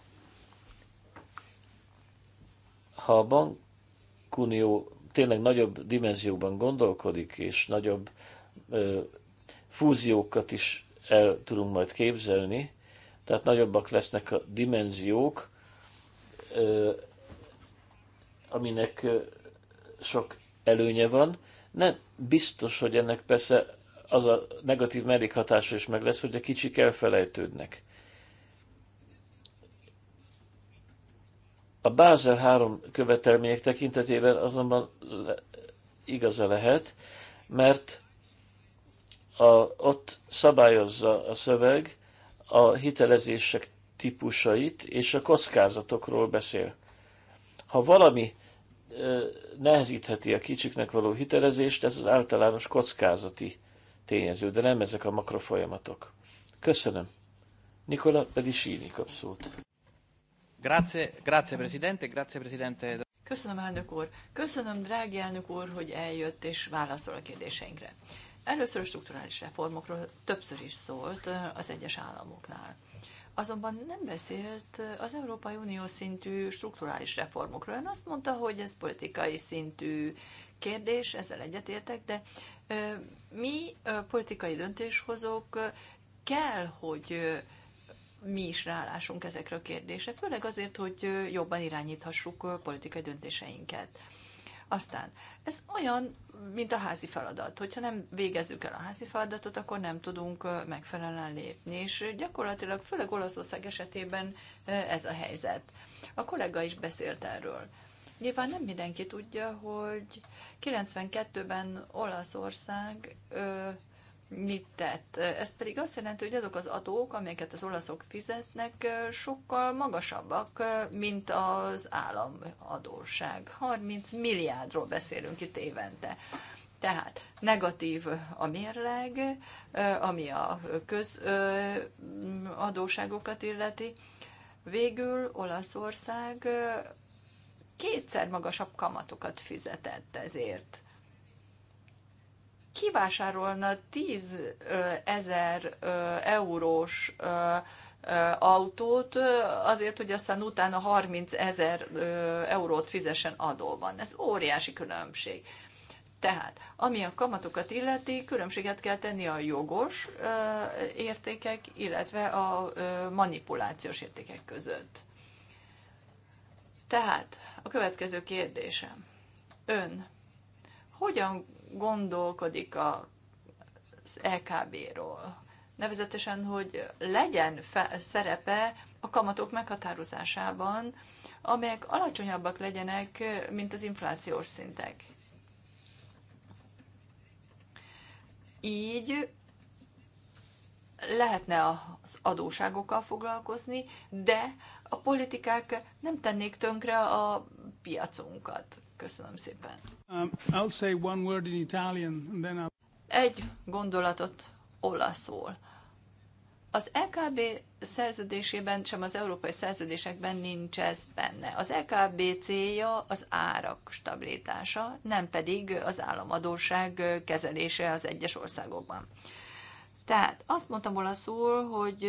ha a bankunió tényleg nagyobb dimenzióban gondolkodik, és nagyobb ö, fúziókat is el tudunk majd képzelni, tehát nagyobbak lesznek a dimenziók, ö, aminek ö, sok előnye van. Nem biztos, hogy ennek persze az a negatív mellékhatása is meg lesz, hogy a kicsik elfelejtődnek. A Bázel 3 követelmények tekintetében azonban igaza lehet, mert a, ott szabályozza a szöveg a hitelezések típusait és a kockázatokról beszél. Ha valami nehezítheti a kicsiknek való hitelezést, ez az általános kockázati tényező, de nem ezek a makrofolyamatok. Köszönöm. Nikola Pedicini kap szót. Grazie, grazie Presidente, grazie Presidente. Köszönöm, elnök úr. Köszönöm, drági elnök úr, hogy eljött és válaszol a kérdéseinkre. Először a strukturális reformokról többször is szólt eh, az egyes államoknál. Azonban nem beszélt eh, az Európai Unió szintű strukturális reformokról. Ön azt mondta, hogy ez politikai szintű kérdés, ezzel egyetértek, de mi politikai döntéshozók kell, hogy mi is rálásunk ezekre a kérdésre, főleg azért, hogy jobban irányíthassuk politikai döntéseinket. Aztán ez olyan, mint a házi feladat. Hogyha nem végezzük el a házi feladatot, akkor nem tudunk megfelelően lépni. És gyakorlatilag, főleg Olaszország esetében ez a helyzet. A kollega is beszélt erről. Nyilván nem mindenki tudja, hogy 92-ben Olaszország ö, mit tett. Ez pedig azt jelenti, hogy azok az adók, amelyeket az olaszok fizetnek, sokkal magasabbak, mint az államadóság. 30 milliárdról beszélünk itt évente. Tehát negatív a mérleg, ami a közadóságokat illeti. Végül Olaszország kétszer magasabb kamatokat fizetett ezért. Kivásárolna 10 ezer eurós autót azért, hogy aztán utána 30 ezer eurót fizessen adóban. Ez óriási különbség. Tehát, ami a kamatokat illeti, különbséget kell tenni a jogos értékek, illetve a manipulációs értékek között. Tehát a következő kérdésem. Ön hogyan gondolkodik a, az LKB-ról? Nevezetesen, hogy legyen fe, szerepe a kamatok meghatározásában, amelyek alacsonyabbak legyenek, mint az inflációs szintek. Így lehetne az adóságokkal foglalkozni, de a politikák nem tennék tönkre a piacunkat. Köszönöm szépen. Um, I'll say one word in Italian, and then I'll... Egy gondolatot olaszul. Az LKB e szerződésében, sem az európai szerződésekben nincs ez benne. Az LKB e célja az árak stabilitása, nem pedig az államadóság kezelése az egyes országokban. Tehát azt mondtam olaszul, hogy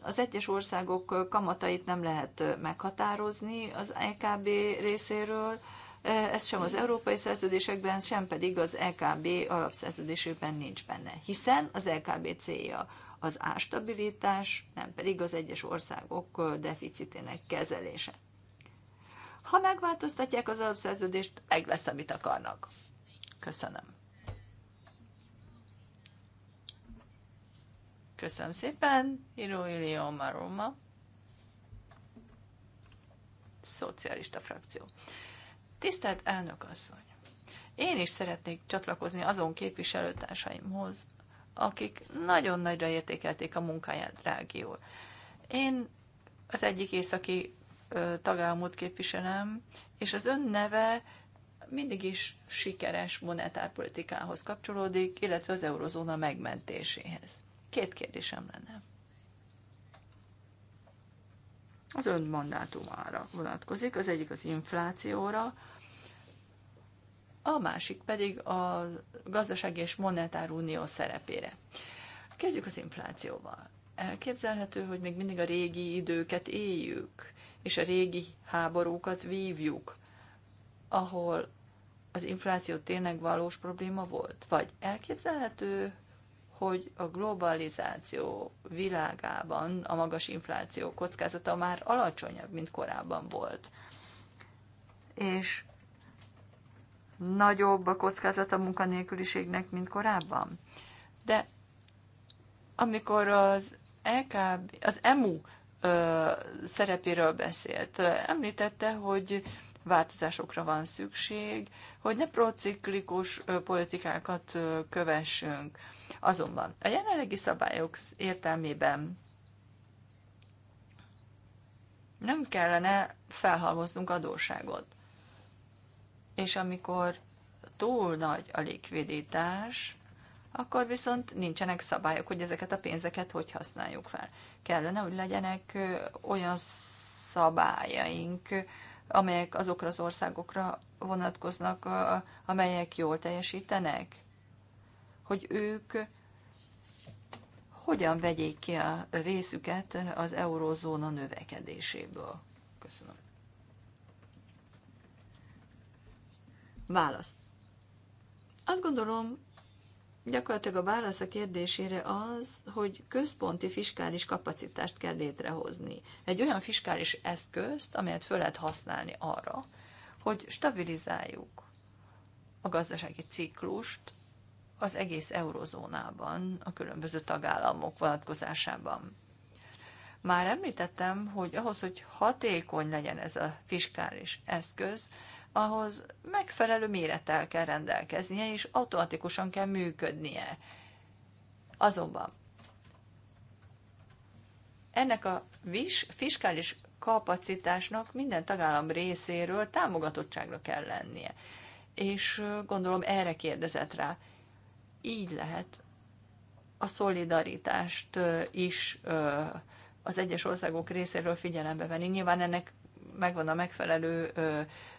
az egyes országok kamatait nem lehet meghatározni az EKB részéről, ez sem az európai szerződésekben, sem pedig az EKB alapszerződésében nincs benne, hiszen az EKB célja az ástabilitás, nem pedig az egyes országok deficitének kezelése. Ha megváltoztatják az alapszerződést, meg lesz, amit akarnak. Köszönöm. Köszönöm szépen, Iro Ilio Maroma, szocialista frakció. Tisztelt elnök asszony! Én is szeretnék csatlakozni azon képviselőtársaimhoz, akik nagyon nagyra értékelték a munkáját, drági úr. Én az egyik északi tagállamot képviselem, és az ön neve mindig is sikeres monetárpolitikához kapcsolódik, illetve az eurozóna megmentéséhez. Két kérdésem lenne. Az ön mandátumára vonatkozik, az egyik az inflációra, a másik pedig a gazdasági és monetár unió szerepére. Kezdjük az inflációval. Elképzelhető, hogy még mindig a régi időket éljük, és a régi háborúkat vívjuk, ahol az infláció tényleg valós probléma volt? Vagy elképzelhető, hogy a globalizáció világában a magas infláció kockázata már alacsonyabb, mint korábban volt. És nagyobb a kockázat a munkanélküliségnek, mint korábban. De amikor az LKB, az EMU ö, szerepéről beszélt, említette, hogy változásokra van szükség, hogy ne prociklikus politikákat kövessünk. Azonban a jelenlegi szabályok értelmében nem kellene felhalmoznunk adóságot. És amikor túl nagy a likviditás, akkor viszont nincsenek szabályok, hogy ezeket a pénzeket hogy használjuk fel. Kellene, hogy legyenek olyan szabályaink, amelyek azokra az országokra vonatkoznak, amelyek jól teljesítenek hogy ők hogyan vegyék ki a részüket az eurózóna növekedéséből. Köszönöm. Válasz. Azt gondolom, gyakorlatilag a válasz a kérdésére az, hogy központi fiskális kapacitást kell létrehozni. Egy olyan fiskális eszközt, amelyet fel lehet használni arra, hogy stabilizáljuk a gazdasági ciklust, az egész eurozónában, a különböző tagállamok vonatkozásában. Már említettem, hogy ahhoz, hogy hatékony legyen ez a fiskális eszköz, ahhoz megfelelő mérettel kell rendelkeznie, és automatikusan kell működnie. Azonban ennek a fiskális kapacitásnak minden tagállam részéről támogatottságra kell lennie. És gondolom erre kérdezett rá így lehet a szolidaritást is az egyes országok részéről figyelembe venni. Nyilván ennek megvan a megfelelő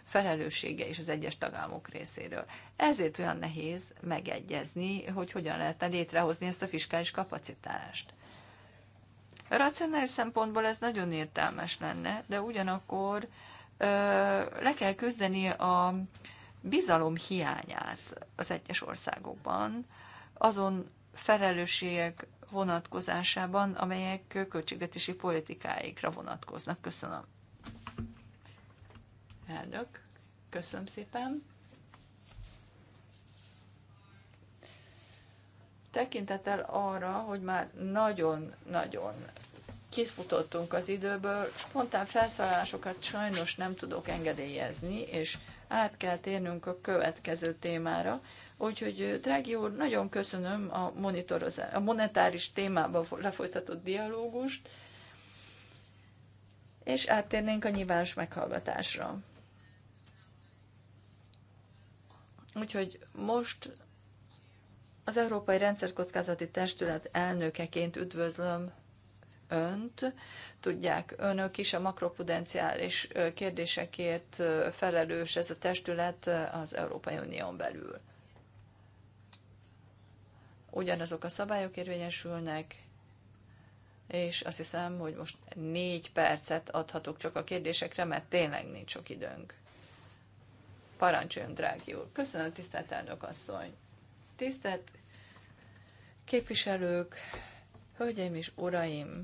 felelőssége is az egyes tagállamok részéről. Ezért olyan nehéz megegyezni, hogy hogyan lehetne létrehozni ezt a fiskális kapacitást. A racionális szempontból ez nagyon értelmes lenne, de ugyanakkor le kell küzdeni a bizalom hiányát az egyes országokban, azon felelősségek vonatkozásában, amelyek költségvetési politikáikra vonatkoznak. Köszönöm. Elnök, köszönöm szépen. Tekintettel arra, hogy már nagyon-nagyon kifutottunk az időből, spontán felszállásokat sajnos nem tudok engedélyezni, és át kell térnünk a következő témára. Úgyhogy, drági úr, nagyon köszönöm a, a monetáris témában lefolytatott dialógust, és áttérnénk a nyilvános meghallgatásra. Úgyhogy most az Európai Rendszerkockázati Testület elnökeként üdvözlöm önt. Tudják önök is, a makropudenciális kérdésekért felelős ez a testület az Európai Unión belül. Ugyanazok a szabályok érvényesülnek, és azt hiszem, hogy most négy percet adhatok csak a kérdésekre, mert tényleg nincs sok időnk. Parancsoljon, drági úr. Köszönöm, tisztelt elnök asszony. Tisztelt képviselők, hölgyeim és uraim,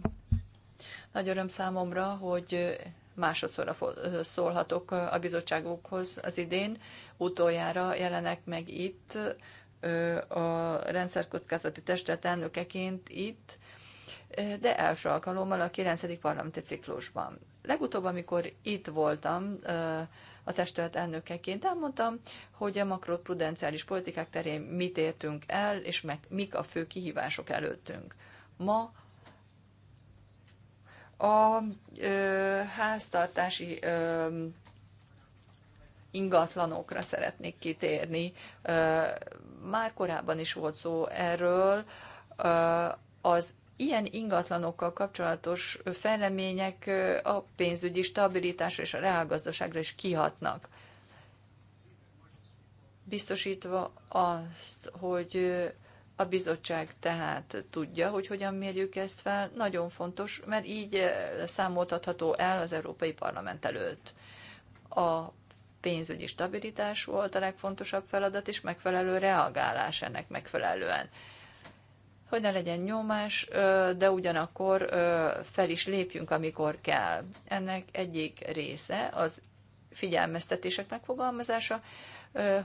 nagy öröm számomra, hogy másodszorra szólhatok a bizottságokhoz az idén. Utoljára jelenek meg itt a rendszerkockázati testület elnökeként itt, de első alkalommal a 9. parlamenti ciklusban. Legutóbb, amikor itt voltam a testület elnökeként, elmondtam, hogy a makroprudenciális politikák terén mit értünk el, és meg, mik a fő kihívások előttünk. Ma a ö, háztartási ö, ingatlanokra szeretnék kitérni. Ö, már korábban is volt szó erről. Ö, az ilyen ingatlanokkal kapcsolatos fejlemények a pénzügyi stabilitásra és a reálgazdaságra is kihatnak. Biztosítva azt, hogy a bizottság tehát tudja, hogy hogyan mérjük ezt fel. Nagyon fontos, mert így eh, számoltatható el az Európai Parlament előtt. A pénzügyi stabilitás volt a legfontosabb feladat, és megfelelő reagálás ennek megfelelően. Hogy ne legyen nyomás, de ugyanakkor fel is lépjünk, amikor kell. Ennek egyik része az figyelmeztetések megfogalmazása,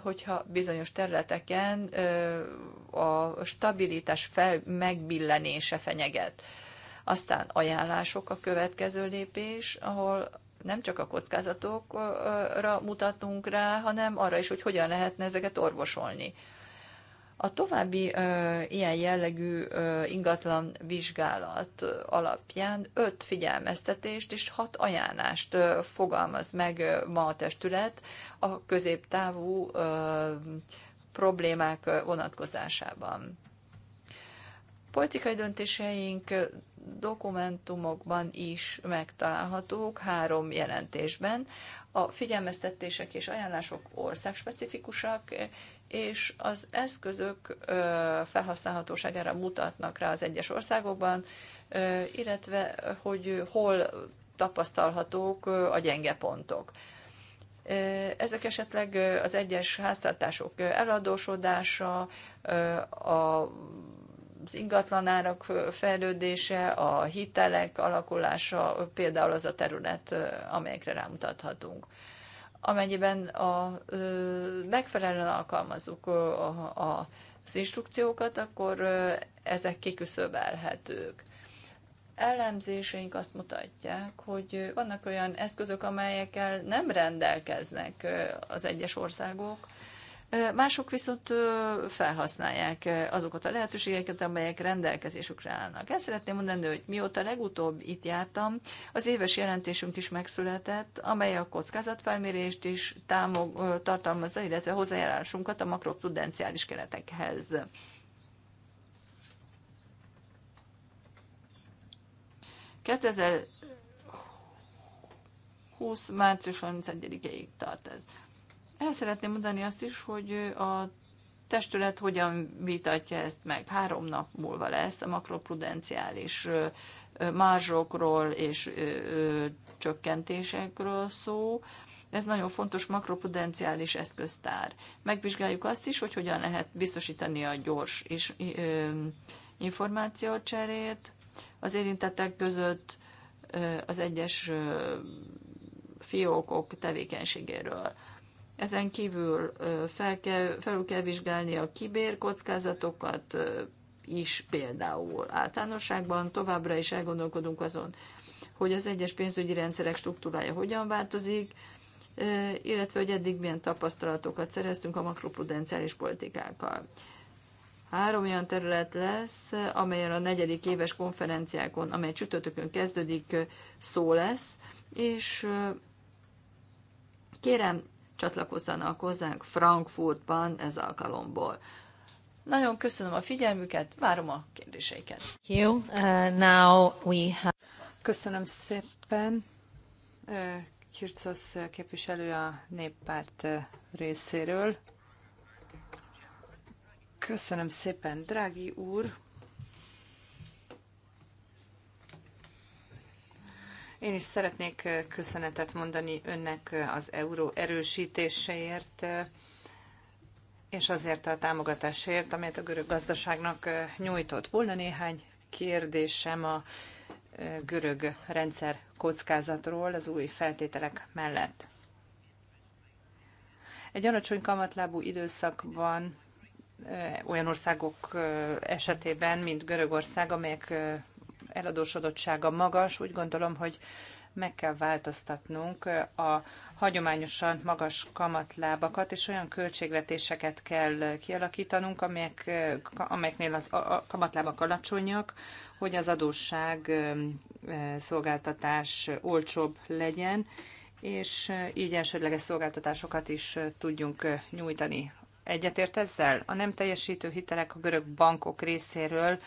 hogyha bizonyos területeken a stabilitás fel megbillenése fenyeget. Aztán ajánlások a következő lépés, ahol nem csak a kockázatokra mutatunk rá, hanem arra is, hogy hogyan lehetne ezeket orvosolni. A további ö, ilyen jellegű ö, ingatlan vizsgálat alapján öt figyelmeztetést és hat ajánlást ö, fogalmaz meg ma a testület a középtávú ö, problémák vonatkozásában. Politikai döntéseink dokumentumokban is megtalálhatók, három jelentésben. A figyelmeztetések és ajánlások országspecifikusak, és az eszközök felhasználhatóságára mutatnak rá az egyes országokban, illetve hogy hol tapasztalhatók a gyenge pontok. Ezek esetleg az egyes háztartások eladósodása, a az ingatlanárak fejlődése, a hitelek alakulása, például az a terület, amelyekre rámutathatunk amennyiben a, ö, megfelelően alkalmazzuk a, a, az instrukciókat, akkor ö, ezek kiküszöbelhetők. Ellenzéseink azt mutatják, hogy vannak olyan eszközök, amelyekkel nem rendelkeznek az egyes országok, Mások viszont felhasználják azokat a lehetőségeket, amelyek rendelkezésükre állnak. Ezt szeretném mondani, hogy mióta legutóbb itt jártam, az éves jelentésünk is megszületett, amely a kockázatfelmérést is támog, tartalmazza, illetve hozzájárulásunkat a makroprudenciális keretekhez. Kettőzer 20. március 31-ig tart ez. El szeretném mondani azt is, hogy a testület hogyan vitatja ezt meg. Három nap múlva lesz a makroprudenciális mázsokról és csökkentésekről szó. Ez nagyon fontos makroprudenciális eszköztár. Megvizsgáljuk azt is, hogy hogyan lehet biztosítani a gyors és információcserét az érintettek között az egyes fiókok tevékenységéről. Ezen kívül fel kell, felül kell vizsgálni a kibérkockázatokat is például általánosságban. Továbbra is elgondolkodunk azon, hogy az egyes pénzügyi rendszerek struktúrája hogyan változik, illetve hogy eddig milyen tapasztalatokat szereztünk a makroprudenciális politikákkal. Három olyan terület lesz, amelyen a negyedik éves konferenciákon, amely csütörtökön kezdődik, szó lesz, és kérem, csatlakozzanak hozzánk Frankfurtban ez alkalomból. Nagyon köszönöm a figyelmüket, várom a kérdéseiket. You, uh, now we have... Köszönöm szépen. Uh, Kircosz képviselő a néppárt uh, részéről. Köszönöm szépen, drági úr. Én is szeretnék köszönetet mondani önnek az euró erősítéseért és azért a támogatásért, amelyet a görög gazdaságnak nyújtott. Volna néhány kérdésem a görög rendszer kockázatról az új feltételek mellett. Egy alacsony kamatlábú időszakban olyan országok esetében, mint Görögország, amelyek eladósodottsága magas, úgy gondolom, hogy meg kell változtatnunk a hagyományosan magas kamatlábakat, és olyan költségvetéseket kell kialakítanunk, amelyek, amelyeknél az, a kamatlábak alacsonyak, hogy az adósság szolgáltatás olcsóbb legyen, és így elsődleges szolgáltatásokat is tudjunk nyújtani. Egyetért ezzel? A nem teljesítő hitelek a görög bankok részéről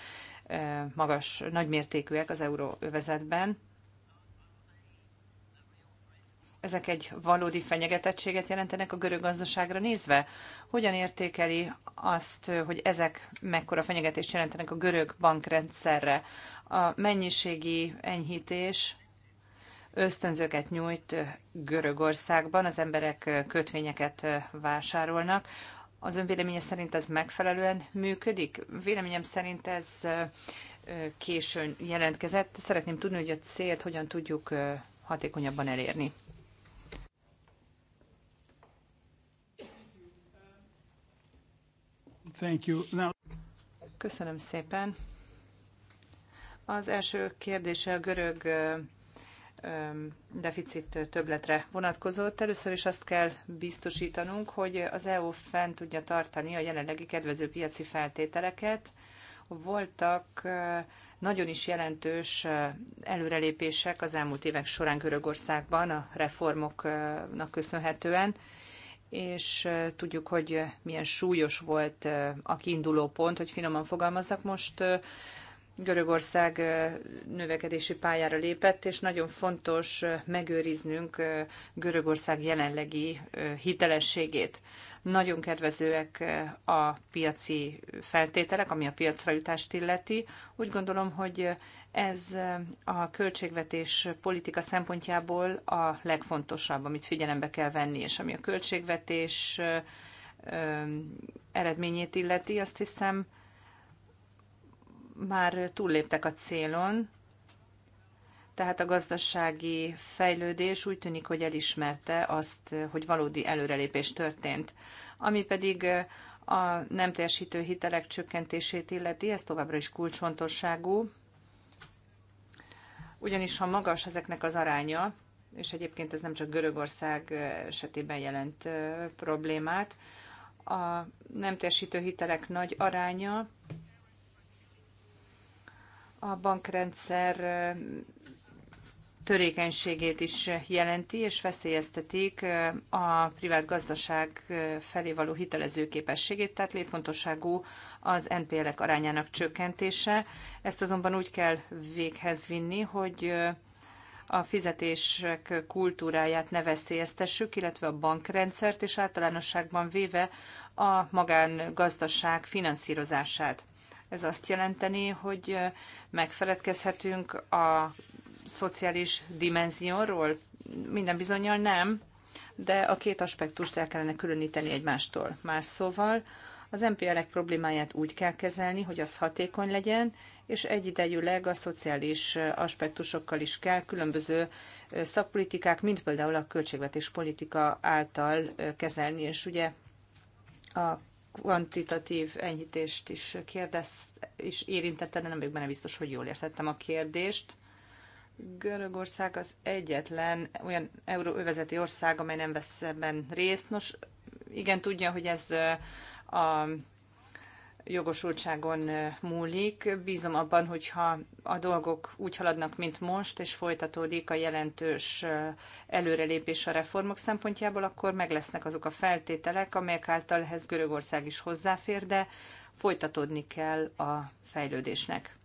magas, nagymértékűek az euróövezetben. Ezek egy valódi fenyegetettséget jelentenek a görög gazdaságra nézve. Hogyan értékeli azt, hogy ezek mekkora fenyegetést jelentenek a görög bankrendszerre? A mennyiségi enyhítés ösztönzőket nyújt Görögországban, az emberek kötvényeket vásárolnak. Az ön véleménye szerint ez megfelelően működik? Véleményem szerint ez későn jelentkezett. Szeretném tudni, hogy a célt hogyan tudjuk hatékonyabban elérni. Thank you. Now... Köszönöm szépen. Az első kérdése a görög deficit többletre vonatkozott. Először is azt kell biztosítanunk, hogy az EU fent tudja tartani a jelenlegi kedvező piaci feltételeket. Voltak nagyon is jelentős előrelépések az elmúlt évek során Görögországban a reformoknak köszönhetően, és tudjuk, hogy milyen súlyos volt a kiinduló pont, hogy finoman fogalmazzak most Görögország növekedési pályára lépett, és nagyon fontos megőriznünk Görögország jelenlegi hitelességét. Nagyon kedvezőek a piaci feltételek, ami a piacra jutást illeti. Úgy gondolom, hogy ez a költségvetés politika szempontjából a legfontosabb, amit figyelembe kell venni, és ami a költségvetés eredményét illeti, azt hiszem, már túlléptek a célon, tehát a gazdasági fejlődés úgy tűnik, hogy elismerte azt, hogy valódi előrelépés történt. Ami pedig a nem teljesítő hitelek csökkentését illeti, ez továbbra is kulcsfontosságú, ugyanis ha magas ezeknek az aránya, és egyébként ez nem csak Görögország esetében jelent problémát, a nem teljesítő hitelek nagy aránya a bankrendszer törékenységét is jelenti, és veszélyeztetik a privát gazdaság felé való hitelező képességét, tehát létfontosságú az NPL-ek arányának csökkentése. Ezt azonban úgy kell véghez vinni, hogy a fizetések kultúráját ne veszélyeztessük, illetve a bankrendszert, és általánosságban véve a magángazdaság finanszírozását. Ez azt jelenteni, hogy megfeledkezhetünk a szociális dimenzióról? Minden bizonyal nem, de a két aspektust el kellene különíteni egymástól. Más szóval, az MPR-ek problémáját úgy kell kezelni, hogy az hatékony legyen, és egyidejűleg a szociális aspektusokkal is kell különböző szakpolitikák, mint például a költségvetés politika által kezelni, és ugye a kvantitatív enyhítést is kérdez, és érintette, de nem vagyok benne biztos, hogy jól értettem a kérdést. Görögország az egyetlen olyan euróövezeti ország, amely nem vesz ebben részt. Nos, igen, tudja, hogy ez a jogosultságon múlik. Bízom abban, hogyha a dolgok úgy haladnak, mint most, és folytatódik a jelentős előrelépés a reformok szempontjából, akkor meg lesznek azok a feltételek, amelyek által ehhez Görögország is hozzáfér, de folytatódni kell a fejlődésnek.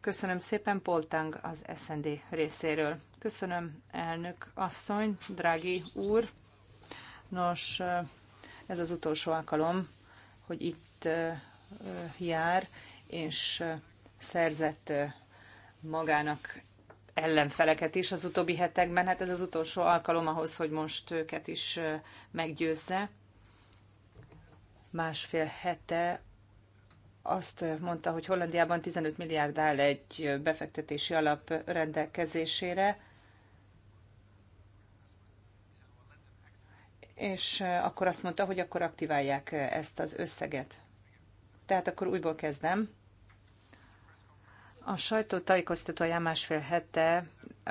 Köszönöm szépen Poltang az SND részéről. Köszönöm elnök asszony, drági úr. Nos, ez az utolsó alkalom, hogy itt jár, és szerzett magának ellenfeleket is az utóbbi hetekben. Hát ez az utolsó alkalom ahhoz, hogy most őket is meggyőzze. Másfél hete azt mondta, hogy Hollandiában 15 milliárd áll egy befektetési alap rendelkezésére, és akkor azt mondta, hogy akkor aktiválják ezt az összeget. Tehát akkor újból kezdem. A sajtó tájékoztatóján másfél hete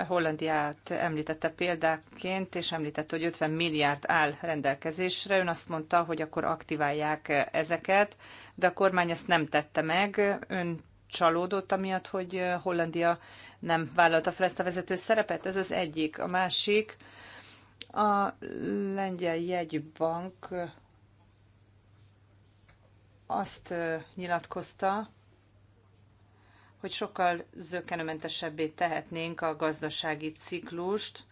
Hollandiát említette példáként, és említette, hogy 50 milliárd áll rendelkezésre. Ön azt mondta, hogy akkor aktiválják ezeket, de a kormány ezt nem tette meg. Ön csalódott amiatt, hogy Hollandia nem vállalta fel ezt a vezető szerepet? Ez az egyik. A másik, a lengyel jegybank azt nyilatkozta, hogy sokkal zökkenőmentesebbé tehetnénk a gazdasági ciklust.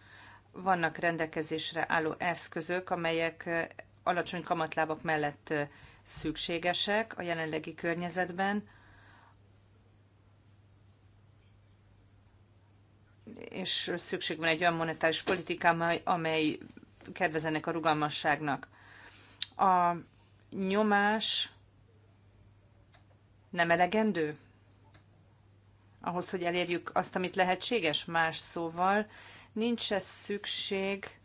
Vannak rendelkezésre álló eszközök, amelyek alacsony kamatlábak mellett szükségesek a jelenlegi környezetben, és szükség van egy olyan monetáris politikára, amely kedvezenek a rugalmasságnak. A nyomás nem elegendő? Ahhoz, hogy elérjük azt, amit lehetséges más szóval, nincs ez szükség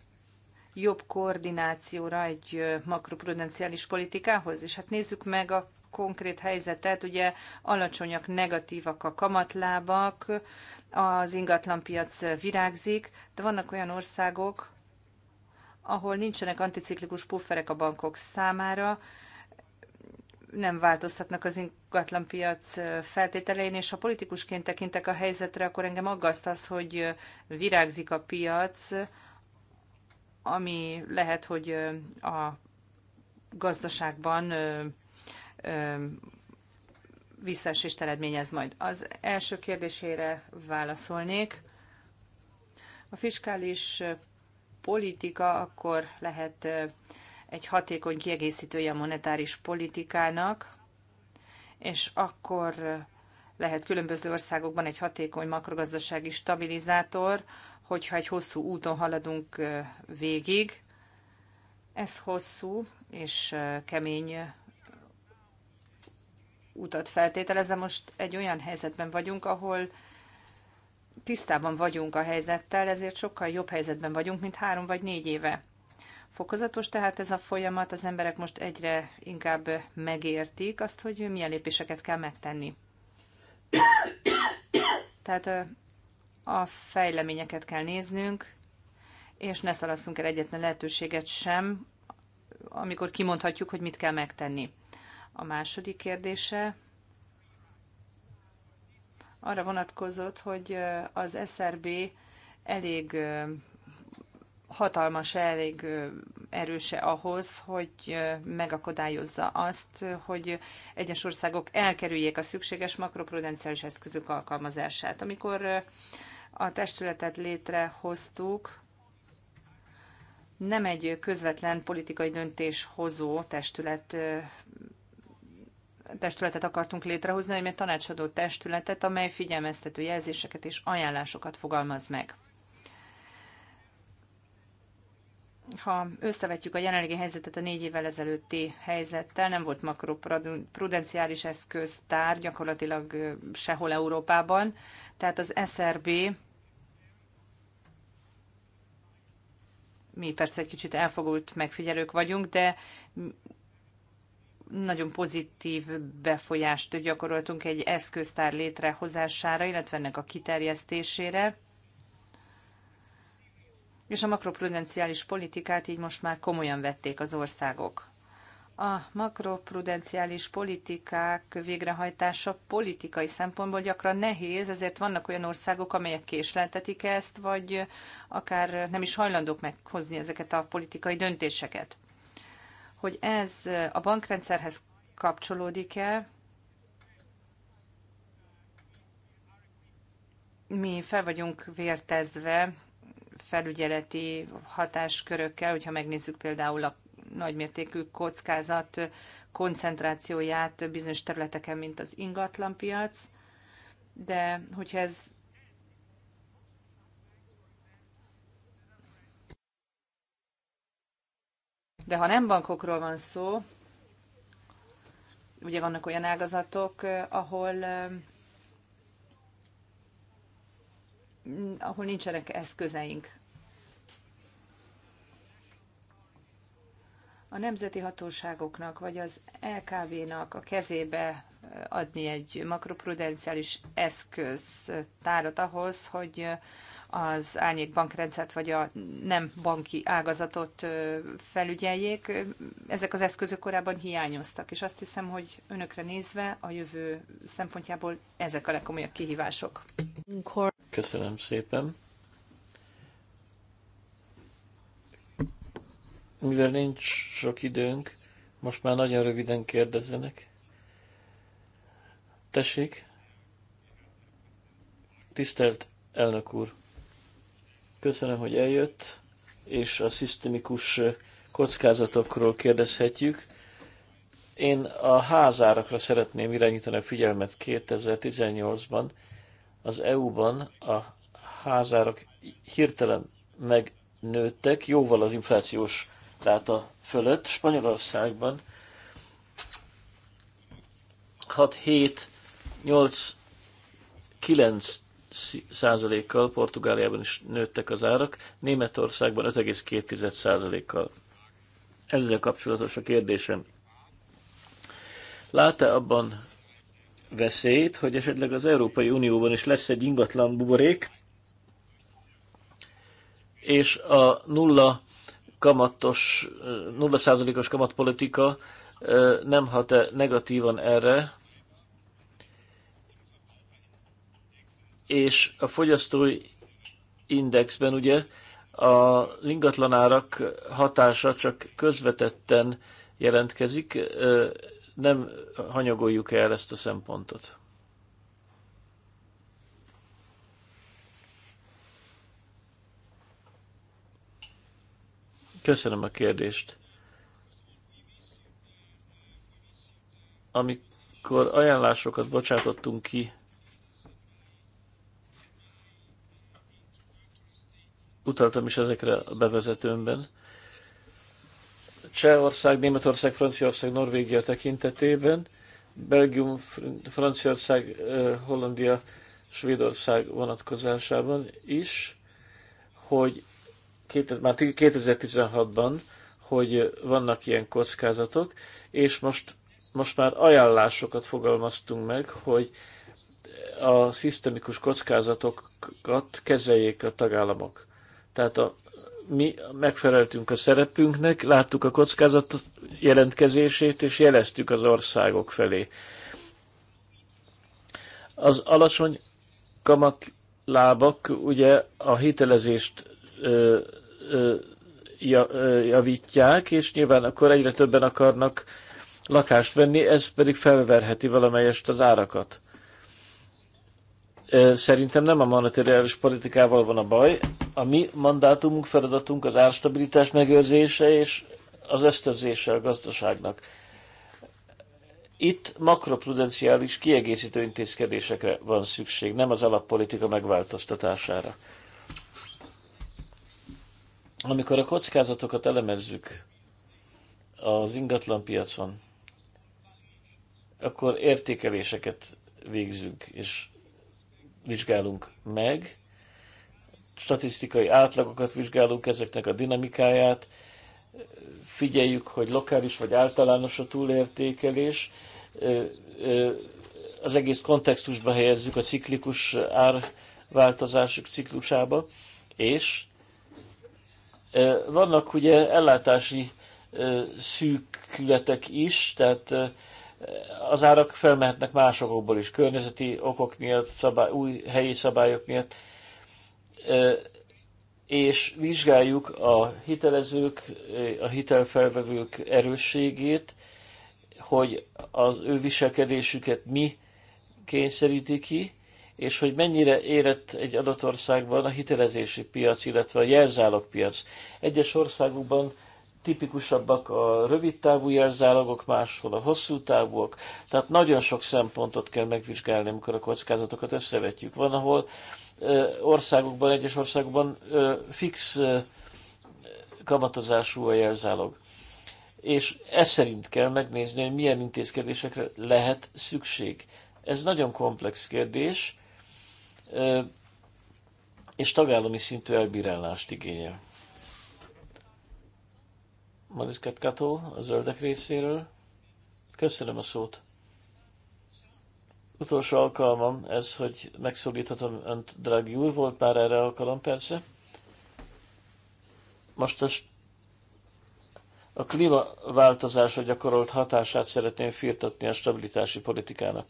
jobb koordinációra egy makroprudenciális politikához? És hát nézzük meg a konkrét helyzetet, ugye alacsonyak, negatívak a kamatlábak, az ingatlanpiac virágzik, de vannak olyan országok, ahol nincsenek anticiklikus pufferek a bankok számára, nem változtatnak az ingatlanpiac feltételein, és ha politikusként tekintek a helyzetre, akkor engem aggaszt az, hogy virágzik a piac, ami lehet, hogy a gazdaságban visszaesést eredményez majd. Az első kérdésére válaszolnék. A fiskális politika akkor lehet egy hatékony kiegészítője a monetáris politikának, és akkor lehet különböző országokban egy hatékony makrogazdasági stabilizátor, hogyha egy hosszú úton haladunk végig. Ez hosszú és kemény utat feltételez, de most egy olyan helyzetben vagyunk, ahol tisztában vagyunk a helyzettel, ezért sokkal jobb helyzetben vagyunk, mint három vagy négy éve fokozatos, tehát ez a folyamat, az emberek most egyre inkább megértik azt, hogy milyen lépéseket kell megtenni. Tehát a fejleményeket kell néznünk, és ne szalasszunk el egyetlen lehetőséget sem, amikor kimondhatjuk, hogy mit kell megtenni. A második kérdése arra vonatkozott, hogy az SRB elég hatalmas, elég erőse ahhoz, hogy megakadályozza azt, hogy egyes országok elkerüljék a szükséges makroprudenciális eszközök alkalmazását. Amikor a testületet létrehoztuk, nem egy közvetlen politikai döntéshozó testület testületet akartunk létrehozni, hanem egy tanácsadó testületet, amely figyelmeztető jelzéseket és ajánlásokat fogalmaz meg. ha összevetjük a jelenlegi helyzetet a négy évvel ezelőtti helyzettel, nem volt makroprudenciális eszköztár gyakorlatilag sehol Európában, tehát az SRB mi persze egy kicsit elfogult megfigyelők vagyunk, de nagyon pozitív befolyást gyakoroltunk egy eszköztár létrehozására, illetve ennek a kiterjesztésére és a makroprudenciális politikát így most már komolyan vették az országok. A makroprudenciális politikák végrehajtása politikai szempontból gyakran nehéz, ezért vannak olyan országok, amelyek késleltetik ezt, vagy akár nem is hajlandók meghozni ezeket a politikai döntéseket. Hogy ez a bankrendszerhez kapcsolódik-e, mi fel vagyunk vértezve felügyeleti hatáskörökkel, hogyha megnézzük például a nagymértékű kockázat koncentrációját bizonyos területeken, mint az ingatlanpiac, de hogyha ez De ha nem bankokról van szó, ugye vannak olyan ágazatok, eh, ahol eh, ahol nincsenek eszközeink a nemzeti hatóságoknak vagy az LKV-nak a kezébe eh, adni egy makroprudenciális eh, tárat ahhoz, hogy eh, az árnyék bankrendszert vagy a nem banki ágazatot felügyeljék. Ezek az eszközök korábban hiányoztak, és azt hiszem, hogy önökre nézve a jövő szempontjából ezek a legkomolyabb kihívások. Köszönöm szépen. Mivel nincs sok időnk, most már nagyon röviden kérdezzenek. Tessék! Tisztelt elnök úr! Köszönöm, hogy eljött, és a szisztemikus kockázatokról kérdezhetjük. Én a házárakra szeretném irányítani a figyelmet 2018-ban. Az EU-ban a házárak hirtelen megnőttek, jóval az inflációs ráta fölött. Spanyolországban 6-7-8-9 százalékkal, Portugáliában is nőttek az árak, Németországban 5,2 százalékkal. Ezzel kapcsolatos a kérdésem. Lát-e abban veszélyt, hogy esetleg az Európai Unióban is lesz egy ingatlan buborék, és a nulla kamatos, 0%-os kamatpolitika nem hat -e negatívan erre, és a fogyasztói indexben ugye a ingatlanárak hatása csak közvetetten jelentkezik, nem hanyagoljuk el ezt a szempontot. Köszönöm a kérdést. Amikor ajánlásokat bocsátottunk ki, utaltam is ezekre a bevezetőmben, Csehország, Németország, Franciaország, Norvégia tekintetében, Belgium, Franciaország, Hollandia, Svédország vonatkozásában is, hogy már 2016-ban, hogy vannak ilyen kockázatok, és most, most már ajánlásokat fogalmaztunk meg, hogy a szisztemikus kockázatokat kezeljék a tagállamok. Tehát a, mi megfeleltünk a szerepünknek, láttuk a kockázat jelentkezését, és jeleztük az országok felé. Az alacsony kamatlábak ugye a hitelezést ö, ö, javítják, és nyilván akkor egyre többen akarnak lakást venni, ez pedig felverheti valamelyest az árakat. Szerintem nem a monetáris politikával van a baj. A mi mandátumunk, feladatunk az árstabilitás megőrzése és az ösztönzése a gazdaságnak. Itt makroprudenciális kiegészítő intézkedésekre van szükség, nem az alappolitika megváltoztatására. Amikor a kockázatokat elemezzük az ingatlan piacon, akkor értékeléseket végzünk és vizsgálunk meg, statisztikai átlagokat vizsgálunk ezeknek a dinamikáját, figyeljük, hogy lokális vagy általános a túlértékelés, az egész kontextusba helyezzük a ciklikus árváltozások ciklusába, és vannak ugye ellátási szűkületek is, tehát az árak felmehetnek más okokból is, környezeti okok miatt, szabály, új helyi szabályok miatt, és vizsgáljuk a hitelezők, a hitelfelvevők erősségét, hogy az ő viselkedésüket mi kényszeríti ki, és hogy mennyire érett egy adott országban a hitelezési piac, illetve a jelzálogpiac. Egyes országokban tipikusabbak a rövid távú jelzálogok, máshol a hosszú távúak. Tehát nagyon sok szempontot kell megvizsgálni, amikor a kockázatokat összevetjük. Van, ahol országokban, egyes országokban fix kamatozású a jelzálog. És ez szerint kell megnézni, hogy milyen intézkedésekre lehet szükség. Ez nagyon komplex kérdés, és tagállami szintű elbírálást igényel. Mariszket Kató a zöldek részéről. Köszönöm a szót. Utolsó alkalmam ez, hogy megszólíthatom Önt, drági úr, volt már erre alkalom persze. Most a, a klímaváltozásra gyakorolt hatását szeretném firtatni a stabilitási politikának.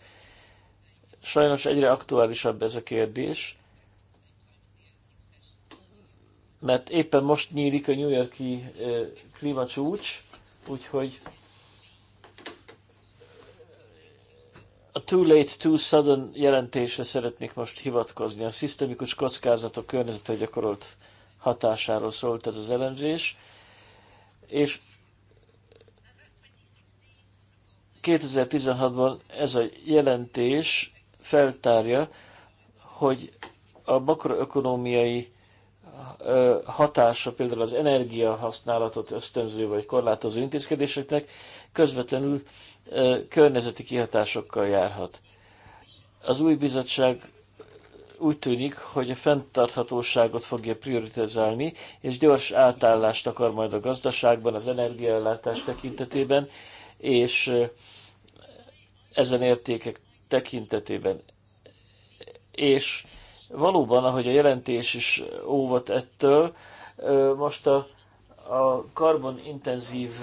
Sajnos egyre aktuálisabb ez a kérdés, mert éppen most nyílik a New Yorki klímacsúcs, úgyhogy a too late, too sudden jelentésre szeretnék most hivatkozni. A szisztemikus kockázatok környezete gyakorolt hatásáról szólt ez az elemzés, és 2016-ban ez a jelentés feltárja, hogy a makroökonomiai hatása például az energiahasználatot ösztönző vagy korlátozó intézkedéseknek közvetlenül környezeti kihatásokkal járhat. Az új bizottság úgy tűnik, hogy a fenntarthatóságot fogja prioritizálni, és gyors átállást akar majd a gazdaságban, az energiaellátás tekintetében, és ezen értékek tekintetében. És valóban, ahogy a jelentés is óvat ettől, most a, a karbonintenzív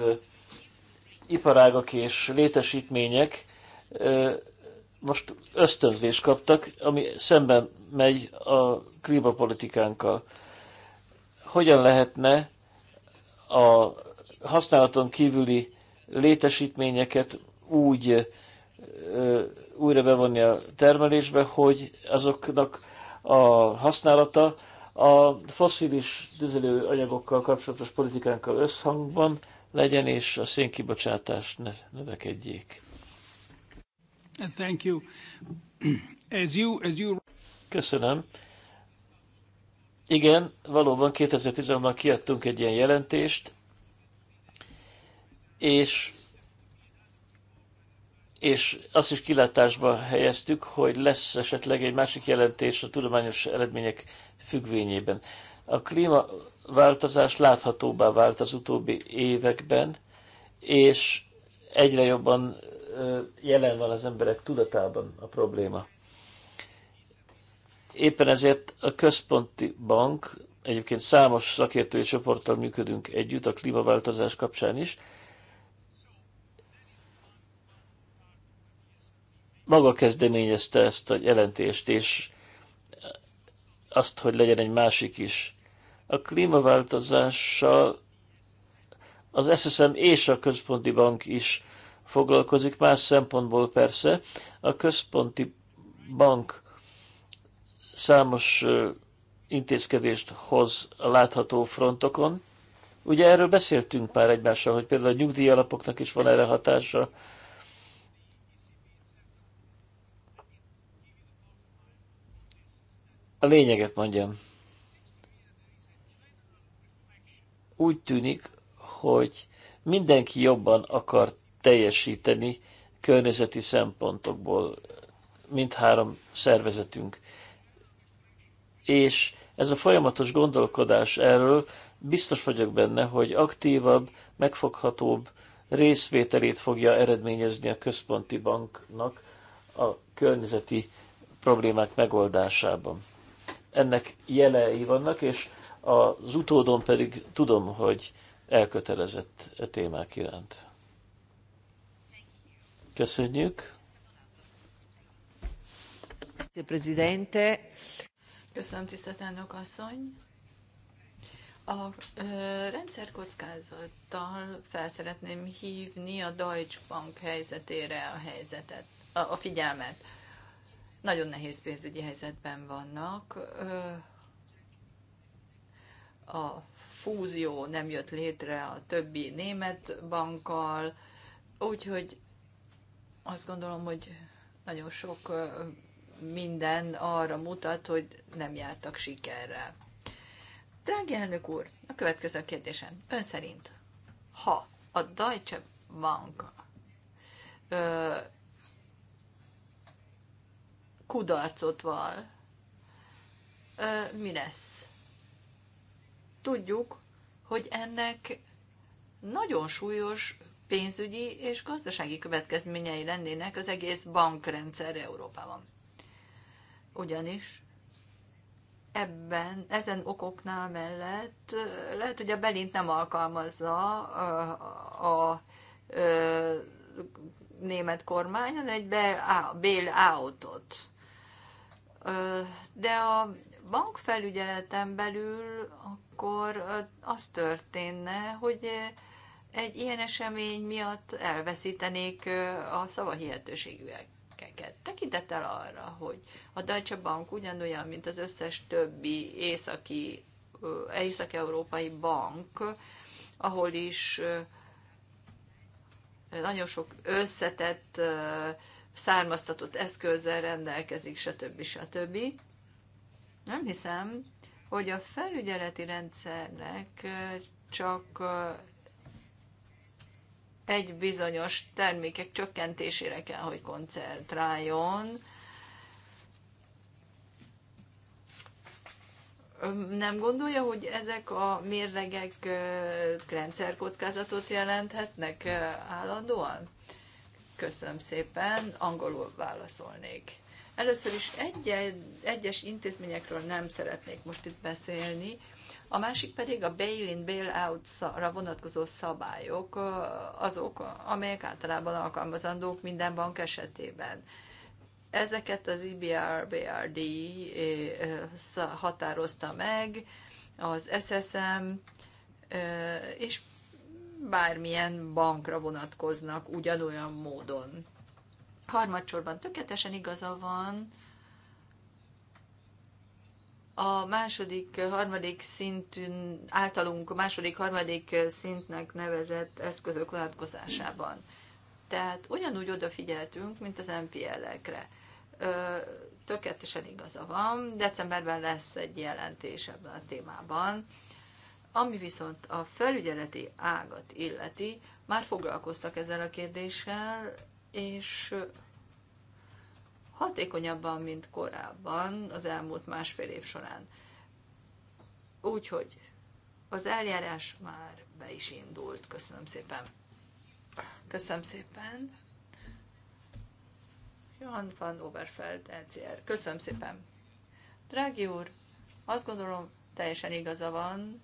iparágak és létesítmények most ösztönzést kaptak, ami szemben megy a klímapolitikánkkal. Hogyan lehetne a használaton kívüli létesítményeket úgy újra bevonni a termelésbe, hogy azoknak a használata a foszilis tüzelőanyagokkal kapcsolatos politikánkkal összhangban legyen, és a szénkibocsátás ne növekedjék. Thank you. As you, as you... Köszönöm. Igen, valóban 2010-ben kiadtunk egy ilyen jelentést, és és azt is kilátásba helyeztük, hogy lesz esetleg egy másik jelentés a tudományos eredmények függvényében. A klímaváltozás láthatóbbá vált az utóbbi években, és egyre jobban jelen van az emberek tudatában a probléma. Éppen ezért a központi bank, egyébként számos szakértői csoporttal működünk együtt a klímaváltozás kapcsán is, maga kezdeményezte ezt a jelentést, és azt, hogy legyen egy másik is. A klímaváltozással az SSM és a központi bank is foglalkozik, más szempontból persze. A központi bank számos intézkedést hoz a látható frontokon. Ugye erről beszéltünk már egymással, hogy például a nyugdíjalapoknak is van erre hatása, a lényeget mondjam. Úgy tűnik, hogy mindenki jobban akar teljesíteni környezeti szempontokból, mint három szervezetünk. És ez a folyamatos gondolkodás erről biztos vagyok benne, hogy aktívabb, megfoghatóbb részvételét fogja eredményezni a központi banknak a környezeti problémák megoldásában ennek jelei vannak, és az utódon pedig tudom, hogy elkötelezett a e témák iránt. Köszönjük. Köszönöm, tisztelt elnök asszony. A ö, rendszerkockázattal felszeretném hívni a Deutsche Bank helyzetére a helyzetet, a, a figyelmet nagyon nehéz pénzügyi helyzetben vannak. A fúzió nem jött létre a többi német bankkal, úgyhogy azt gondolom, hogy nagyon sok minden arra mutat, hogy nem jártak sikerrel. Drági elnök úr, a következő kérdésem. Ön szerint, ha a Deutsche Bank kudarcot val. Ö, mi lesz? Tudjuk, hogy ennek nagyon súlyos pénzügyi és gazdasági következményei lennének az egész bankrendszer Európában. Ugyanis ebben, ezen okoknál mellett lehet, hogy a Belint nem alkalmazza a, a, a német kormány, hanem egy bail-outot. De a bankfelügyeleten belül akkor az történne, hogy egy ilyen esemény miatt elveszítenék a szavahihetőségűeket. Tekintettel arra, hogy a Deutsche Bank ugyanolyan, mint az összes többi északi, észak-európai bank, ahol is nagyon sok összetett származtatott eszközzel rendelkezik, stb. stb. Nem hiszem, hogy a felügyeleti rendszernek csak egy bizonyos termékek csökkentésére kell, hogy koncentráljon. Nem gondolja, hogy ezek a mérlegek rendszerkockázatot jelenthetnek állandóan? Köszönöm szépen, angolul válaszolnék. Először is egy egyes intézményekről nem szeretnék most itt beszélni, a másik pedig a bail-in, bail-out-ra vonatkozó szabályok, azok, amelyek általában alkalmazandók minden bank esetében. Ezeket az IBR, e BRD határozta meg, az SSM, és bármilyen bankra vonatkoznak ugyanolyan módon. Harmadsorban tökéletesen igaza van, a második, harmadik szintűn, általunk a második, harmadik szintnek nevezett eszközök vonatkozásában. Tehát ugyanúgy odafigyeltünk, mint az MPL-ekre. Tökéletesen igaza van, decemberben lesz egy jelentés ebben a témában, ami viszont a felügyeleti ágat illeti, már foglalkoztak ezzel a kérdéssel, és hatékonyabban, mint korábban az elmúlt másfél év során. Úgyhogy az eljárás már be is indult. Köszönöm szépen. Köszönöm szépen. Johan van Oberfeld, LCR. Köszönöm szépen. Drági úr, azt gondolom, teljesen igaza van,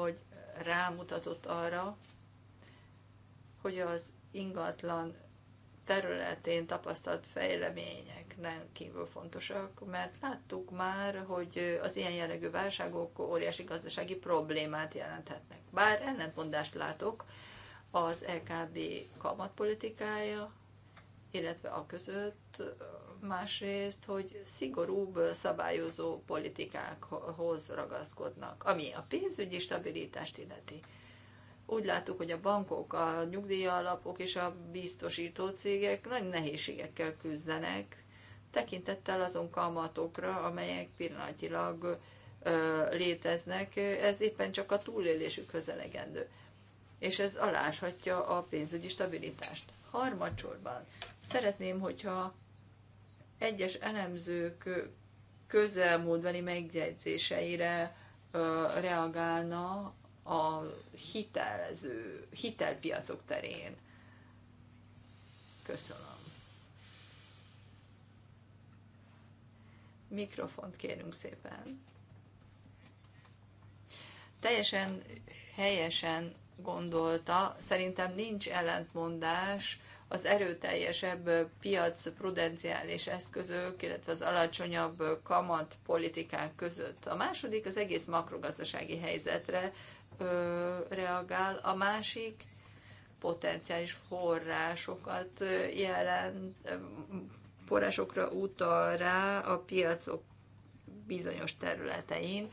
hogy rámutatott arra, hogy az ingatlan területén tapasztalt fejlemények kívül fontosak, mert láttuk már, hogy az ilyen jellegű válságok óriási gazdasági problémát jelenthetnek. Bár ellentmondást látok az LKB e kamatpolitikája, illetve a között, másrészt, hogy szigorúbb szabályozó politikákhoz ragaszkodnak, ami a pénzügyi stabilitást illeti. Úgy láttuk, hogy a bankok, a nyugdíjalapok és a biztosító cégek nagy nehézségekkel küzdenek, tekintettel azon kamatokra, amelyek pillanatilag ö, léteznek, ez éppen csak a túlélésük közelegendő. És ez aláshatja a pénzügyi stabilitást. Harmadsorban szeretném, hogyha egyes elemzők közelmúltbeli megjegyzéseire reagálna a hitelező, hitelpiacok terén. Köszönöm. Mikrofont kérünk szépen. Teljesen helyesen gondolta, szerintem nincs ellentmondás az erőteljesebb piac prudenciális eszközök, illetve az alacsonyabb kamat politikák között. A második az egész makrogazdasági helyzetre ö, reagál, a másik potenciális forrásokat jelent, forrásokra utal rá a piacok bizonyos területein,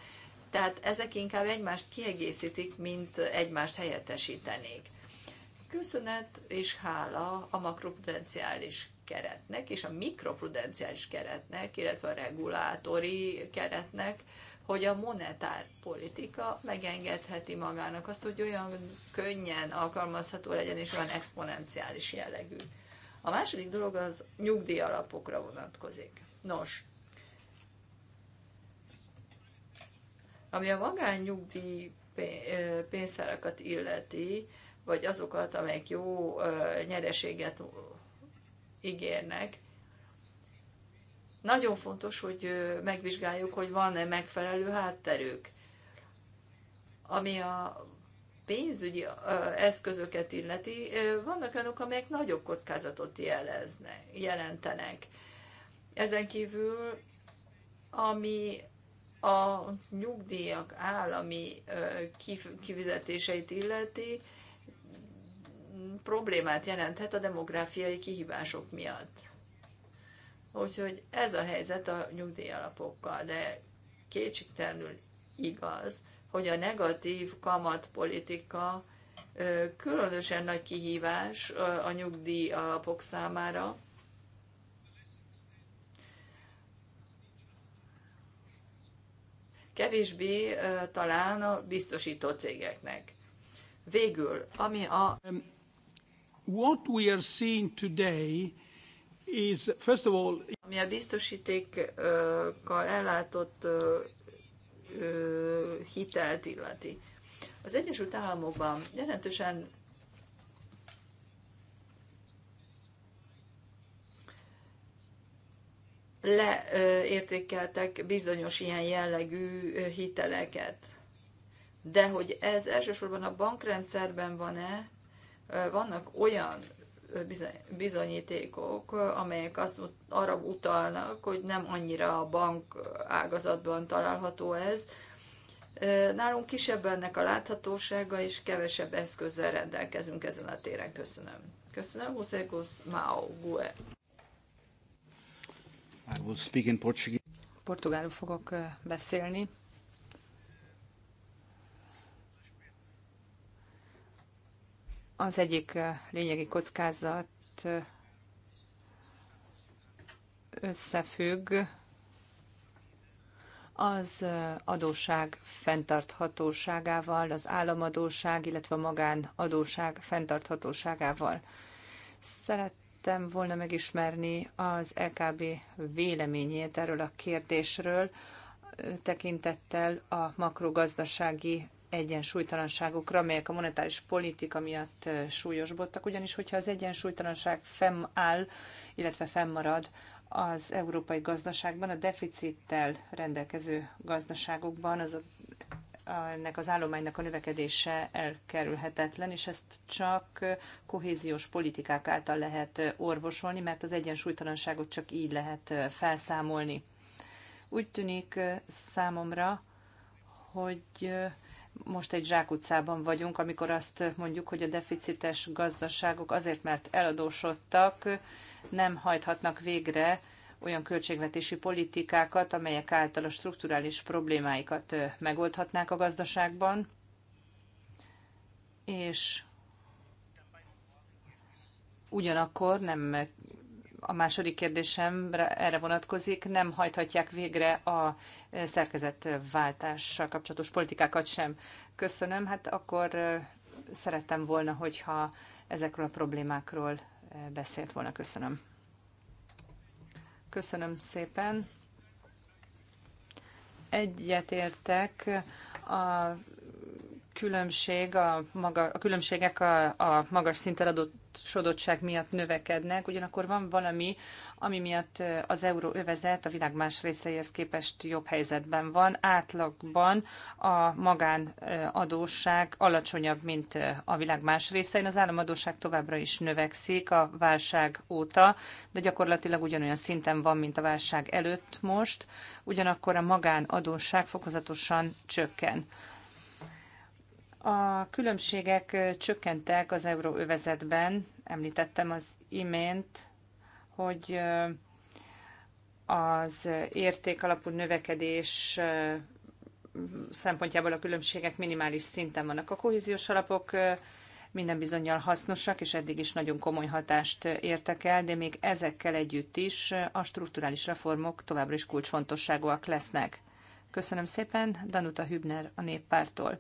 tehát ezek inkább egymást kiegészítik, mint egymást helyettesítenék. Köszönet és hála a makroprudenciális keretnek és a mikroprudenciális keretnek, illetve a regulátori keretnek, hogy a monetár politika megengedheti magának azt, hogy olyan könnyen alkalmazható legyen, és olyan exponenciális jellegű. A második dolog az nyugdíj alapokra vonatkozik. Nos, ami a magánnyugdíj pénztárakat illeti, vagy azokat, amelyek jó nyereséget ígérnek. Nagyon fontos, hogy megvizsgáljuk, hogy van-e megfelelő hátterük, ami a pénzügyi eszközöket illeti, vannak olyanok, amelyek nagyobb kockázatot jeleznek, jelentenek. Ezen kívül, ami a nyugdíjak állami kifizetéseit illeti, problémát jelenthet a demográfiai kihívások miatt. Úgyhogy ez a helyzet a nyugdíjalapokkal, de kétségtelenül igaz, hogy a negatív kamatpolitika különösen nagy kihívás a nyugdíjalapok számára. Kevésbé talán a biztosító cégeknek. Végül, ami a what we are seeing today is, first of all... Ami a biztosítékkal ellátott hitelt illeti. Az Egyesült Államokban jelentősen leértékeltek bizonyos ilyen jellegű hiteleket. De hogy ez elsősorban a bankrendszerben van-e, vannak olyan bizonyítékok, amelyek azt, arra utalnak, hogy nem annyira a bank ágazatban található ez. Nálunk kisebb ennek a láthatósága, és kevesebb eszközzel rendelkezünk ezen a téren. Köszönöm. Köszönöm, Huszékusz Mao Gue. I will speak in Portuguese. Portugálul fogok beszélni. Az egyik lényegi kockázat összefügg az adóság fenntarthatóságával, az államadóság, illetve a magánadóság fenntarthatóságával. Szerettem volna megismerni az LKB e véleményét erről a kérdésről, tekintettel a makrogazdasági egyensúlytalanságokra, melyek a monetáris politika miatt súlyosbodtak, ugyanis hogyha az egyensúlytalanság fennáll, illetve fennmarad az európai gazdaságban, a deficittel rendelkező gazdaságokban az a, ennek az állománynak a növekedése elkerülhetetlen, és ezt csak kohéziós politikák által lehet orvosolni, mert az egyensúlytalanságot csak így lehet felszámolni. Úgy tűnik számomra, hogy most egy zsákutcában vagyunk, amikor azt mondjuk, hogy a deficites gazdaságok azért, mert eladósodtak, nem hajthatnak végre olyan költségvetési politikákat, amelyek által a strukturális problémáikat megoldhatnák a gazdaságban, és ugyanakkor nem a második kérdésem erre vonatkozik, nem hajthatják végre a e, szerkezetváltással kapcsolatos politikákat sem. Köszönöm, hát akkor e, szerettem volna, hogyha ezekről a problémákról e, beszélt volna. Köszönöm. Köszönöm szépen. Egyetértek a különbség, a, maga, a különbségek a, a magas szinten adott eladósodottság miatt növekednek, ugyanakkor van valami, ami miatt az euróövezet a világ más részeihez képest jobb helyzetben van. Átlagban a magánadósság alacsonyabb, mint a világ más részein. Az államadóság továbbra is növekszik a válság óta, de gyakorlatilag ugyanolyan szinten van, mint a válság előtt most. Ugyanakkor a magánadósság fokozatosan csökken. A különbségek csökkentek az euróövezetben, említettem az imént, hogy az érték alapú növekedés szempontjából a különbségek minimális szinten vannak. A kohéziós alapok minden bizonyal hasznosak, és eddig is nagyon komoly hatást értek el, de még ezekkel együtt is a strukturális reformok továbbra is kulcsfontosságúak lesznek. Köszönöm szépen, Danuta Hübner a néppártól.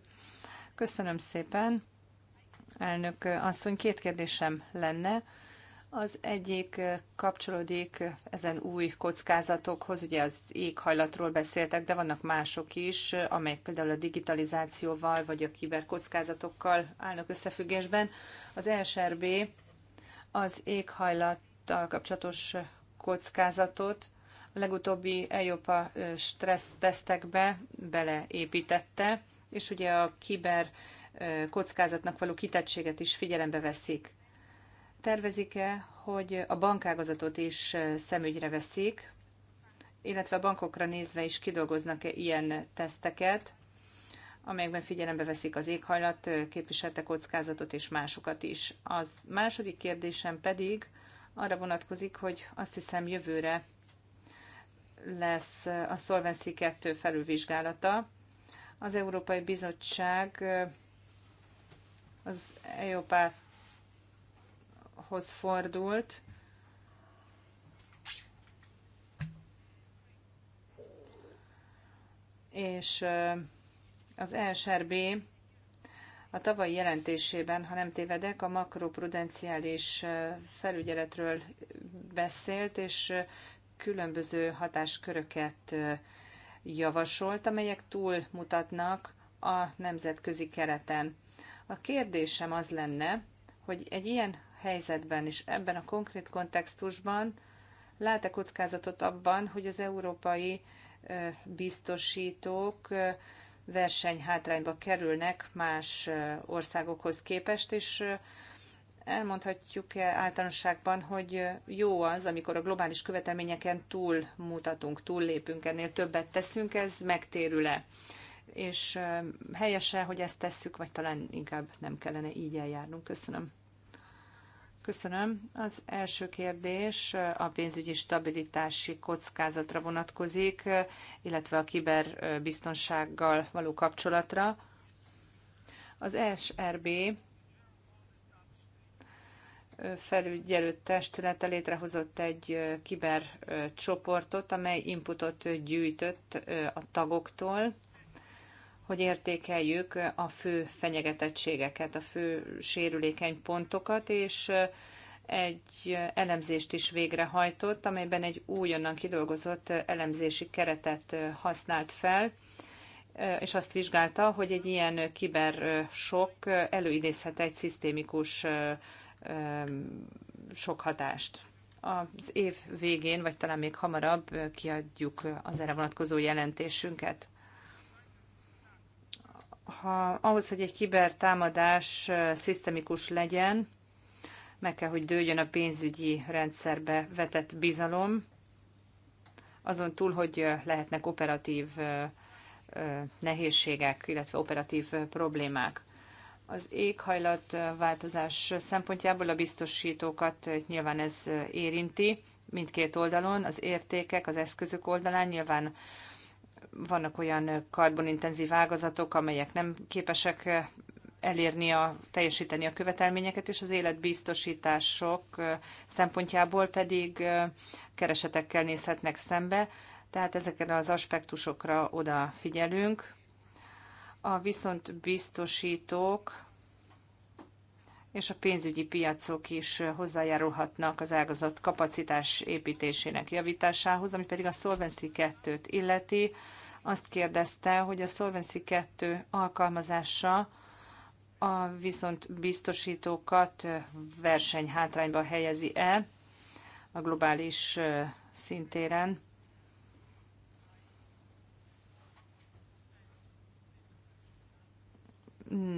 Köszönöm szépen. Elnök asszony, két kérdésem lenne. Az egyik kapcsolódik ezen új kockázatokhoz, ugye az éghajlatról beszéltek, de vannak mások is, amelyek például a digitalizációval vagy a kiberkockázatokkal állnak összefüggésben. Az e SRB az éghajlattal kapcsolatos kockázatot a legutóbbi Európa stressztesztekbe beleépítette, és ugye a kiber kockázatnak való kitettséget is figyelembe veszik. Tervezik-e, hogy a bankágazatot is szemügyre veszik, illetve a bankokra nézve is kidolgoznak-e ilyen teszteket, amelyekben figyelembe veszik az éghajlat, képviselte kockázatot és másokat is. Az második kérdésem pedig arra vonatkozik, hogy azt hiszem jövőre lesz a Solvency 2 felülvizsgálata, az Európai Bizottság az EOPA-hoz fordult, és az ESRB a tavalyi jelentésében, ha nem tévedek, a makroprudenciális felügyeletről beszélt, és különböző hatásköröket javasolt, amelyek túl mutatnak a nemzetközi kereten. A kérdésem az lenne, hogy egy ilyen helyzetben és ebben a konkrét kontextusban lát-e kockázatot abban, hogy az európai biztosítók versenyhátrányba kerülnek más országokhoz képest, és elmondhatjuk-e általánosságban, hogy jó az, amikor a globális követelményeken túl mutatunk, túllépünk, ennél többet teszünk, ez megtérül-e? És helyese, hogy ezt tesszük, vagy talán inkább nem kellene így eljárnunk. Köszönöm. Köszönöm. Az első kérdés a pénzügyi stabilitási kockázatra vonatkozik, illetve a kiberbiztonsággal való kapcsolatra. Az SRB felügyelő testülete létrehozott egy kibercsoportot, amely inputot gyűjtött a tagoktól, hogy értékeljük a fő fenyegetettségeket, a fő sérülékeny pontokat, és egy elemzést is végrehajtott, amelyben egy újonnan kidolgozott elemzési keretet használt fel, és azt vizsgálta, hogy egy ilyen sok előidézhet egy szisztémikus sok hatást. Az év végén, vagy talán még hamarabb kiadjuk az erre vonatkozó jelentésünket. Ha, ahhoz, hogy egy kibertámadás szisztemikus legyen, meg kell, hogy dőljön a pénzügyi rendszerbe vetett bizalom, azon túl, hogy lehetnek operatív nehézségek, illetve operatív problémák. Az éghajlatváltozás szempontjából a biztosítókat nyilván ez érinti mindkét oldalon, az értékek, az eszközök oldalán nyilván vannak olyan karbonintenzív ágazatok, amelyek nem képesek elérni, a, teljesíteni a követelményeket, és az életbiztosítások szempontjából pedig keresetekkel nézhetnek szembe, tehát ezekre az aspektusokra odafigyelünk, a viszont biztosítók és a pénzügyi piacok is hozzájárulhatnak az ágazat kapacitás építésének javításához, ami pedig a Solvency 2-t illeti. Azt kérdezte, hogy a Solvency 2 alkalmazása a viszont biztosítókat versenyhátrányba helyezi-e a globális szintéren.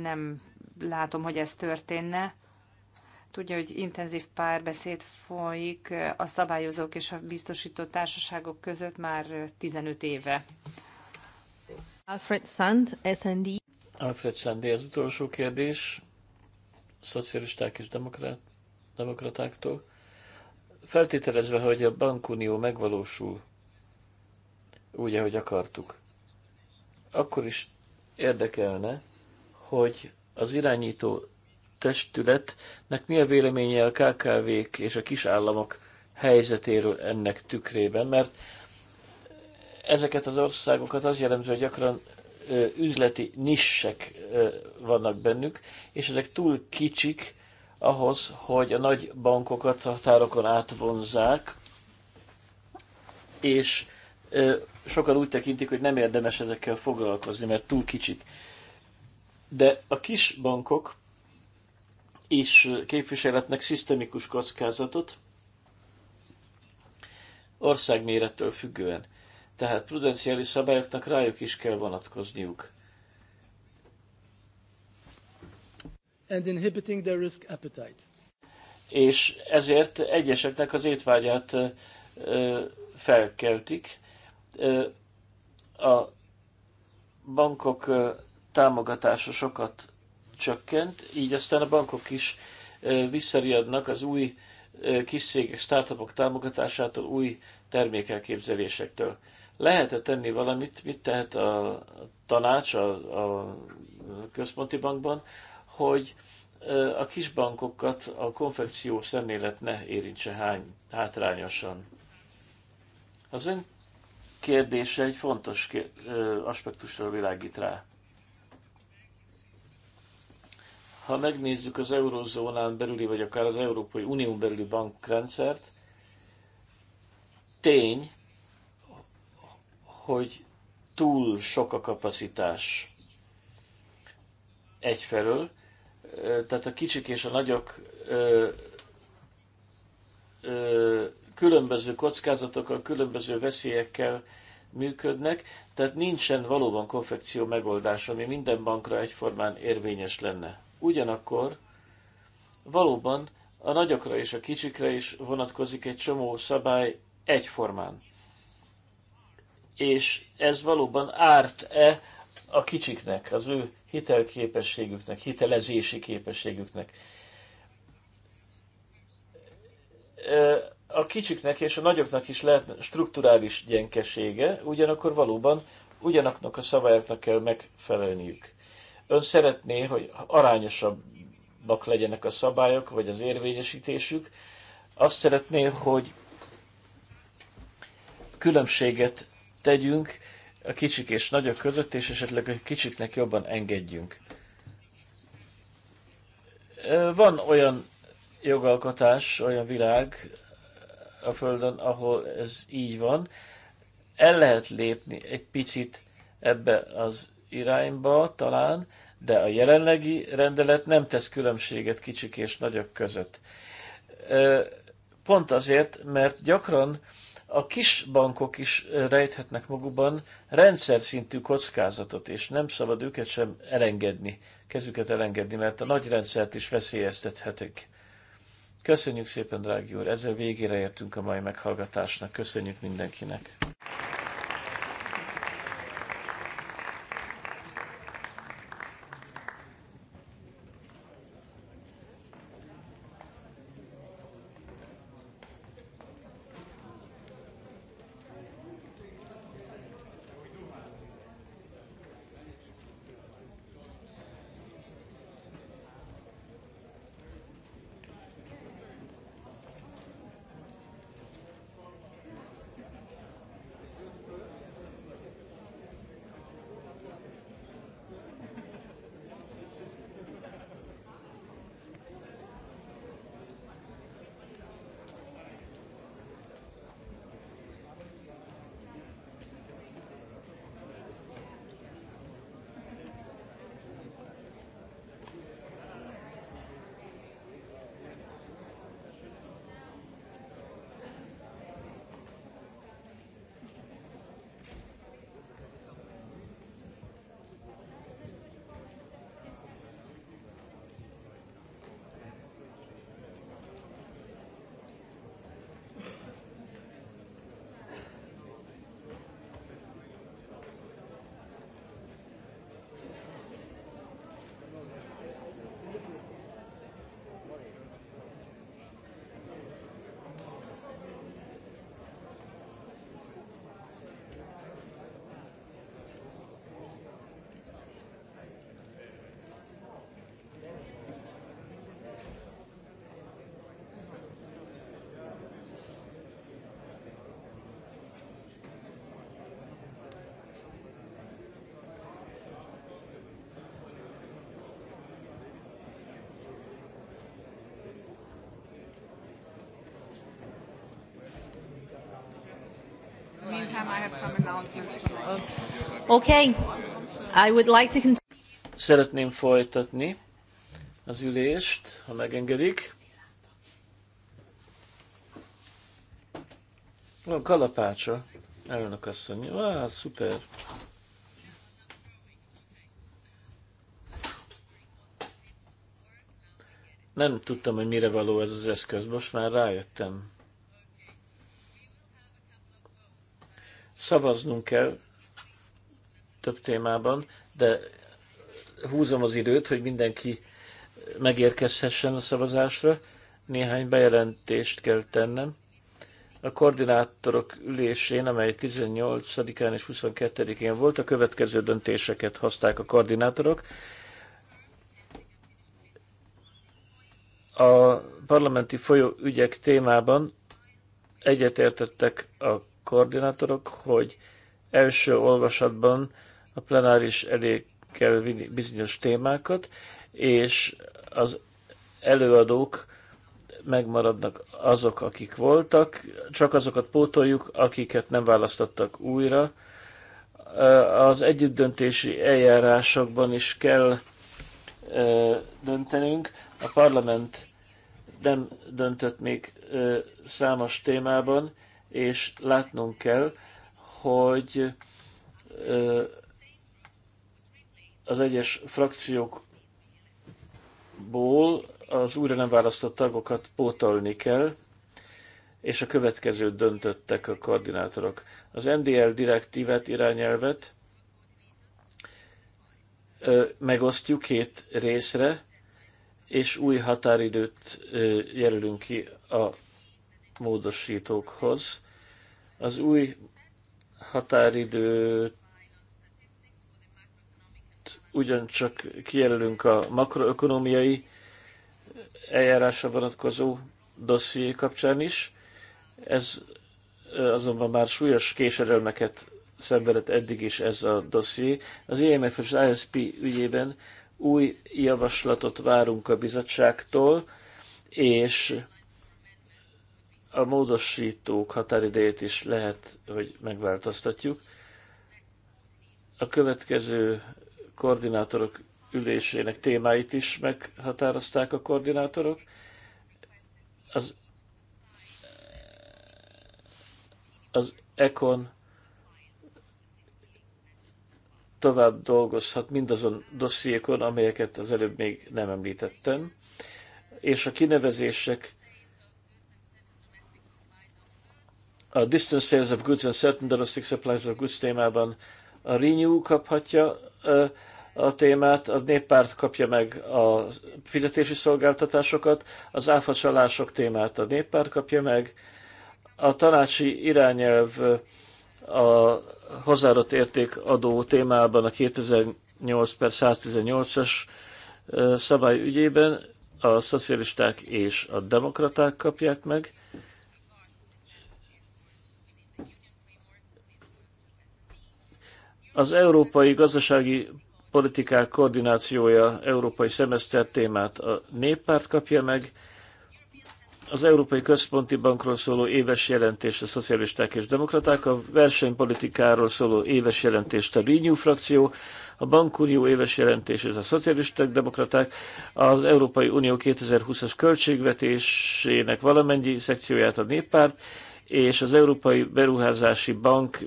nem látom, hogy ez történne. Tudja, hogy intenzív párbeszéd folyik a szabályozók és a biztosító társaságok között már 15 éve. Alfred Sand, SND. Alfred Sand, az utolsó kérdés. Szocialisták és demokrat, demokratáktól. Feltételezve, hogy a bankunió megvalósul úgy, ahogy akartuk, akkor is érdekelne, hogy az irányító testületnek mi a véleménye a KKV-k és a kisállamok helyzetéről ennek tükrében, mert ezeket az országokat az jellemző, hogy gyakran üzleti nissek vannak bennük, és ezek túl kicsik ahhoz, hogy a nagy bankokat a határokon átvonzzák, és sokan úgy tekintik, hogy nem érdemes ezekkel foglalkozni, mert túl kicsik. De a kis bankok is képviseletnek szisztemikus kockázatot országmérettől függően. Tehát prudenciális szabályoknak rájuk is kell vonatkozniuk. And inhibiting their risk appetite. És ezért egyeseknek az étvágyát felkeltik. A bankok támogatása sokat csökkent, így aztán a bankok is visszariadnak az új kis szégek, startupok támogatásától, új termékelképzelésektől. Lehet-e tenni valamit, mit tehet a tanács a, a központi bankban, hogy a kisbankokat a konfekció szemlélet ne érintse hány, hátrányosan? Az ön kérdése egy fontos aspektusra világít rá. Ha megnézzük az eurózónán belüli, vagy akár az Európai Unión belüli bankrendszert, tény, hogy túl sok a kapacitás egyfelől, tehát a kicsik és a nagyok ö, ö, különböző kockázatokkal, különböző veszélyekkel működnek, tehát nincsen valóban konfekció megoldás, ami minden bankra egyformán érvényes lenne. Ugyanakkor valóban a nagyokra és a kicsikre is vonatkozik egy csomó szabály egyformán. És ez valóban árt-e a kicsiknek, az ő hitelképességüknek, hitelezési képességüknek. A kicsiknek és a nagyoknak is lehet strukturális gyenkesége, ugyanakkor valóban ugyanaknak a szabályoknak kell megfelelniük. Ön szeretné, hogy arányosabbak legyenek a szabályok, vagy az érvényesítésük. Azt szeretné, hogy különbséget tegyünk a kicsik és nagyok között, és esetleg a kicsiknek jobban engedjünk. Van olyan jogalkotás, olyan világ a Földön, ahol ez így van. El lehet lépni egy picit ebbe az irányba talán, de a jelenlegi rendelet nem tesz különbséget kicsik és nagyok között. Pont azért, mert gyakran a kis bankok is rejthetnek magukban rendszer szintű kockázatot, és nem szabad őket sem elengedni, kezüket elengedni, mert a nagy rendszert is veszélyeztethetik. Köszönjük szépen, drági úr, ezzel végére értünk a mai meghallgatásnak. Köszönjük mindenkinek! Okay. I would like to Szeretném folytatni az ülést, ha megengedik. Van kalapácsa, elnök asszony. Á, szuper. Nem tudtam, hogy mire való ez az eszköz, most már rájöttem. Szavaznunk kell több témában, de húzom az időt, hogy mindenki megérkezhessen a szavazásra. Néhány bejelentést kell tennem. A koordinátorok ülésén, amely 18-án és 22-én volt, a következő döntéseket hozták a koordinátorok. A parlamenti folyóügyek témában egyetértettek a koordinátorok, hogy első olvasatban a plenáris elé kell vinni bizonyos témákat, és az előadók megmaradnak azok, akik voltak, csak azokat pótoljuk, akiket nem választottak újra. Az együttdöntési eljárásokban is kell döntenünk. A parlament nem döntött még számos témában, és látnunk kell, hogy az egyes frakciókból az újra nem választott tagokat pótolni kell, és a következőt döntöttek a koordinátorok. Az NDL direktívet, irányelvet megosztjuk két részre, és új határidőt jelölünk ki a módosítókhoz. Az új határidőt ugyancsak kijelölünk a makroökonomiai eljárásra vonatkozó dosszié kapcsán is. Ez azonban már súlyos késerelmeket szenvedett eddig is ez a dosszié. Az IMF és ISP ügyében új javaslatot várunk a bizottságtól, és a módosítók határidejét is lehet, hogy megváltoztatjuk. A következő koordinátorok ülésének témáit is meghatározták a koordinátorok. Az, az ECON tovább dolgozhat mindazon dossziékon, amelyeket az előbb még nem említettem, és a kinevezések a Distance Sales of Goods and Certain Domestic Supplies of Goods témában a Renew kaphatja a témát, a néppárt kapja meg a fizetési szolgáltatásokat, az áfa csalások témát a néppárt kapja meg, a tanácsi irányelv a hozzáadott érték adó témában a 2008 per 118-as szabály ügyében a szocialisták és a demokraták kapják meg, Az európai gazdasági politikák koordinációja európai szemeszter témát a néppárt kapja meg, az Európai Központi Bankról szóló éves jelentés a szocialisták és demokraták, a versenypolitikáról szóló éves jelentést a Renew frakció, a Bankunió éves jelentés ez a szocialisták, demokraták, az Európai Unió 2020-as költségvetésének valamennyi szekcióját a néppárt, és az Európai Beruházási Bank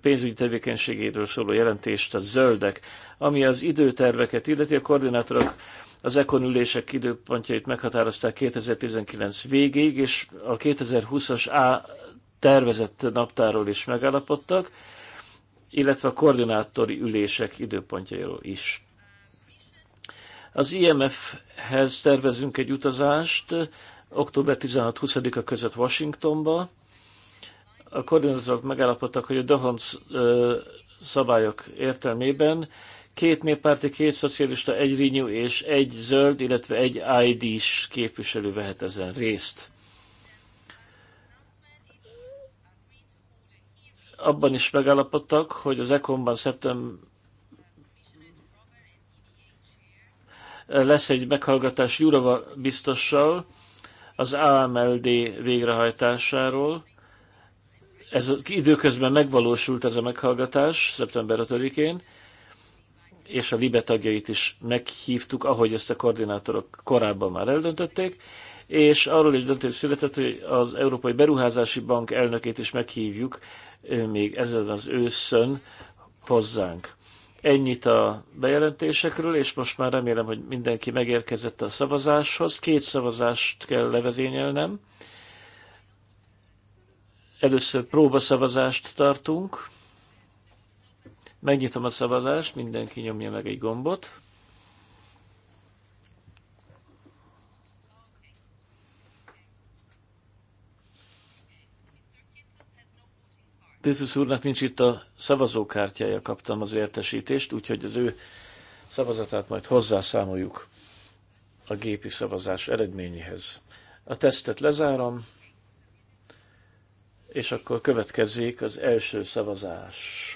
pénzügyi tevékenységéről szóló jelentést a zöldek, ami az időterveket illeti, a koordinátorok az ECON ülések időpontjait meghatározták 2019 végéig, és a 2020-as A tervezett naptáról is megállapodtak, illetve a koordinátori ülések időpontjairól is. Az IMF-hez tervezünk egy utazást október 16-20-a között Washingtonba, a koordinátorok megállapodtak, hogy a Dohon szabályok értelmében két néppárti, két szocialista, egy rinyú és egy zöld, illetve egy ID-s képviselő vehet ezen részt. Abban is megállapodtak, hogy az ECOM-ban szeptember lesz egy meghallgatás Jurova biztossal az AMLD végrehajtásáról, ez időközben megvalósult ez a meghallgatás szeptember 5-én, és a LIBE tagjait is meghívtuk, ahogy ezt a koordinátorok korábban már eldöntötték, és arról is döntés született, hogy az Európai Beruházási Bank elnökét is meghívjuk még ezen az őszön hozzánk. Ennyit a bejelentésekről, és most már remélem, hogy mindenki megérkezett a szavazáshoz. Két szavazást kell levezényelnem. Először próbaszavazást tartunk. Megnyitom a szavazást, mindenki nyomja meg egy gombot. Tisztus úrnak nincs itt a szavazókártyája, kaptam az értesítést, úgyhogy az ő szavazatát majd hozzászámoljuk a gépi szavazás eredményéhez. A tesztet lezárom és akkor következzék az első szavazás.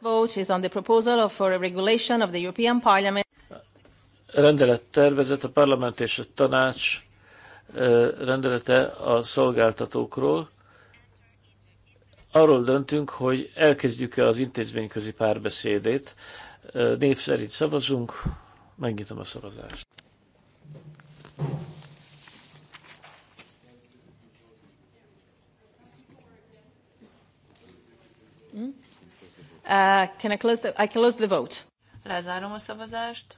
Vote is on the proposal for a regulation of the European Parliament. Rendelet tervezet a parlament és a tanács rendelete a szolgáltatókról. Arról döntünk, hogy elkezdjük-e az intézményközi párbeszédét. Név szerint szavazunk, megnyitom a szavazást. Uh, can I close the, I close the vote. Lezárom a szavazást.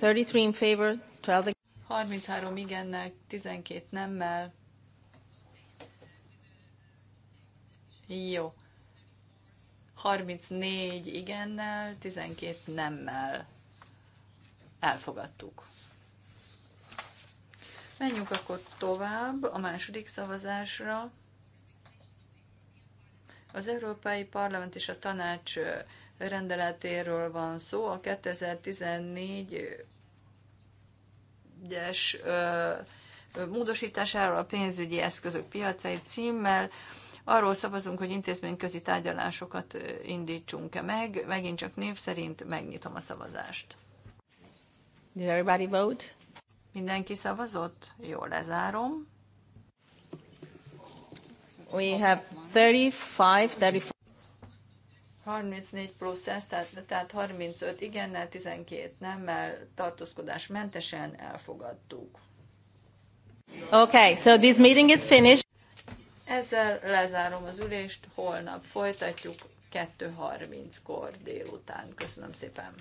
33 in favor, 12 33 igennel, 12 nemmel. Jó. 34 igennel, 12 nemmel. Elfogadtuk. Menjünk akkor tovább a második szavazásra. Az Európai Parlament és a Tanács rendeletéről van szó, a 2014-es módosításáról a pénzügyi eszközök piacai címmel. Arról szavazunk, hogy intézményközi tárgyalásokat indítsunk-e meg. Megint csak név szerint megnyitom a szavazást. Did everybody vote? Mindenki szavazott? Jó, lezárom. We have 35, 34. 34 plusz tehát, tehát 35 igennel, 12 nemmel, tartózkodás mentesen elfogadtuk. Okay, so this meeting is finished. Ezzel lezárom az ülést, holnap folytatjuk 2.30-kor délután. Köszönöm szépen!